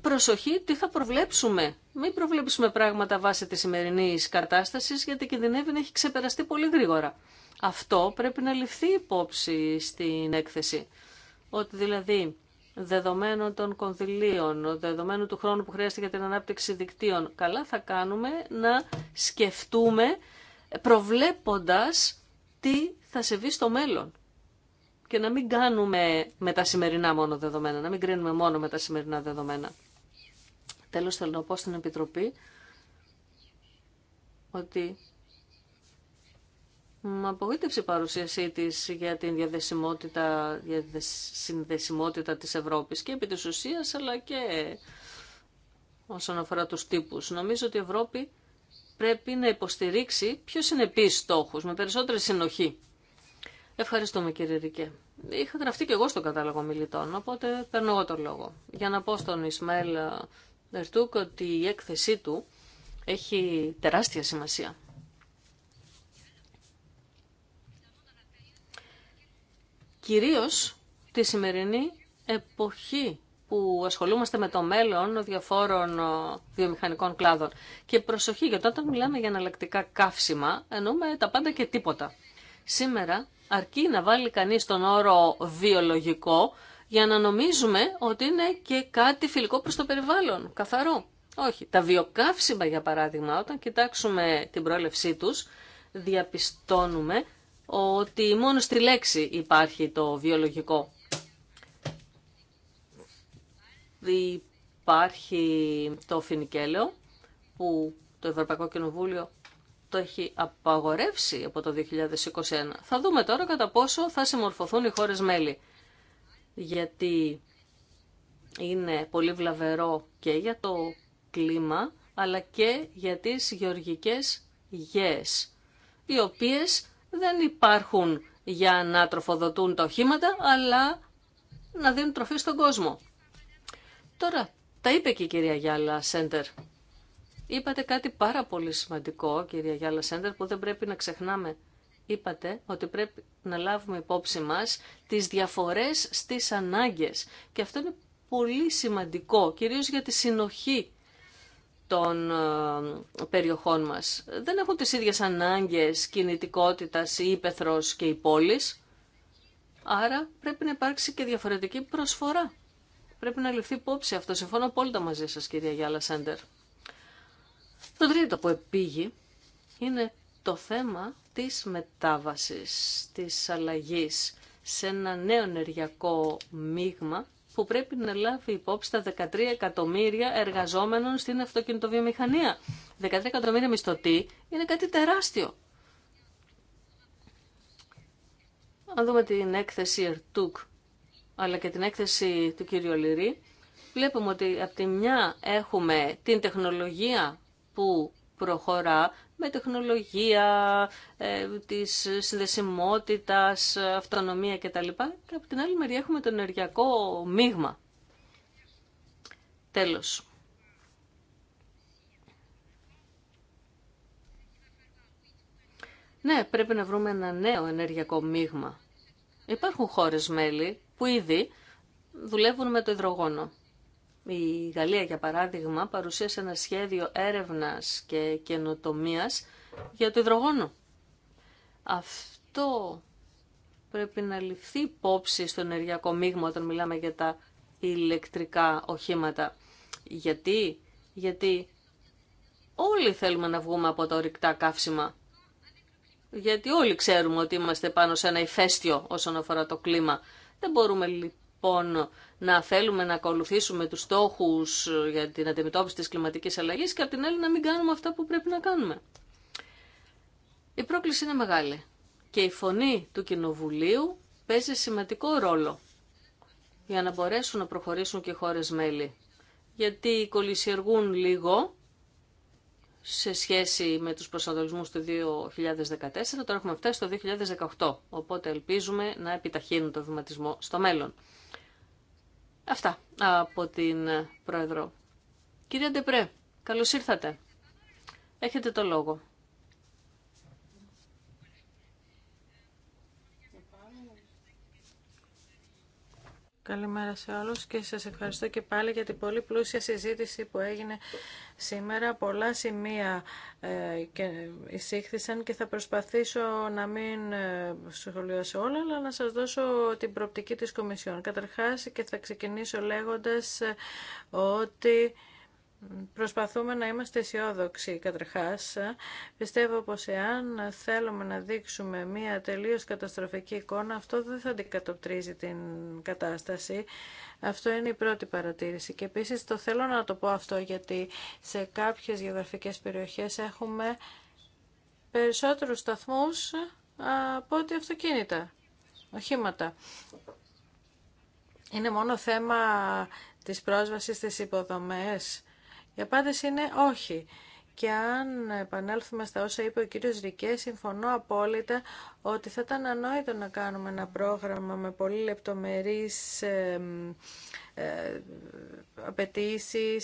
Προσοχή, τι θα προβλέψουμε. Μην προβλέψουμε πράγματα βάσει της σημερινής κατάστασης, γιατί κινδυνεύει να έχει ξεπεραστεί πολύ γρήγορα. Αυτό πρέπει να ληφθεί υπόψη στην έκθεση. Ότι δηλαδή δεδομένων των κονδυλίων, δεδομένου του χρόνου που χρειάζεται για την ανάπτυξη δικτύων. Καλά θα κάνουμε να σκεφτούμε προβλέποντας τι θα συμβεί στο μέλλον. Και να μην κάνουμε με τα σημερινά μόνο δεδομένα, να μην κρίνουμε μόνο με τα σημερινά δεδομένα. Τέλος θέλω να πω στην Επιτροπή ότι με απογοήτευσε η παρουσίασή τη για την διαδεσιμότητα, για τη Ευρώπη και επί τη ουσία αλλά και όσον αφορά του τύπους. Νομίζω ότι η Ευρώπη πρέπει να υποστηρίξει πιο συνεπεί στόχου με περισσότερη συνοχή. Ευχαριστούμε κύριε Ρικέ. Είχα γραφτεί και εγώ στον κατάλογο μιλητών, οπότε παίρνω εγώ τον λόγο. Για να πω στον Ισμαήλ Δερτούκ ότι η έκθεσή του έχει τεράστια σημασία. Κυρίως τη σημερινή εποχή που ασχολούμαστε με το μέλλον διαφόρων ε, βιομηχανικών κλάδων. Και προσοχή, γιατί όταν μιλάμε για εναλλακτικά καύσιμα, εννοούμε τα πάντα και τίποτα. Σήμερα αρκεί να βάλει κανείς τον όρο βιολογικό για να νομίζουμε ότι είναι και κάτι φιλικό προς το περιβάλλον, καθαρό. Όχι, τα βιοκαύσιμα για παράδειγμα, όταν κοιτάξουμε την πρόλευσή τους, διαπιστώνουμε ότι μόνο στη λέξη υπάρχει το βιολογικό. Υπάρχει το φινικέλαιο που το Ευρωπαϊκό Κοινοβούλιο το έχει απαγορεύσει από το 2021. Θα δούμε τώρα κατά πόσο θα συμμορφωθούν οι χώρες μέλη. Γιατί είναι πολύ βλαβερό και για το κλίμα, αλλά και για τις γεωργικές γέες, οι οποίες δεν υπάρχουν για να τροφοδοτούν τα οχήματα, αλλά να δίνουν τροφή στον κόσμο. Τώρα, τα είπε και η κυρία Γιάλα Σέντερ. Είπατε κάτι πάρα πολύ σημαντικό, κυρία Γιάλα Σέντερ, που δεν πρέπει να ξεχνάμε. Είπατε ότι πρέπει να λάβουμε υπόψη μας τις διαφορές στις ανάγκες. Και αυτό είναι πολύ σημαντικό, κυρίως για τη συνοχή των ε, περιοχών μας. Δεν έχουν τις ίδιες ανάγκες κινητικότητας η ύπεθρος και η άρα πρέπει να υπάρξει και διαφορετική προσφορά. Πρέπει να ληφθεί υπόψη αυτό. Συμφωνώ απόλυτα μαζί σας, κυρία Γιάλα Σέντερ. Το τρίτο που επήγει είναι το θέμα της μετάβασης, της αλλαγής σε ένα νέο ενεργειακό μείγμα που πρέπει να λάβει υπόψη τα 13 εκατομμύρια εργαζόμενων στην αυτοκινητοβιομηχανία. 13 εκατομμύρια μισθωτοί είναι κάτι τεράστιο. Αν δούμε την έκθεση Ερτούκ, αλλά και την έκθεση του κύριου Λυρή, βλέπουμε ότι από τη μια έχουμε την τεχνολογία που προχωρά με τεχνολογία ε, της συνδεσιμότητας, αυτονομία κτλ. Και από την άλλη μεριά έχουμε το ενεργειακό μείγμα. Τέλος. Ναι, πρέπει να βρούμε ένα νέο ενεργειακό μείγμα. Υπάρχουν χώρες μέλη που ήδη δουλεύουν με το υδρογόνο. Η Γαλλία, για παράδειγμα, παρουσίασε ένα σχέδιο έρευνας και καινοτομίας για το υδρογόνο. Αυτό πρέπει να ληφθεί υπόψη στο ενεργειακό μείγμα όταν μιλάμε για τα ηλεκτρικά οχήματα. Γιατί, γιατί όλοι θέλουμε να βγούμε από τα ορυκτά καύσιμα. Γιατί όλοι ξέρουμε ότι είμαστε πάνω σε ένα ηφαίστειο όσον αφορά το κλίμα. Δεν μπορούμε λοιπόν να θέλουμε να ακολουθήσουμε τους στόχους για την αντιμετώπιση της κλιματικής αλλαγής και από την άλλη να μην κάνουμε αυτά που πρέπει να κάνουμε. Η πρόκληση είναι μεγάλη και η φωνή του Κοινοβουλίου παίζει σημαντικό ρόλο για να μπορέσουν να προχωρήσουν και οι χώρες μέλη. Γιατί κολλησιεργούν λίγο σε σχέση με τους προσανατολισμούς του 2014, τώρα έχουμε φτάσει στο 2018, οπότε ελπίζουμε να επιταχύνουν το βηματισμό στο μέλλον. Αυτά από την Πρόεδρο. Κύριε Ντεπρέ, καλώς ήρθατε. Έχετε το λόγο. Καλημέρα σε όλους και σας ευχαριστώ και πάλι για την πολύ πλούσια συζήτηση που έγινε σήμερα. Πολλά σημεία ε, και εισήχθησαν και θα προσπαθήσω να μην σε όλα, αλλά να σας δώσω την προοπτική της Κομισιόν. Καταρχάς και θα ξεκινήσω λέγοντας ε, ότι Προσπαθούμε να είμαστε αισιόδοξοι καταρχάς. Πιστεύω πως εάν θέλουμε να δείξουμε μια τελείως καταστροφική εικόνα, αυτό δεν θα αντικατοπτρίζει την κατάσταση. Αυτό είναι η πρώτη παρατήρηση. Και επίσης το θέλω να το πω αυτό γιατί σε κάποιες γεωγραφικές περιοχές έχουμε περισσότερους σταθμούς από ό,τι αυτοκίνητα, οχήματα. Είναι μόνο θέμα της πρόσβασης στις υποδομές η απάντηση είναι όχι. Και αν επανέλθουμε στα όσα είπε ο κύριος Ρικέ, συμφωνώ απόλυτα ότι θα ήταν ανόητο να κάνουμε ένα πρόγραμμα με πολύ λεπτομερείς ε, απαιτήσει.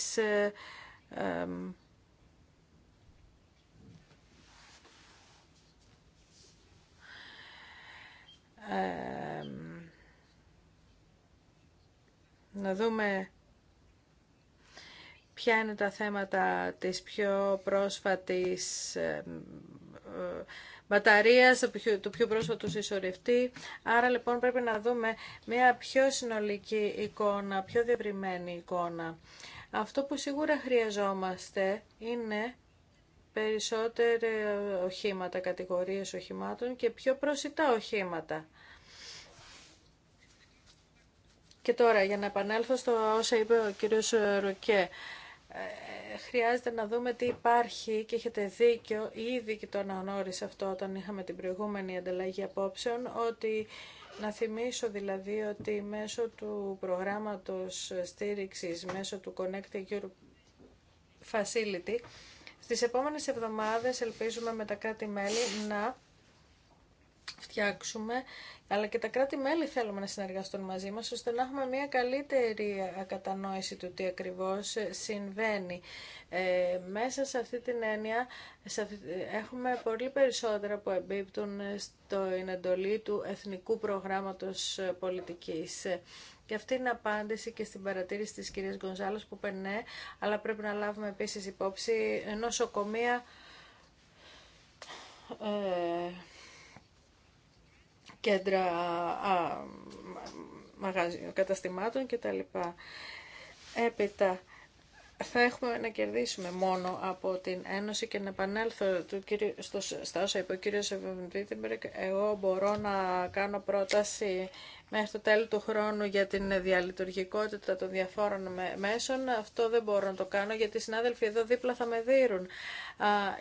να δούμε ποια είναι τα θέματα της πιο πρόσφατης ε, μπαταρίας, του πιο πρόσφατου συσσωρευτή. Άρα λοιπόν πρέπει να δούμε μια πιο συνολική εικόνα, πιο διευρυμένη εικόνα. Αυτό που σίγουρα χρειαζόμαστε είναι περισσότερα οχήματα, κατηγορίες οχημάτων και πιο προσιτά οχήματα. Και τώρα, για να επανέλθω στο όσα είπε ο κύριος Ροκέ... Ε, χρειάζεται να δούμε τι υπάρχει και έχετε δίκιο, ήδη και το αναγνώρισε αυτό όταν είχαμε την προηγούμενη ανταλλαγή απόψεων, ότι να θυμίσω δηλαδή ότι μέσω του προγράμματος στήριξης, μέσω του Connect Europe Facility, στις επόμενες εβδομάδες ελπίζουμε με τα κράτη-μέλη να φτιάξουμε, αλλά και τα κράτη-μέλη θέλουμε να συνεργαστούν μαζί μας, ώστε να έχουμε μια καλύτερη κατανόηση του τι ακριβώς ε, συμβαίνει. Ε, μέσα σε αυτή την έννοια έχουμε πολύ περισσότερα που εμπίπτουν στο εντολή του Εθνικού Προγράμματος Πολιτικής. Και αυτή είναι απάντηση και στην παρατήρηση της κυρίας Γκονζάλος που περνέ, ναι, αλλά πρέπει να λάβουμε επίσης υπόψη νοσοκομεία ε, κέντρα α, καταστημάτων κτλ. Έπειτα, θα έχουμε να κερδίσουμε μόνο από την Ένωση και να επανέλθω του κύριου, στο, στα όσα είπε ο κύριος Εγώ μπορώ να κάνω πρόταση μέχρι το τέλος του χρόνου για την διαλειτουργικότητα των διαφόρων μέσων. Αυτό δεν μπορώ να το κάνω γιατί οι συνάδελφοι εδώ δίπλα θα με δίνουν.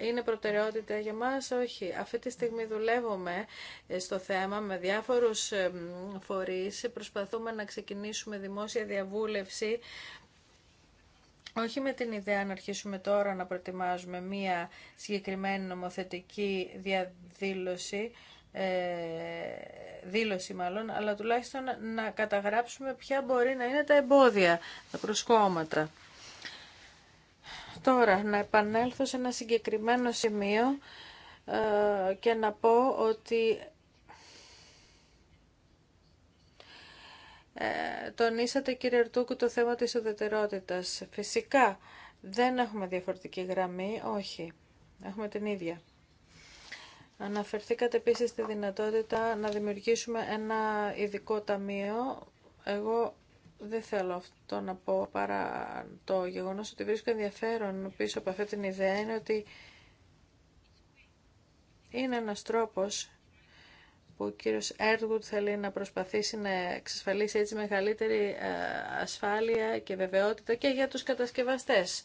Είναι προτεραιότητα για μας, όχι. Αυτή τη στιγμή δουλεύουμε ε, στο θέμα με διάφορους φορείς. Προσπαθούμε να ξεκινήσουμε δημόσια διαβούλευση όχι με την ιδέα να αρχίσουμε τώρα να προετοιμάζουμε μία συγκεκριμένη νομοθετική διαδήλωση, ε, δήλωση μάλλον, αλλά τουλάχιστον να καταγράψουμε ποια μπορεί να είναι τα εμπόδια, τα προσκόμματα. Τώρα, να επανέλθω σε ένα συγκεκριμένο σημείο ε, και να πω ότι ε, τονίσατε κύριε Ρτούκου το θέμα της ουδετερότητας. Φυσικά δεν έχουμε διαφορετική γραμμή, όχι. Έχουμε την ίδια. Αναφερθήκατε επίσης στη δυνατότητα να δημιουργήσουμε ένα ειδικό ταμείο. Εγώ δεν θέλω αυτό να πω παρά το γεγονός ότι βρίσκω ενδιαφέρον πίσω από αυτή την ιδέα είναι ότι είναι ένας τρόπος που ο κύριος Έρτγουτ θέλει να προσπαθήσει να εξασφαλίσει έτσι μεγαλύτερη ε, ασφάλεια και βεβαιότητα και για τους κατασκευαστές,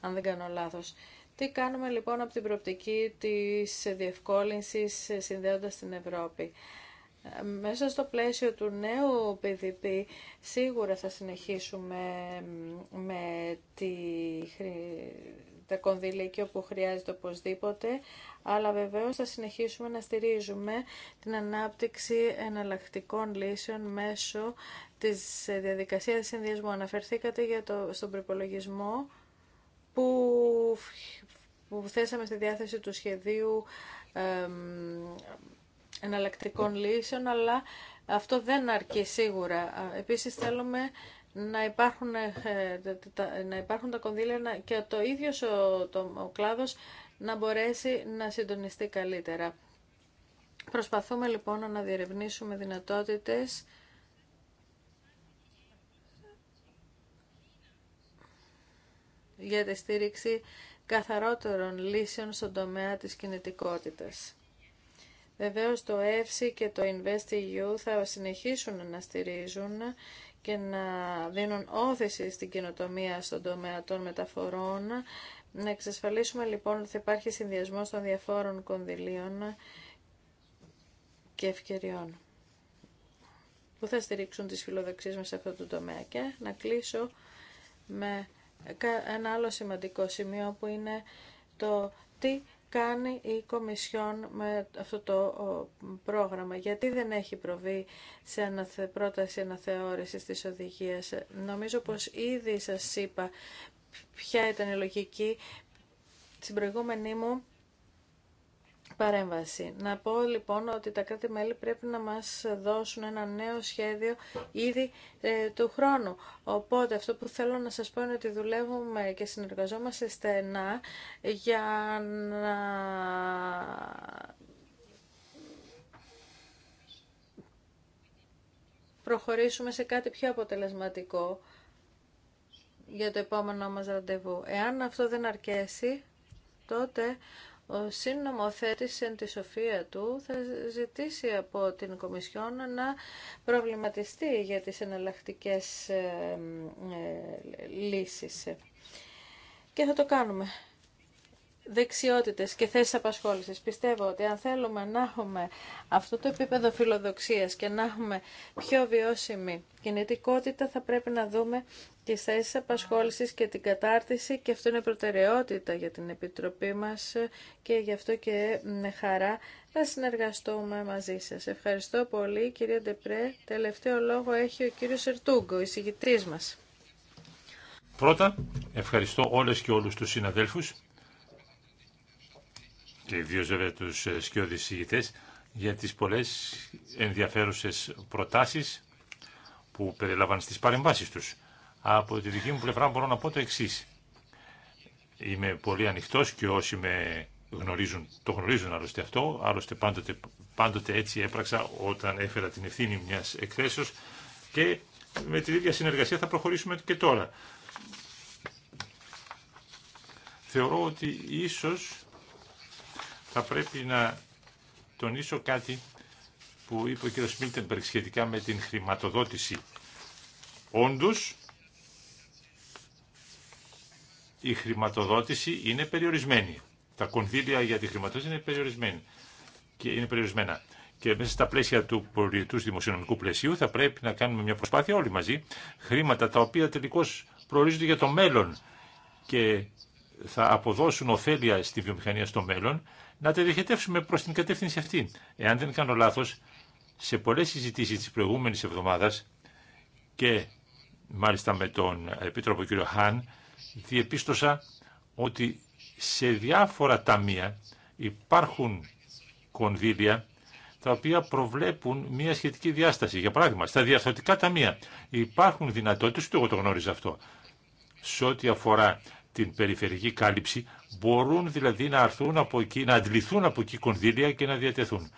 αν δεν κάνω λάθος. Τι κάνουμε λοιπόν από την προοπτική της διευκόλυνσης συνδέοντας την Ευρώπη. Μέσα στο πλαίσιο του νέου PDP σίγουρα θα συνεχίσουμε με τη, τα κονδύλια εκεί όπου χρειάζεται οπωσδήποτε, αλλά βεβαίως θα συνεχίσουμε να στηρίζουμε την ανάπτυξη εναλλακτικών λύσεων μέσω της διαδικασίας συνδυασμού. Αναφερθήκατε για το, στον προπολογισμό που, θέσαμε στη διάθεση του σχεδίου εναλλακτικών λύσεων, αλλά αυτό δεν αρκεί σίγουρα. Επίσης θέλουμε να υπάρχουν, ε, να υπάρχουν τα κονδύλια και το ίδιο ο, το, κλάδος να μπορέσει να συντονιστεί καλύτερα. Προσπαθούμε λοιπόν να διερευνήσουμε δυνατότητες για τη στήριξη καθαρότερων λύσεων στον τομέα της κινητικότητας. Βεβαίως το ΕΦΣΙ και το InvestEU θα συνεχίσουν να στηρίζουν και να δίνουν όθηση στην κοινοτομία στον τομέα των μεταφορών. Να εξασφαλίσουμε λοιπόν ότι θα υπάρχει συνδυασμός των διαφόρων κονδυλίων και ευκαιριών που θα στηρίξουν τις φιλοδοξίες μας σε αυτό το τομέα. Και να κλείσω με ένα άλλο σημαντικό σημείο που είναι το τι κάνει η Κομισιόν με αυτό το πρόγραμμα. Γιατί δεν έχει προβεί σε πρόταση αναθεώρησης της οδηγίας. Νομίζω πως ήδη σας είπα ποια ήταν η λογική στην προηγούμενη μου παρέμβαση. Να πω λοιπόν ότι τα κράτη-μέλη πρέπει να μας δώσουν ένα νέο σχέδιο ήδη ε, του χρόνου. Οπότε αυτό που θέλω να σας πω είναι ότι δουλεύουμε και συνεργαζόμαστε στενά για να προχωρήσουμε σε κάτι πιο αποτελεσματικό για το επόμενό μας ραντεβού. Εάν αυτό δεν αρκέσει, τότε ο συνομοθέτης εν τη σοφία του θα ζητήσει από την Κομισιόν να προβληματιστεί για τις εναλλακτικέ ε, ε, λύσεις. Και θα το κάνουμε δεξιότητες και θέσεις απασχόλησης. Πιστεύω ότι αν θέλουμε να έχουμε αυτό το επίπεδο φιλοδοξίας και να έχουμε πιο βιώσιμη κινητικότητα θα πρέπει να δούμε τις θέσεις απασχόλησης και την κατάρτιση και αυτό είναι προτεραιότητα για την Επιτροπή μας και γι' αυτό και με χαρά θα συνεργαστούμε μαζί σας. Ευχαριστώ πολύ κυρία Ντεπρέ. Τελευταίο λόγο έχει ο κύριος Ερτούγκο, εισηγητής μας. Πρώτα, ευχαριστώ όλες και όλους τους συναδέλφους και ιδίω βέβαια τους ε, σκιώδης ηγητέ για τι πολλέ ενδιαφέρουσες προτάσεις που περιλαμβάνει στι παρεμβάσει τους. Από τη δική μου πλευρά μπορώ να πω το εξή. Είμαι πολύ ανοιχτός και όσοι με γνωρίζουν, το γνωρίζουν άλλωστε αυτό, άλλωστε πάντοτε, πάντοτε έτσι έπραξα όταν έφερα την ευθύνη μια εκθέσεως και με την ίδια συνεργασία θα προχωρήσουμε και τώρα. Θεωρώ ότι ίσως θα πρέπει να τονίσω κάτι που είπε ο κ. Μίλτεμπεργκ σχετικά με την χρηματοδότηση. Όντως, η χρηματοδότηση είναι περιορισμένη. Τα κονδύλια για τη χρηματοδότηση είναι περιορισμένη. Και είναι περιορισμένα. Και μέσα στα πλαίσια του πολιτού δημοσιονομικού πλαισίου θα πρέπει να κάνουμε μια προσπάθεια όλοι μαζί. Χρήματα τα οποία τελικώ προορίζονται για το μέλλον και θα αποδώσουν ωφέλεια στη βιομηχανία στο μέλλον να τα διοχετεύσουμε προ την κατεύθυνση αυτή. Εάν δεν κάνω λάθο, σε πολλέ συζητήσει τη προηγούμενη εβδομάδα, και μάλιστα με τον Επίτροπο κ. Χάν, διεπίστωσα ότι σε διάφορα ταμεία υπάρχουν κονδύλια τα οποία προβλέπουν μια σχετική διάσταση. Για παράδειγμα, στα διαρθρωτικά ταμεία υπάρχουν δυνατότητες, και εγώ το γνώριζα αυτό, σε ό,τι αφορά την περιφερική κάλυψη, μπορούν δηλαδή να, αρθούν από εκεί, να αντληθούν από εκεί κονδύλια και να διατεθούν.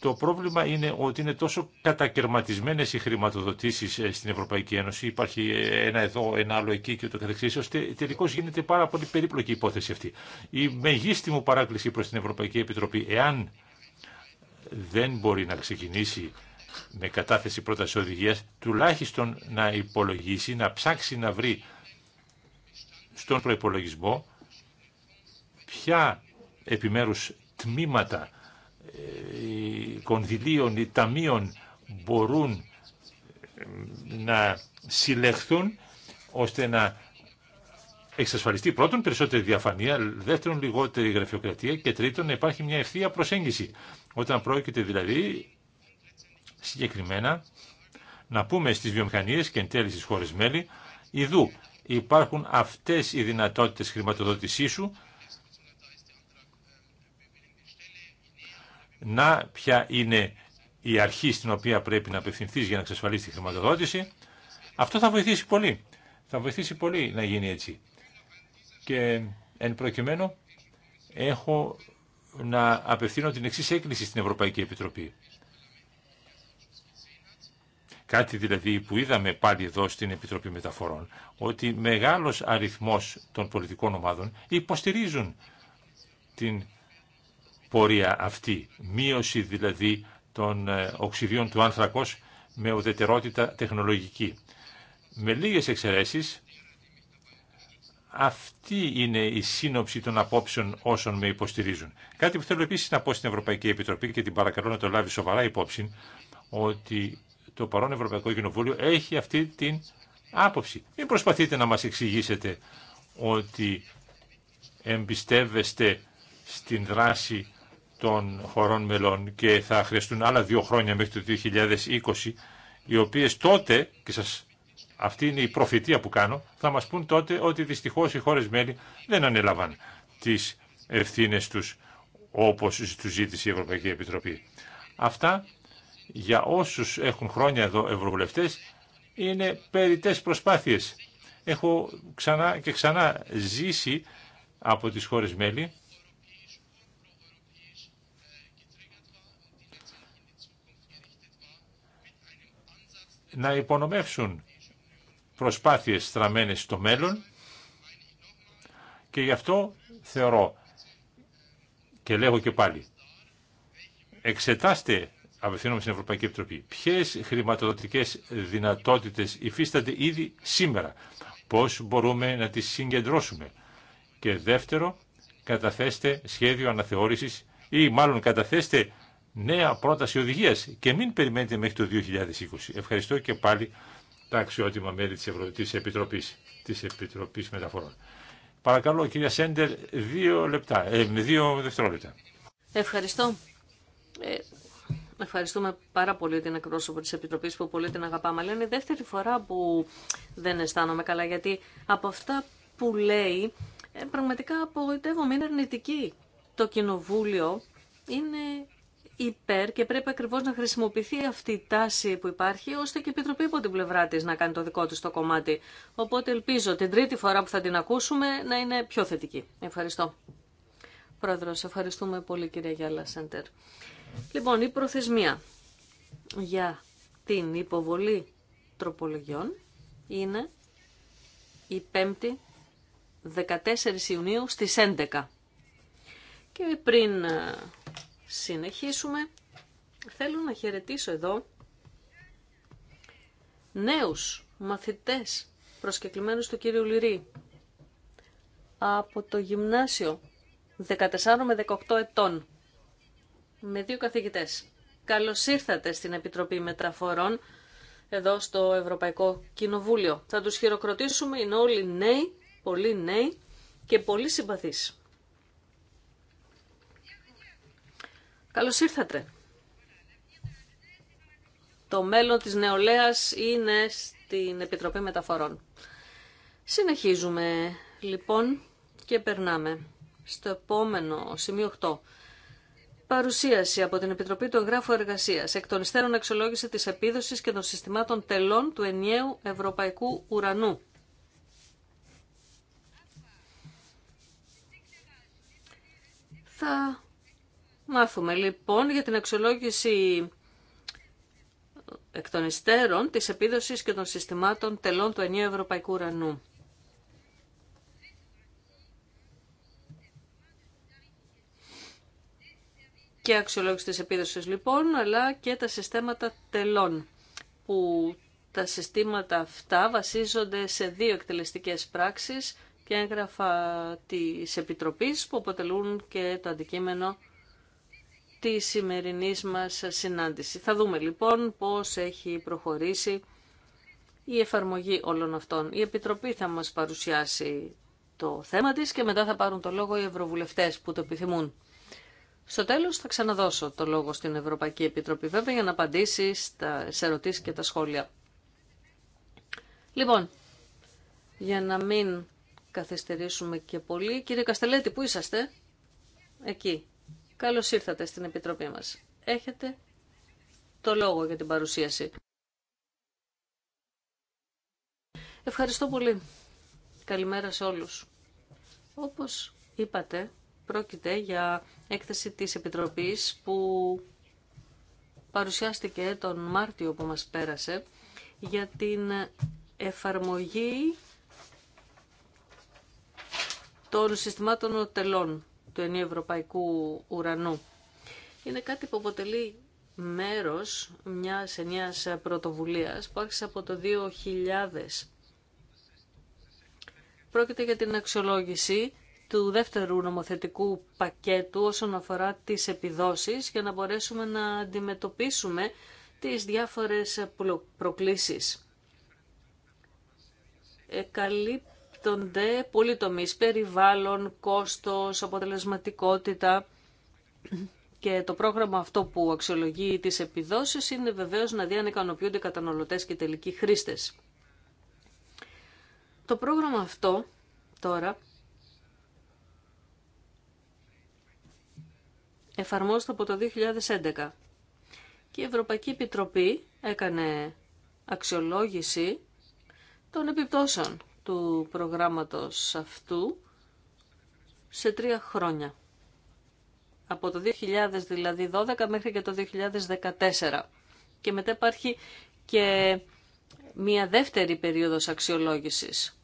Το πρόβλημα είναι ότι είναι τόσο κατακαιρματισμένε οι χρηματοδοτήσει ε, στην Ευρωπαϊκή Ένωση. Υπάρχει ε, ένα εδώ, ένα άλλο εκεί και ούτω καθεξή, ώστε τελικώ γίνεται πάρα πολύ περίπλοκη η υπόθεση αυτή. Η μεγίστη μου παράκληση προ την Ευρωπαϊκή Επιτροπή, εάν δεν μπορεί να ξεκινήσει με κατάθεση πρόταση οδηγία, τουλάχιστον να υπολογίσει, να ψάξει να βρει στον προϋπολογισμό ποια επιμέρους τμήματα ε, κονδυλίων ή ταμείων μπορούν ε, να συλλεχθούν ώστε να εξασφαλιστεί πρώτον περισσότερη διαφανεία, δεύτερον λιγότερη γραφειοκρατία και τρίτον να υπάρχει μια ευθεία προσέγγιση. Όταν πρόκειται δηλαδή συγκεκριμένα να πούμε στις βιομηχανίες και εν τέλει στις χώρες μέλη, ιδού υπάρχουν αυτές οι δυνατότητες χρηματοδότησής σου, να ποια είναι η αρχή στην οποία πρέπει να απευθυνθεί για να εξασφαλίσει τη χρηματοδότηση, αυτό θα βοηθήσει πολύ. Θα βοηθήσει πολύ να γίνει έτσι. Και εν προκειμένου έχω να απευθύνω την εξή έκκληση στην Ευρωπαϊκή Επιτροπή. Κάτι δηλαδή που είδαμε πάλι εδώ στην Επιτροπή Μεταφορών, ότι μεγάλος αριθμός των πολιτικών ομάδων υποστηρίζουν την πορεία αυτή. Μείωση δηλαδή των ε, οξυδίων του άνθρακος με ουδετερότητα τεχνολογική. Με λίγες εξαιρέσεις, αυτή είναι η σύνοψη των απόψεων όσων με υποστηρίζουν. Κάτι που θέλω επίσης να πω στην Ευρωπαϊκή Επιτροπή και την παρακαλώ να το λάβει σοβαρά υπόψη, ότι το παρόν Ευρωπαϊκό Κοινοβούλιο έχει αυτή την άποψη. Μην προσπαθείτε να μας εξηγήσετε ότι εμπιστεύεστε στην δράση των χωρών μελών και θα χρειαστούν άλλα δύο χρόνια μέχρι το 2020, οι οποίες τότε, και σας, αυτή είναι η προφητεία που κάνω, θα μας πούν τότε ότι δυστυχώς οι χώρες μέλη δεν ανέλαβαν τις ευθύνες τους όπως τους ζήτησε η Ευρωπαϊκή Επιτροπή. Αυτά για όσους έχουν χρόνια εδώ ευρωβουλευτές είναι περιττές προσπάθειες. Έχω ξανά και ξανά ζήσει από τις χώρες μέλη να υπονομεύσουν προσπάθειες στραμμένες στο μέλλον και γι' αυτό θεωρώ και λέγω και πάλι εξετάστε Απευθύνομαι στην Ευρωπαϊκή Επιτροπή. Ποιε χρηματοδοτικέ δυνατότητε υφίστανται ήδη σήμερα, πώ μπορούμε να τι συγκεντρώσουμε. Και δεύτερο, καταθέστε σχέδιο αναθεώρηση ή μάλλον καταθέστε νέα πρόταση οδηγία και μην περιμένετε μέχρι το 2020. Ευχαριστώ και πάλι τα αξιότιμα μέλη τη Ευρωπαϊκή Επιτροπή της Επιτροπής Μεταφορών. Παρακαλώ, κυρία Σέντερ, δύο λεπτά, ε, δύο δευτερόλεπτα. Ευχαριστώ. Ε, Ευχαριστούμε πάρα πολύ την εκπρόσωπο τη Επιτροπή που πολύ την αγαπάμε. Αλλά είναι η δεύτερη φορά που δεν αισθάνομαι καλά γιατί από αυτά που λέει ε, πραγματικά απογοητεύομαι, είναι αρνητική. Το Κοινοβούλιο είναι υπέρ και πρέπει ακριβώς να χρησιμοποιηθεί αυτή η τάση που υπάρχει ώστε και η Επιτροπή από την πλευρά της να κάνει το δικό της το κομμάτι. Οπότε ελπίζω την τρίτη φορά που θα την ακούσουμε να είναι πιο θετική. Ευχαριστώ. Πρόεδρος, ευχαριστούμε πολύ κυρία Γιάλα Σέντερ. Λοιπόν, η προθεσμία για την υποβολή τροπολογιών είναι η 5η 14 Ιουνίου στις 11. Και πριν ε, συνεχίσουμε, θέλω να χαιρετήσω εδώ νέους μαθητές προσκεκλημένους του κύριου Λυρή από το γυμνάσιο 14 με 18 ετών με δύο καθηγητές. Καλώς ήρθατε στην Επιτροπή Μεταφορών εδώ στο Ευρωπαϊκό Κοινοβούλιο. Θα τους χειροκροτήσουμε, είναι όλοι νέοι, πολύ νέοι και πολύ συμπαθείς. Καλώς ήρθατε. Το μέλλον της νεολαίας είναι στην Επιτροπή Μεταφορών. Συνεχίζουμε λοιπόν και περνάμε στο επόμενο σημείο 8. Παρουσίαση από την Επιτροπή του Εγγράφου Εργασία εκ των υστέρων αξιολόγηση τη επίδοση και των συστημάτων τελών του ενιαίου ευρωπαϊκού ουρανού. Θα μάθουμε λοιπόν για την αξιολόγηση εκ των υστέρων της επίδοσης και των συστημάτων τελών του ενιαίου ευρωπαϊκού ουρανού. και αξιολόγηση της επίδοσης λοιπόν, αλλά και τα συστήματα τελών, που τα συστήματα αυτά βασίζονται σε δύο εκτελεστικές πράξεις και έγγραφα της Επιτροπής που αποτελούν και το αντικείμενο τη σημερινή μας συνάντηση. Θα δούμε λοιπόν πώς έχει προχωρήσει η εφαρμογή όλων αυτών. Η Επιτροπή θα μας παρουσιάσει το θέμα της και μετά θα πάρουν το λόγο οι ευρωβουλευτές που το επιθυμούν. Στο τέλος θα ξαναδώσω το λόγο στην Ευρωπαϊκή Επιτροπή βέβαια για να απαντήσει στα ερωτήσεις και τα σχόλια. Λοιπόν, για να μην καθυστερήσουμε και πολύ, κύριε Καστελέτη, πού είσαστε? Εκεί. Καλώς ήρθατε στην Επιτροπή μας. Έχετε το λόγο για την παρουσίαση. Ευχαριστώ πολύ. Καλημέρα σε όλους. Όπως είπατε, Πρόκειται για έκθεση της Επιτροπής που παρουσιάστηκε τον Μάρτιο που μας πέρασε για την εφαρμογή των συστημάτων οτελών του ενίου ευρωπαϊκού ουρανού. Είναι κάτι που αποτελεί μέρος μιας ενιαίας πρωτοβουλίας που άρχισε από το 2000. Πρόκειται για την αξιολόγηση του δεύτερου νομοθετικού πακέτου όσον αφορά τις επιδόσεις για να μπορέσουμε να αντιμετωπίσουμε τις διάφορες προκλήσεις. Εκαλύπτονται πολλοί τομείς, περιβάλλον, κόστος, αποτελεσματικότητα και το πρόγραμμα αυτό που αξιολογεί τις επιδόσεις είναι βεβαίως να διανεκανοποιούνται αν και τελικοί χρήστες. Το πρόγραμμα αυτό τώρα εφαρμόζεται από το 2011. Και η Ευρωπαϊκή Επιτροπή έκανε αξιολόγηση των επιπτώσεων του προγράμματος αυτού σε τρία χρόνια. Από το 2012 δηλαδή μέχρι και το 2014. Και μετά υπάρχει και μία δεύτερη περίοδος αξιολόγησης.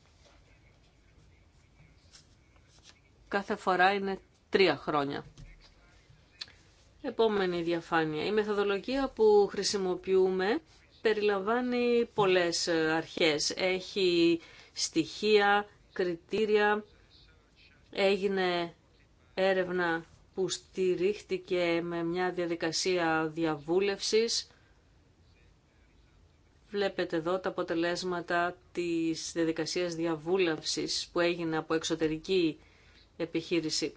Κάθε φορά είναι τρία χρόνια. Επόμενη διαφάνεια. Η μεθοδολογία που χρησιμοποιούμε περιλαμβάνει πολλές ε, αρχές. Έχει στοιχεία, κριτήρια, έγινε έρευνα που στηρίχτηκε με μια διαδικασία διαβούλευσης. Βλέπετε εδώ τα αποτελέσματα της διαδικασίας διαβούλευσης που έγινε από εξωτερική επιχείρηση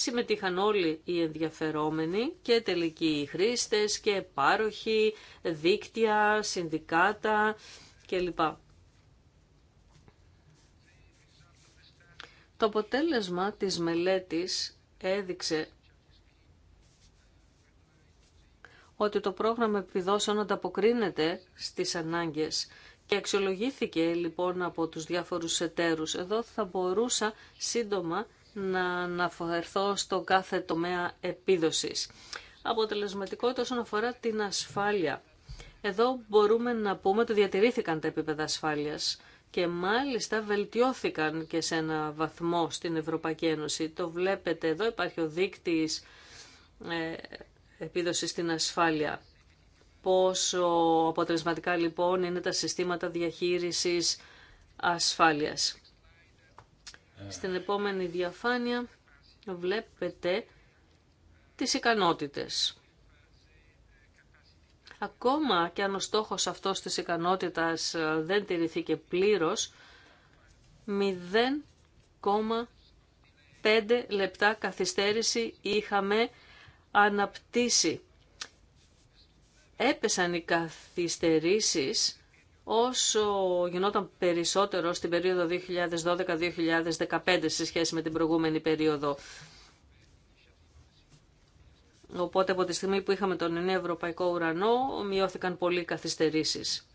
συμμετείχαν όλοι οι ενδιαφερόμενοι και τελικοί χρήστες και πάροχοι, δίκτυα, συνδικάτα κλπ. Το αποτέλεσμα της μελέτης έδειξε ότι το πρόγραμμα επιδόσεων ανταποκρίνεται στις ανάγκες και αξιολογήθηκε λοιπόν από τους διάφορους εταίρους. Εδώ θα μπορούσα σύντομα να αναφερθώ στο κάθε τομέα επίδοσης. Αποτελεσματικότητα όσον αφορά την ασφάλεια. Εδώ μπορούμε να πούμε ότι διατηρήθηκαν τα επίπεδα ασφάλειας και μάλιστα βελτιώθηκαν και σε ένα βαθμό στην Ευρωπαϊκή Ένωση. Το βλέπετε εδώ, υπάρχει ο δείκτης ε, επίδοσης στην ασφάλεια. Πόσο αποτελεσματικά λοιπόν είναι τα συστήματα διαχείρισης ασφάλειας. Στην επόμενη διαφάνεια βλέπετε τις ικανότητες. Ακόμα και αν ο στόχος αυτός της ικανότητας ε, δεν τηρηθήκε πλήρως, 0,5 λεπτά καθυστέρηση είχαμε αναπτύσσει. Έπεσαν οι καθυστερήσεις όσο γινόταν περισσότερο στην περίοδο 2012-2015 σε σχέση με την προηγούμενη περίοδο. Οπότε από τη στιγμή που είχαμε τον νέο ευρωπαϊκό ουρανό μειώθηκαν πολλοί καθυστερήσεις.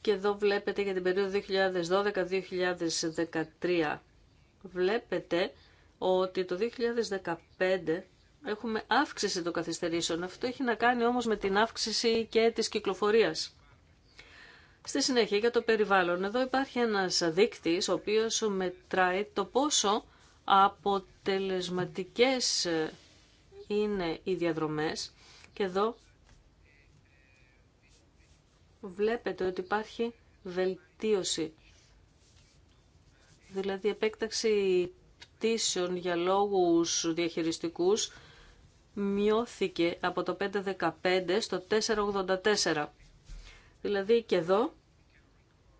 Και εδώ βλέπετε για την περίοδο 2012-2013. Βλέπετε ότι το 2015 έχουμε αύξηση των καθυστερήσεων. Αυτό έχει να κάνει όμως με την αύξηση και της κυκλοφορίας. Στη συνέχεια για το περιβάλλον. Εδώ υπάρχει ένας δείκτης ο οποίος μετράει το πόσο αποτελεσματικές είναι οι διαδρομές και εδώ βλέπετε ότι υπάρχει βελτίωση. Δηλαδή επέκταξη πτήσεων για λόγους διαχειριστικούς μειώθηκε από το 5.15 στο 4.84. Δηλαδή και εδώ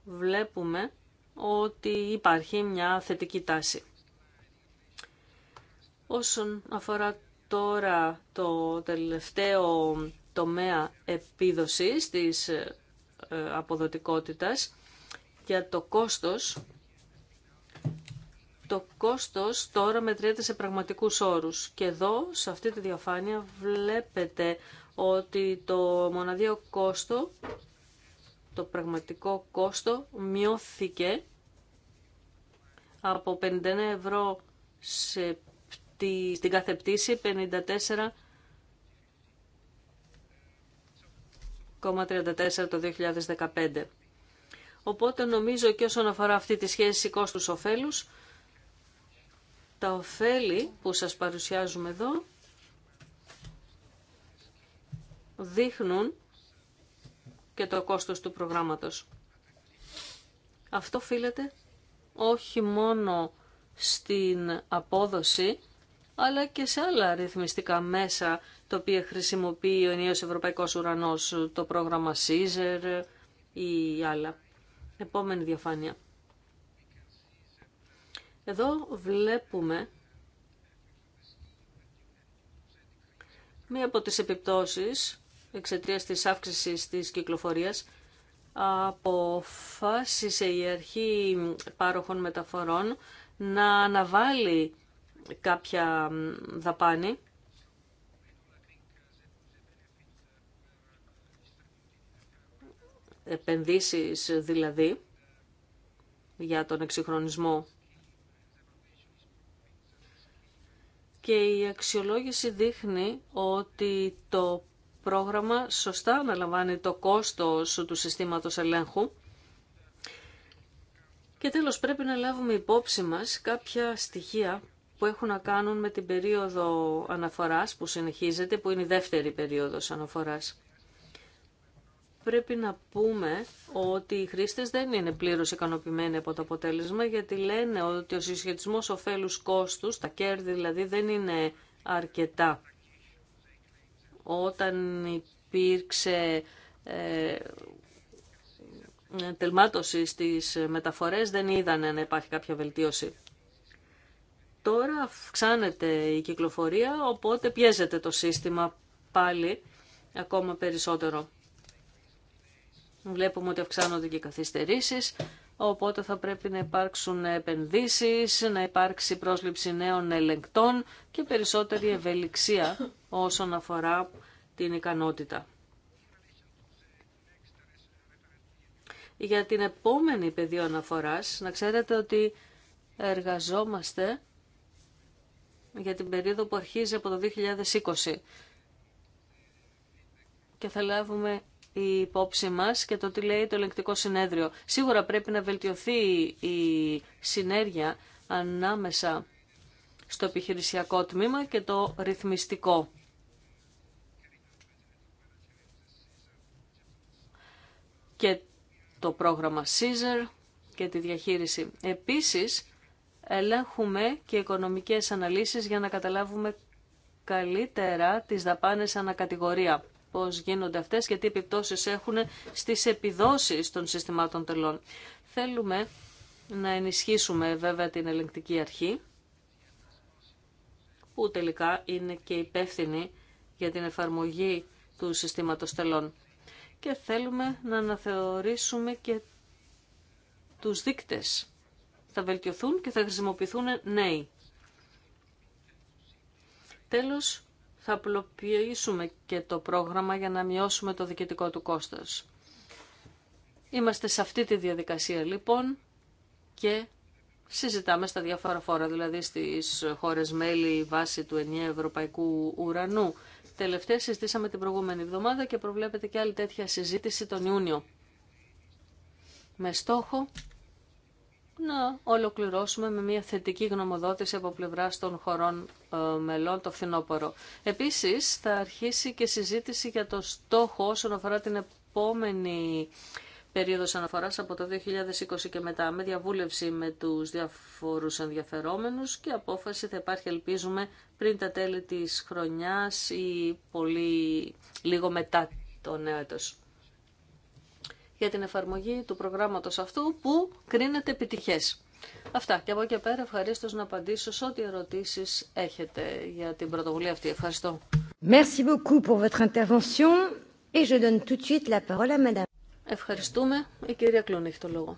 βλέπουμε ότι υπάρχει μια θετική τάση. Όσον αφορά τώρα το τελευταίο τομέα επίδοσης της ε, αποδοτικότητας για το κόστος το κόστος τώρα μετριέται σε πραγματικούς όρους. Και εδώ, σε αυτή τη διαφάνεια, βλέπετε ότι το μοναδίο κόστο, το πραγματικό κόστο, μειώθηκε από 59 ευρώ σε, στην κάθε πτήση, το 2015. Οπότε νομίζω και όσον αφορά αυτή τη σχέση κόστους-οφέλους, τα ωφέλη που σας παρουσιάζουμε εδώ δείχνουν και το κόστος του προγράμματος. Αυτό φίλετε όχι μόνο στην απόδοση, αλλά και σε άλλα ρυθμιστικά μέσα, τα οποία χρησιμοποιεί ο ενίος Ευρωπαϊκός Ουρανός, το πρόγραμμα Caesar ή άλλα. Επόμενη διαφάνεια. Εδώ βλέπουμε μία από τις επιπτώσεις εξαιτίας της αύξησης της κυκλοφορίας αποφάσισε η αρχή πάροχων μεταφορών να αναβάλει κάποια δαπάνη επενδύσεις δηλαδή για τον εξυγχρονισμό και η αξιολόγηση δείχνει ότι το πρόγραμμα σωστά αναλαμβάνει το κόστος του συστήματος ελέγχου και τέλος πρέπει να λάβουμε υπόψη μας κάποια στοιχεία που έχουν να κάνουν με την περίοδο αναφοράς που συνεχίζεται, που είναι η δεύτερη περίοδος αναφοράς πρέπει να πούμε ότι οι χρήστες δεν είναι πλήρως ικανοποιημένοι από το αποτέλεσμα γιατί λένε ότι ο συσχετισμός ωφέλους κόστους, τα κέρδη δηλαδή, δεν είναι αρκετά. Όταν υπήρξε ε, τελμάτωση στις μεταφορές δεν είδανε να υπάρχει κάποια βελτίωση. Τώρα αυξάνεται η κυκλοφορία, οπότε πιέζεται το σύστημα πάλι ακόμα περισσότερο. Βλέπουμε ότι αυξάνονται και οι καθυστερήσεις, οπότε θα πρέπει να υπάρξουν επενδύσεις, να υπάρξει πρόσληψη νέων ελεγκτών και περισσότερη ευελιξία όσον αφορά την ικανότητα. Για την επόμενη πεδίο αναφοράς, να ξέρετε ότι εργαζόμαστε για την περίοδο που αρχίζει από το 2020 και θα λάβουμε η υπόψη μας και το τι λέει το ελεγκτικό συνέδριο. Σίγουρα πρέπει να βελτιωθεί η συνέργεια ανάμεσα στο επιχειρησιακό τμήμα και το ρυθμιστικό. Και το πρόγραμμα Caesar και τη διαχείριση. Επίσης, ελέγχουμε και οικονομικές αναλύσεις για να καταλάβουμε καλύτερα τις δαπάνες ανακατηγορία πώς γίνονται αυτές και τι επιπτώσεις έχουν στις επιδόσεις των συστημάτων τελών. Θέλουμε να ενισχύσουμε βέβαια την ελεγκτική αρχή, που τελικά είναι και υπεύθυνη για την εφαρμογή του συστήματος τελών. Και θέλουμε να αναθεωρήσουμε και τους δείκτες. Θα βελτιωθούν και θα χρησιμοποιηθούν νέοι. Τέλος, θα απλοποιήσουμε και το πρόγραμμα για να μειώσουμε το διοικητικό του κόστος. Είμαστε σε αυτή τη διαδικασία λοιπόν και συζητάμε στα διάφορα φόρα, δηλαδή στις χώρες μέλη βάση του ενιαίου ευρωπαϊκού ουρανού. Τελευταία συζητήσαμε την προηγούμενη εβδομάδα και προβλέπεται και άλλη τέτοια συζήτηση τον Ιούνιο. Με στόχο να ολοκληρώσουμε με μια θετική γνωμοδότηση από πλευρά των χωρών ε, μελών το φθινόπωρο. Επίσης θα αρχίσει και συζήτηση για το στόχο όσον αφορά την επόμενη περίοδος αναφοράς από το 2020 και μετά με διαβούλευση με τους διαφορούς ενδιαφερόμενους και απόφαση θα υπάρχει ελπίζουμε πριν τα τέλη της χρονιάς ή πολύ λίγο μετά το νέο έτος για την εφαρμογή του προγράμματος αυτού που κρίνεται επιτυχές. Αυτά και από εκεί πέρα ευχαρίστω να απαντήσω σε ό,τι ερωτήσει έχετε για την πρωτοβουλία αυτή. Ευχαριστώ. beaucoup pour votre intervention et je donne tout de suite la parole à madame. Ευχαριστούμε. Η κυρία Κλούν έχει το λόγο.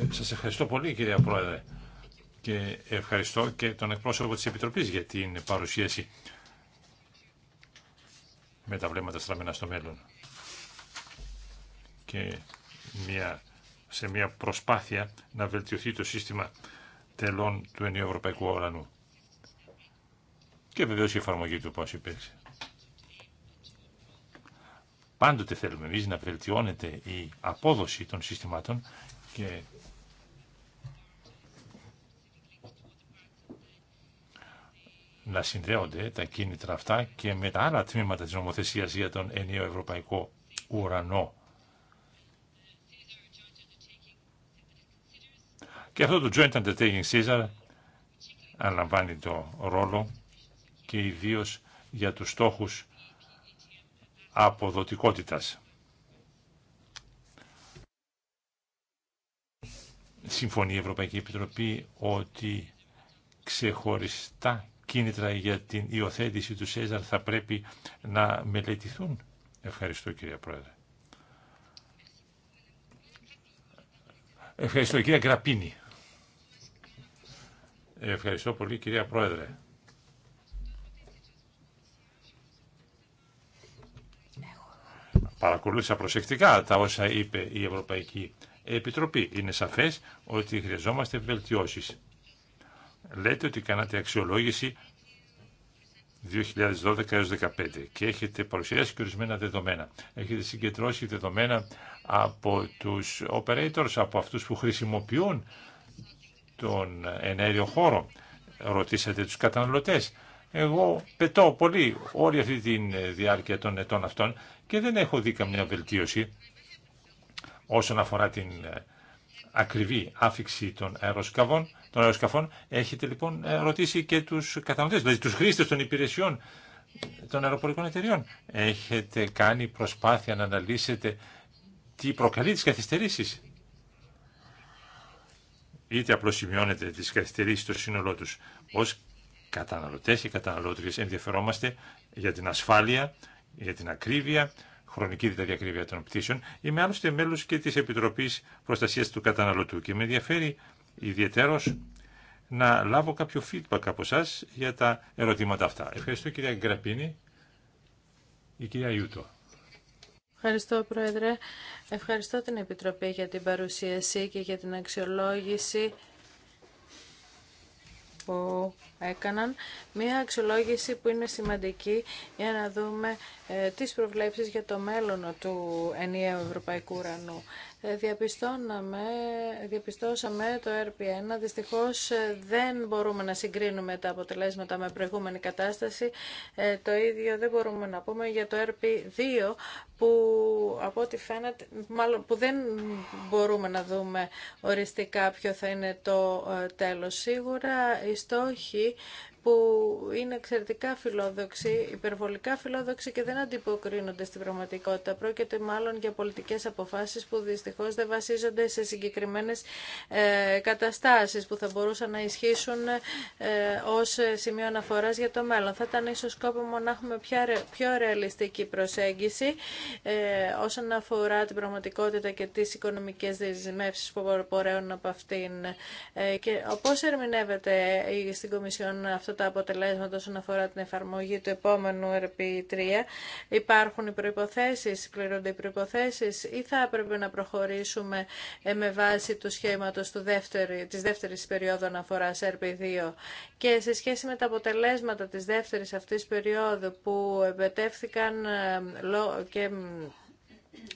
Ε, Σα ευχαριστώ πολύ κυρία Πρόεδρε και ευχαριστώ και τον εκπρόσωπο τη Επιτροπή για την παρουσίαση με τα βλέμματα στραμμένα στο μέλλον και σε μια προσπάθεια να βελτιωθεί το σύστημα τελών του ενιαίου ευρωπαϊκού ουρανού. Και βεβαίως η εφαρμογή του πώς υπήρξε. Πάντοτε θέλουμε εμείς να βελτιώνεται η απόδοση των συστημάτων και να συνδέονται τα κίνητρα αυτά και με τα άλλα τμήματα της νομοθεσίας για τον ενιαίο ευρωπαϊκό ουρανό Και αυτό το Joint Undertaking Caesar αναλαμβάνει το ρόλο και ιδίω για τους στόχους αποδοτικότητας. Συμφωνεί η Ευρωπαϊκή Επιτροπή ότι ξεχωριστά κίνητρα για την υιοθέτηση του ΣΕΖΑΡ θα πρέπει να μελετηθούν. Ευχαριστώ κυρία Πρόεδρε. Ευχαριστώ κυρία Γραπίνη. Ευχαριστώ πολύ κυρία Πρόεδρε. Παρακολούθησα προσεκτικά τα όσα είπε η Ευρωπαϊκή Επιτροπή. Είναι σαφές ότι χρειαζόμαστε βελτιώσεις. Λέτε ότι κάνατε αξιολόγηση 2012 2012-15 2015 και έχετε παρουσιάσει και ορισμένα δεδομένα. Έχετε συγκεντρώσει δεδομένα από τους operators, από αυτούς που χρησιμοποιούν τον ενέργειο χώρο. Ρωτήσατε τους καταναλωτές. Εγώ πετώ πολύ όλη αυτή τη διάρκεια των ετών αυτών και δεν έχω δει καμιά βελτίωση όσον αφορά την ε, ακριβή άφηξη των αεροσκαφών. Των αεροσκαφών. Έχετε λοιπόν ε, ρωτήσει και τους καταναλωτές, δηλαδή τους χρήστες των υπηρεσιών των αεροπορικών εταιριών. Έχετε κάνει προσπάθεια να αναλύσετε τι προκαλεί τις καθυστερήσεις είτε απλώς σημειώνεται τις καθυστερήσεις στο σύνολό τους. Ως καταναλωτές και καταναλώτριες ενδιαφερόμαστε για την ασφάλεια, για την ακρίβεια, χρονική δηλαδή ακρίβεια των πτήσεων. Είμαι άλλωστε μέλος και της Επιτροπής Προστασίας του Καταναλωτού και με ενδιαφέρει ιδιαίτερω να λάβω κάποιο feedback από εσά για τα ερωτήματα αυτά. Ευχαριστώ κυρία Γκραπίνη, η κυρία Ιούτο. Ευχαριστώ, Πρόεδρε. Ευχαριστώ την Επιτροπή για την παρουσίαση και για την αξιολόγηση που έκαναν μια αξιολόγηση που είναι σημαντική για να δούμε ε, τις προβλέψεις για το μέλλον του ενιαίου ευρωπαϊκού ουρανού. Ε, διαπιστώσαμε το RP1. Δυστυχώς ε, δεν μπορούμε να συγκρίνουμε τα αποτελέσματα με προηγούμενη κατάσταση. το ίδιο δεν μπορούμε να πούμε για το RP2 που από ό,τι φαίνεται, μάλλον που δεν μπορούμε να δούμε οριστικά ποιο θα είναι το τέλος. Σίγουρα οι στόχοι και που είναι εξαιρετικά φιλόδοξοι, υπερβολικά φιλόδοξοι και δεν αντιποκρίνονται στην πραγματικότητα. Πρόκειται μάλλον για πολιτικές αποφάσεις που δυστυχώς δεν βασίζονται σε συγκεκριμένες ε, καταστάσεις που θα μπορούσαν να ισχύσουν ε, ως σημείο αναφοράς για το μέλλον. Θα ήταν ίσως σκόπιμο να έχουμε πιο ρεαλιστική προσέγγιση ε, όσον αφορά την πραγματικότητα και τις οικονομικές δεσμεύσεις που απορρέουν από αυτήν. Ε, και πώς ερμηνεύεται στην Κομισιόν αυτό τα αποτελέσματα όσον αφορά την εφαρμογή του επόμενου RP3. Υπάρχουν οι προποθέσει, πληρώνται οι προποθέσει, ή θα έπρεπε να προχωρήσουμε ε, με βάση του σχήματο του δεύτερη, της δεύτερης περίοδου αναφοράς RP2 και σε σχέση με τα αποτελέσματα της δεύτερης αυτής περίοδου που εμπετεύθηκαν ε, και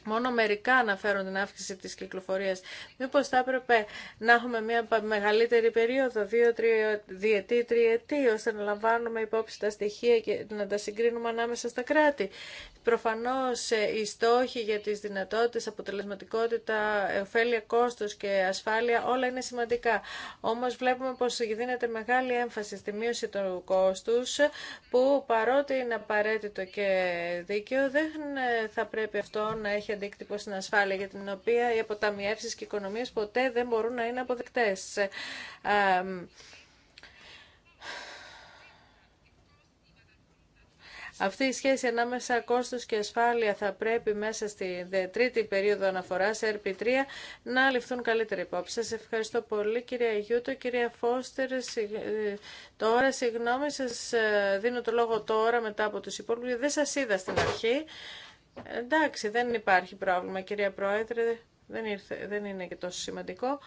Μόνο μερικά αναφέρουν την αύξηση της κυκλοφορίας. Μήπως θα έπρεπε να έχουμε μια μεγαλύτερη περίοδο, δύο, τρία, διετή, τριετή, ώστε να λαμβάνουμε υπόψη τα στοιχεία και να τα συγκρίνουμε ανάμεσα στα κράτη. Προφανώς ε, οι στόχοι για τις δυνατότητες, αποτελεσματικότητα, ωφέλεια, κόστος και ασφάλεια, όλα είναι σημαντικά. Όμως βλέπουμε πως δίνεται μεγάλη έμφαση στη μείωση του κόστους, που παρότι είναι απαραίτητο και δίκαιο, δεν ε, θα πρέπει αυτό να έχει αντίκτυπο στην ασφάλεια, για την οποία οι αποταμιεύσεις και οι οικονομίες ποτέ δεν μπορούν να είναι αποδεκτές. Αυτή η σχέση ανάμεσα κόστος και ασφάλεια θα πρέπει μέσα στη τρίτη περίοδο αναφοράς, RP3, να ληφθούν καλύτερη υπόψη. Σας ευχαριστώ πολύ κυρία Γιούτο, κυρία Φώστερ. Ε, τώρα, συγγνώμη, σας ε, δίνω το λόγο τώρα μετά από τους υπόλοιπους. Δεν σας είδα στην αρχή. Εντάξει, δεν υπάρχει πρόβλημα, κυρία Πρόεδρε. Δεν, δεν είναι και τόσο σημαντικό.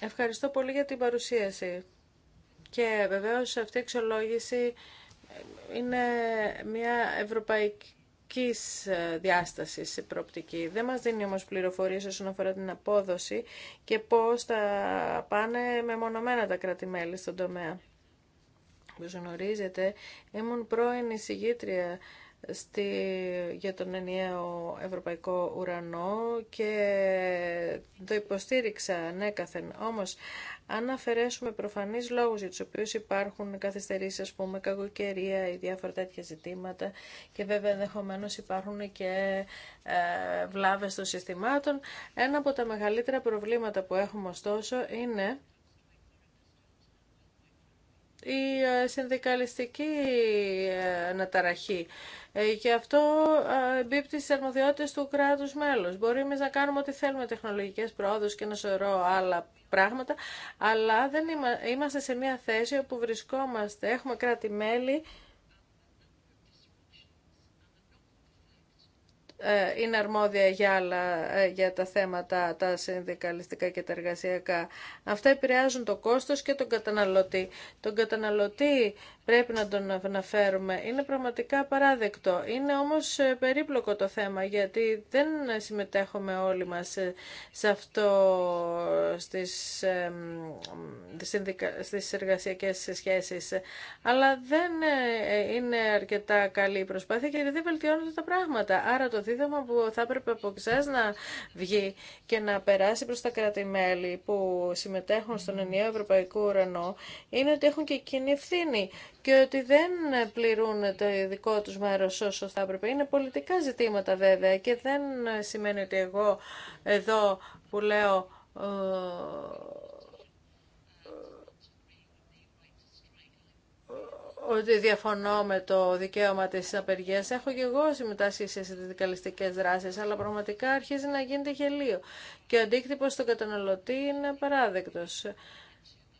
Ευχαριστώ πολύ για την παρουσίαση. Και βεβαίως αυτή η εξολόγηση είναι μια ευρωπαϊκή ε, διάσταση σε προοπτική. Δεν μας δίνει όμως πληροφορίες όσον αφορά την απόδοση και πώς θα πάνε μονομενά τα κράτη-μέλη στον τομέα. Όπως γνωρίζετε, ήμουν πρώην εισηγήτρια στη, για τον ενιαίο ευρωπαϊκό ουρανό και το υποστήριξα ναι, κάθεν. Όμως, αν αφαιρέσουμε προφανείς λόγους για τους οποίους υπάρχουν καθυστερήσεις, ας πούμε, κακοκαιρία ή διάφορα τέτοια ζητήματα και βέβαια ενδεχομένω υπάρχουν και ε, βλάβες των συστημάτων, ένα από τα μεγαλύτερα προβλήματα που έχουμε ωστόσο είναι η ε, συνδικαλιστική ε, αναταραχή. Και ε, αυτό εμπίπτει στι αρμοδιότητε του κράτου μέλου. Μπορεί εμεί να κάνουμε ό,τι θέλουμε, τεχνολογικέ πρόοδου και να σωρό άλλα πράγματα, αλλά δεν είμαστε σε μια θέση όπου βρισκόμαστε, έχουμε κράτη-μέλη Ε, είναι αρμόδια για, άλλα, ε, για τα θέματα τα συνδικαλιστικά και τα εργασιακά. Αυτά επηρεάζουν το κόστος και τον καταναλωτή. Τον καταναλωτή πρέπει να τον αναφέρουμε. Είναι πραγματικά παράδεκτο. Είναι όμως ε, περίπλοκο το θέμα γιατί δεν συμμετέχουμε όλοι μας ε, σε αυτό στις, στις εργασιακές σχέσεις. Αλλά δεν ε, είναι αρκετά καλή η προσπάθεια γιατί δεν βελτιώνονται τα πράγματα. Άρα το δίδαμα που θα έπρεπε από εσά να βγει και να περάσει προς τα κράτη-μέλη που συμμετέχουν στον ενιαίο ευρωπαϊκό ουρανό είναι ότι έχουν και κοινή ευθύνη και ότι δεν πληρούν το δικό τους μέρος όσο θα έπρεπε. Είναι πολιτικά ζητήματα βέβαια και δεν σημαίνει ότι εγώ εδώ που λέω ε, ότι διαφωνώ με το δικαίωμα της απεργίας. Έχω και εγώ συμμετάσχει σε συνδικαλιστικές δράσεις, αλλά πραγματικά αρχίζει να γίνεται γελίο. Και ο αντίκτυπος στον καταναλωτή είναι παράδεκτος.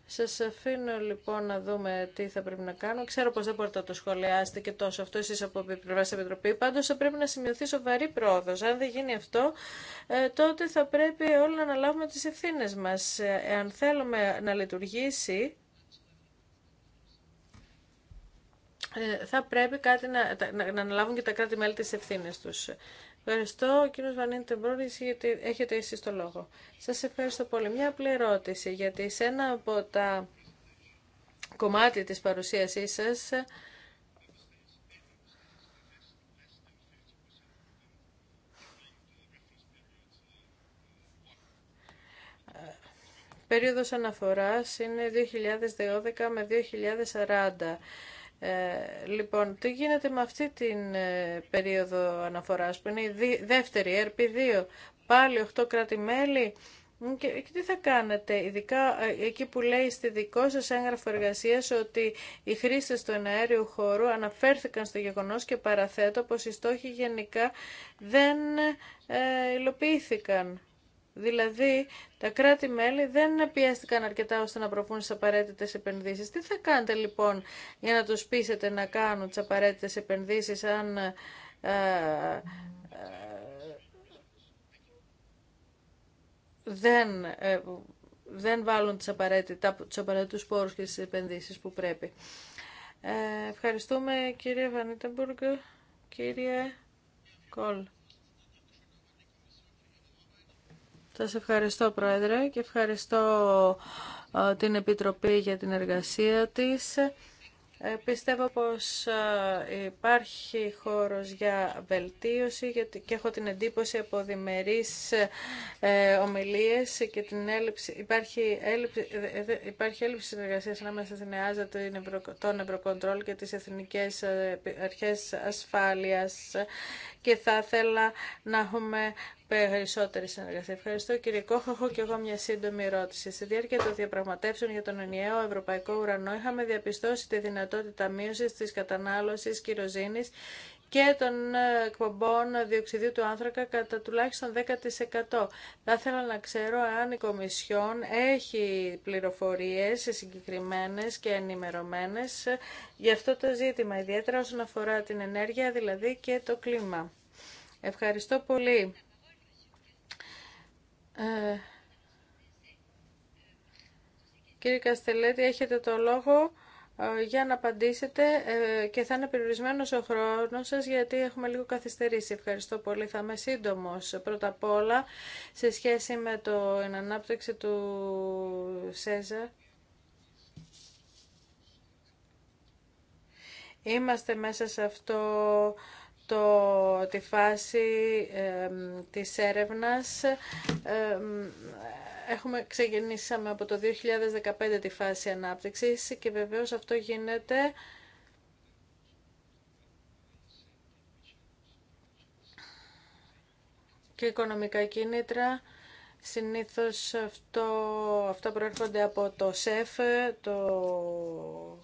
Σα αφήνω λοιπόν να δούμε τι θα πρέπει να κάνουμε. Ξέρω πώ δεν μπορείτε να το σχολιάσετε και τόσο αυτό εσείς από πλευρά της Επιτροπή. Πάντως θα πρέπει να σημειωθεί σοβαρή πρόοδο. Αν δεν γίνει αυτό, ε, τότε θα πρέπει όλοι να αναλάβουμε τι ευθύνε μα. Ε, εάν θέλουμε να λειτουργήσει ε, θα πρέπει κάτι να, να, να αναλάβουν και τα κράτη-μέλη τι ευθύνε του. Ευχαριστώ, κύριο Βανίντε Μπρόρη, γιατί έχετε εσεί το λόγο. Σα ευχαριστώ πολύ. Μια απλή ερώτηση, γιατί σε ένα από τα κομμάτια της παρουσίασής σας περίοδος αναφοράς είναι 2012 με 2040. Ε, λοιπόν, τι γίνεται με αυτή την ε, περίοδο αναφοράς που είναι η δεύτερη, RP2, πάλι 8 κράτη-μέλη. Και, τι θα κάνετε, ειδικά ε, εκεί που λέει στη δικό σας έγγραφο εργασία ότι οι χρήστες του εναέριου χώρου αναφέρθηκαν στο γεγονός και παραθέτω πως οι στόχοι γενικά δεν ε, υλοποιήθηκαν. Δηλαδή, τα κράτη-μέλη δεν πιέστηκαν αρκετά ώστε να προβούν στι απαραίτητε επενδύσει. Τι θα κάνετε λοιπόν για να του πείσετε να κάνουν τι απαραίτητε επενδύσει, αν. Ε, ε, δεν, ε, δεν βάλουν τις απαραίτητα, τους απαραίτητους πόρους και τις επενδύσεις που πρέπει. Ε, ευχαριστούμε κύριε Βανίτεμπουργκ, κύριε Κόλ. Σας ευχαριστώ Πρόεδρε και ευχαριστώ ε, την Επιτροπή για την εργασία της. Ε, πιστεύω πως ε, υπάρχει χώρος για βελτίωση γιατί και έχω την εντύπωση από διμερείς ομιλίες και την έλλειψη, υπάρχει, έλλειψη, υπάρχει έλλειψη συνεργασίας ανάμεσα στην ΕΑΖΑ, τον Ευρωκοντρόλ και τις Εθνικές Αρχές Ασφάλειας και θα ήθελα να έχουμε περισσότερη συνεργασία. Ευχαριστώ κύριε Έχω και εγώ μια σύντομη ερώτηση. Στη διάρκεια των διαπραγματεύσεων για τον ενιαίο ευρωπαϊκό ουρανό είχαμε διαπιστώσει τη δυνατότητα μείωση τη κατανάλωση, κυροζήνης και των ε, εκπομπών διοξιδίου του άνθρακα κατά τουλάχιστον 10%. Θα ήθελα να ξέρω αν η Κομισιόν έχει πληροφορίες συγκεκριμένες και ενημερωμένες για αυτό το ζήτημα, ιδιαίτερα όσον αφορά την ενέργεια δηλαδή και το κλίμα. Ευχαριστώ πολύ. Ε, κύριε Καστελέτη, έχετε το λόγο ε, για να απαντήσετε ε, και θα είναι περιορισμένος ο χρόνος σας γιατί έχουμε λίγο καθυστερήσει. Ευχαριστώ πολύ. Θα είμαι σύντομο. Πρώτα απ' όλα, σε σχέση με το, την ανάπτυξη του ΣΕΖΑ, είμαστε μέσα σε αυτό το, τη φάση ε, της έρευνας. έχουμε, ξεκινήσαμε από το 2015 τη φάση ανάπτυξης και βεβαίως αυτό γίνεται και οικονομικά κίνητρα. Συνήθως αυτό, αυτά προέρχονται από το ΣΕΦ, το,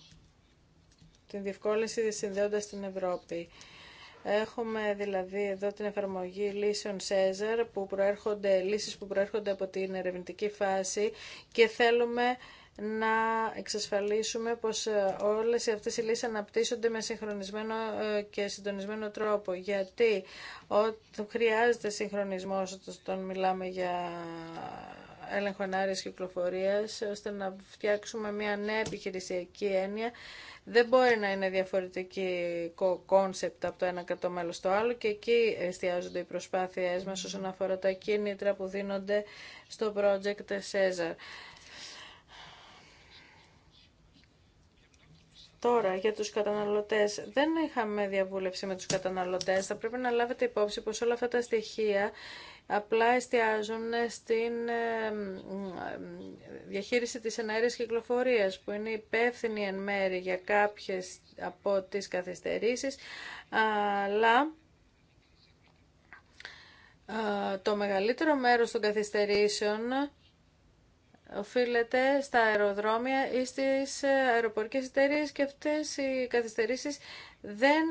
την διευκόλυνση συνδέοντας την Ευρώπη. Έχουμε δηλαδή εδώ την εφαρμογή λύσεων ΣΕΖΑΡ, που προέρχονται, λύσεις που προέρχονται από την ερευνητική φάση και θέλουμε να εξασφαλίσουμε πως ε, όλες αυτές οι λύσεις αναπτύσσονται με συγχρονισμένο ε, και συντονισμένο τρόπο. Γιατί χρειάζεται συγχρονισμό όταν μιλάμε για έλεγχο ενάρειας ώστε να φτιάξουμε μια νέα επιχειρησιακή έννοια. Δεν μπορεί να είναι διαφορετική κόνσεπτ από το ένα κρατομέλος στο άλλο και εκεί εστιάζονται οι προσπάθειές μας όσον αφορά τα κίνητρα που δίνονται στο project Cesar. Τώρα για τους καταναλωτές. Δεν είχαμε διαβούλευση με τους καταναλωτές. Θα πρέπει να λάβετε υπόψη πως όλα αυτά τα στοιχεία απλά εστιάζουν στην διαχείριση της εναέρειας κυκλοφορίας που είναι υπεύθυνη εν μέρη για κάποιες από τις καθυστερήσεις αλλά ε, το μεγαλύτερο μέρος των καθυστερήσεων οφείλεται στα αεροδρόμια ή στις ε, αεροπορικές εταιρείε και αυτές οι καθυστερήσεις δεν,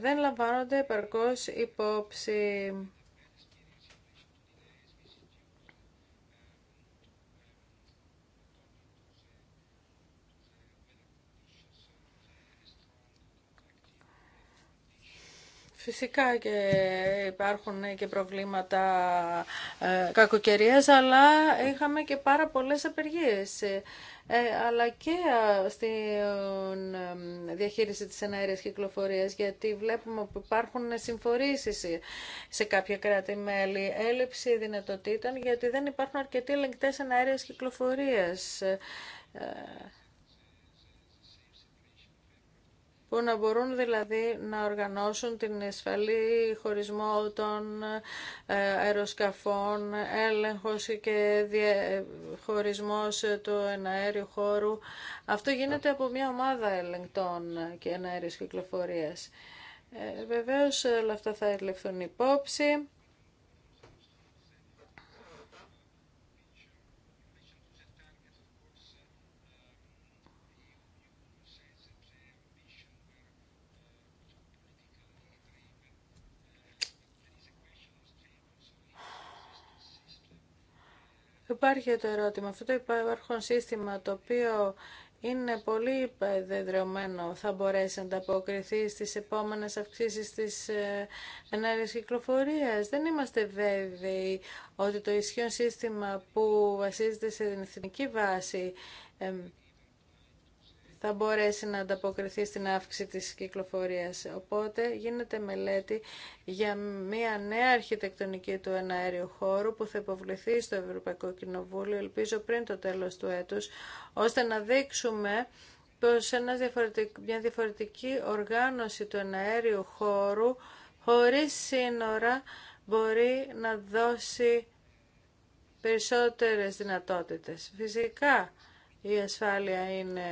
δεν λαμβάνονται υπαρκώς υπόψη. Φυσικά και υπάρχουν και προβλήματα ε, κακοκαιρία, αλλά είχαμε και πάρα πολλές απεργίες. Ε, αλλά και στη ε, διαχείριση της ενέργεια κυκλοφορίας, γιατί βλέπουμε ότι υπάρχουν συμφορήσεις σε κάποια κράτη-μέλη, έλλειψη δυνατοτήτων, γιατί δεν υπάρχουν αρκετοί ελεγκτές εναέρειας κυκλοφορίας. που να μπορούν δηλαδή να οργανώσουν την ασφαλή χωρισμό των ε, αεροσκαφών, έλεγχος και ε, χωρισμός του εναέριου χώρου. Αυτό γίνεται από μια ομάδα ελεγκτών και εναέριες κυκλοφορίας. Ε, βεβαίως όλα αυτά θα ελευθούν υπόψη. Υπάρχει το ερώτημα, αυτό το υπάρχον σύστημα το οποίο είναι πολύ δεδρεωμένο, θα μπορέσει να ανταποκριθεί στις επόμενες αυξήσεις της ε, ενέργειας κυκλοφορίας. Δεν είμαστε βέβαιοι ότι το ισχύον σύστημα που βασίζεται σε εθνική βάση ε, θα μπορέσει να ανταποκριθεί στην αύξηση της κυκλοφορίας. Οπότε γίνεται μελέτη για μια νέα αρχιτεκτονική του εναέριου χώρου που θα υποβληθεί στο Ευρωπαϊκό Κοινοβούλιο, ελπίζω πριν το τέλος του έτους, ώστε να δείξουμε πως μια διαφορετική οργάνωση του εναέριου χώρου χωρίς σύνορα μπορεί να δώσει περισσότερες δυνατότητες. Φυσικά, η ασφάλεια είναι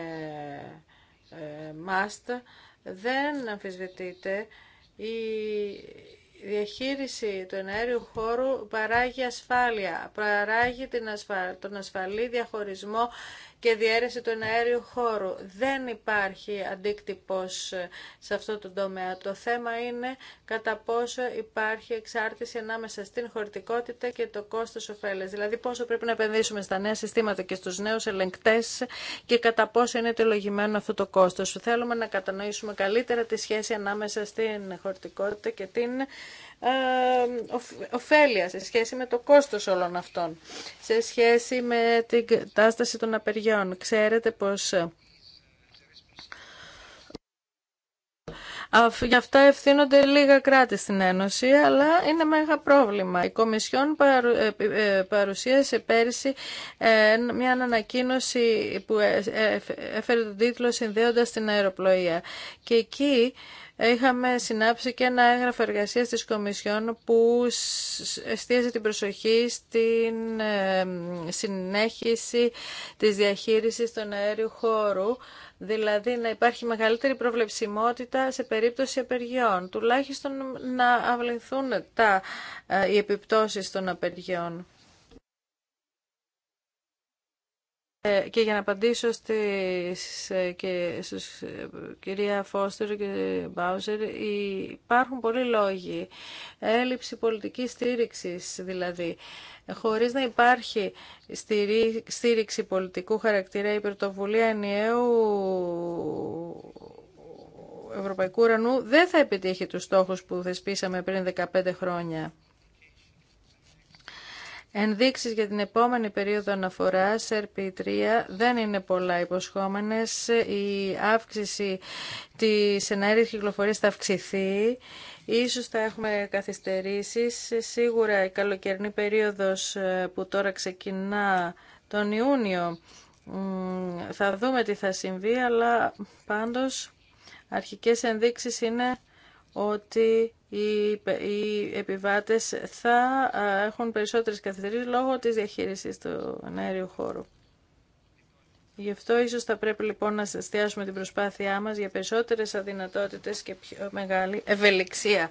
ε, must, δεν αμφισβητείται η διαχείριση του ενέργειου χώρου παράγει ασφάλεια, παράγει την τον ασφαλή διαχωρισμό και διαίρεση του εναέριου χώρου. Δεν υπάρχει αντίκτυπος σε αυτό το τομέα. Το θέμα είναι κατά πόσο υπάρχει εξάρτηση ανάμεσα στην χωρητικότητα και το κόστος ωφέλες. Δηλαδή πόσο πρέπει να επενδύσουμε στα νέα συστήματα και στους νέους ελεγκτές και κατά πόσο είναι τελογημένο αυτό το κόστος. Θέλουμε να κατανοήσουμε καλύτερα τη σχέση ανάμεσα στην χωρητικότητα και την ε, ωφέλεια σε σχέση με το κόστος όλων αυτών, σε σχέση με την κατάσταση των απεργιών. Ξέρετε πως ε, Γι' αυτά ευθύνονται λίγα κράτη στην Ένωση, αλλά είναι μεγάλο πρόβλημα. Η Κομισιόν ε, παρουσίασε πέρσι μια ανακοίνωση που έφερε τον τίτλο «Συνδέοντας την αεροπλοεία». Και εκεί είχαμε συνάψει και ένα έγγραφο εργασία της Κομισιόν που εστίαζε την προσοχή στην ε, συνέχιση της διαχείρισης των αέριου χώρου, δηλαδή να υπάρχει μεγαλύτερη προβλεψιμότητα σε περίπτωση απεργιών, τουλάχιστον να αυληθούν τα, ε, οι επιπτώσεις των απεργιών. Ε, και για να απαντήσω στη ε, στους ε, κυρία Φώστερ και Μπάουζερ, υπάρχουν πολλοί λόγοι. Έλλειψη πολιτικής στήριξης δηλαδή. Χωρίς να υπάρχει στήριξη πολιτικού χαρακτήρα, η πρωτοβουλία ενιαίου Ευρωπαϊκού Ουρανού δεν θα επιτύχει τους στόχους που θεσπίσαμε πριν 15 χρόνια. Ενδείξεις για την επόμενη περίοδο αναφοράς, RP3, δεν είναι πολλά υποσχόμενες. Η αύξηση της εναέρειας κυκλοφορίας θα αυξηθεί. Ίσως θα έχουμε καθυστερήσεις. Σίγουρα η καλοκαιρινή περίοδος ε, που τώρα ξεκινά τον Ιούνιο θα δούμε τι θα συμβεί, αλλά πάντως αρχικές ενδείξεις είναι ότι οι επιβάτες θα έχουν περισσότερες καθυστερήσεις λόγω της διαχείρισης του αέριου χώρου. Γι' αυτό ίσως θα πρέπει λοιπόν να εστιάσουμε την προσπάθειά μας για περισσότερες αδυνατότητες και πιο μεγάλη ευελιξία.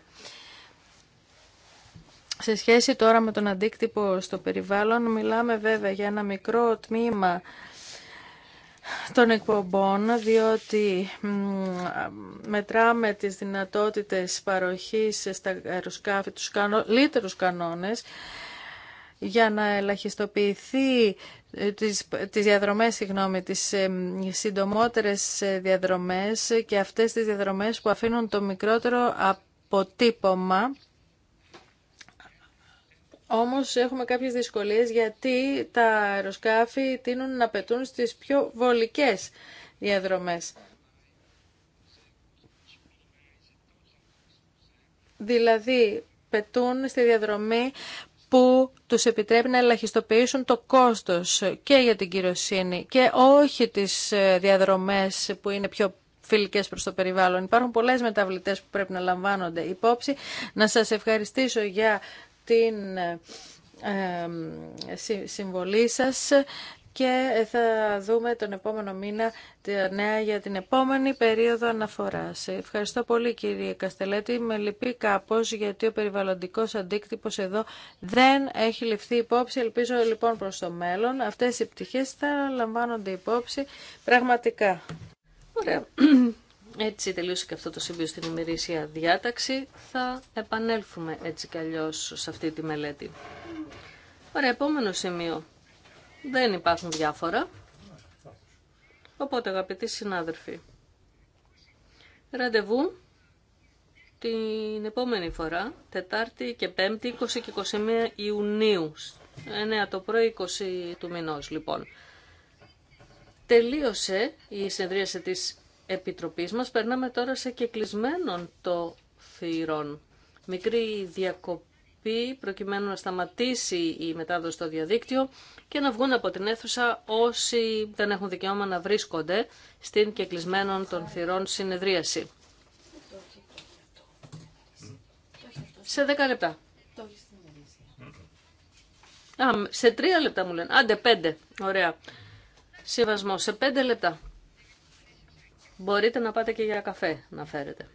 Σε σχέση τώρα με τον αντίκτυπο στο περιβάλλον, μιλάμε βέβαια για ένα μικρό τμήμα των εκπομπών, διότι μετράμε τις δυνατότητες παροχής στα αεροσκάφη, τους κανο, λίτερους κανόνες, για να ελαχιστοποιηθεί ε, τις, τις διαδρομές, συγγνώμη, τις ε, συντομότερες ε, διαδρομές και αυτές τις διαδρομές που αφήνουν το μικρότερο αποτύπωμα όμως έχουμε κάποιες δυσκολίες γιατί τα αεροσκάφη τείνουν να πετούν στις πιο βολικές διαδρομές. Δηλαδή πετούν στη διαδρομή που τους επιτρέπει να ελαχιστοποιήσουν το κόστος και για την κυροσύνη και όχι τις ε, διαδρομές που είναι πιο φιλικέ προ το περιβάλλον. Υπάρχουν πολλέ μεταβλητέ που πρέπει να λαμβάνονται υπόψη. Να σα ευχαριστήσω για την συμβολή σας και θα δούμε τον επόμενο μήνα τη νέα για την επόμενη περίοδο αναφοράς. Ευχαριστώ πολύ κύριε Καστελέτη. Με λυπεί κάπως γιατί ο περιβαλλοντικός αντίκτυπος εδώ δεν έχει ληφθεί υπόψη. Ελπίζω λοιπόν προς το μέλλον αυτές οι πτυχές θα λαμβάνονται υπόψη πραγματικά. Ωραία. Έτσι τελείωσε και αυτό το σημείο στην ημερήσια διάταξη. Θα επανέλθουμε έτσι κι αλλιώς σε αυτή τη μελέτη. Ωραία, επόμενο σημείο. Δεν υπάρχουν διάφορα. Οπότε αγαπητοί συνάδελφοι, ραντεβού την επόμενη φορά, Τετάρτη και Πέμπτη, 20 και 21 Ιουνίου. 9 το πρωί, 20 του μηνός λοιπόν. Τελείωσε η συνεδρίαση της Επιτροπής μας περνάμε τώρα σε κεκλεισμένον το θυρόν, Μικρή διακοπή προκειμένου να σταματήσει η μετάδοση στο διαδίκτυο και να βγουν από την αίθουσα όσοι δεν έχουν δικαίωμα να βρίσκονται στην κεκλεισμένον των θηρών συνεδρίαση. Σε 10 λεπτά. Α, σε τρία λεπτά μου λένε. Άντε πέντε. Ωραία. Συμβασμό σε πέντε λεπτά. Μπορείτε να πάτε και για καφέ να φέρετε.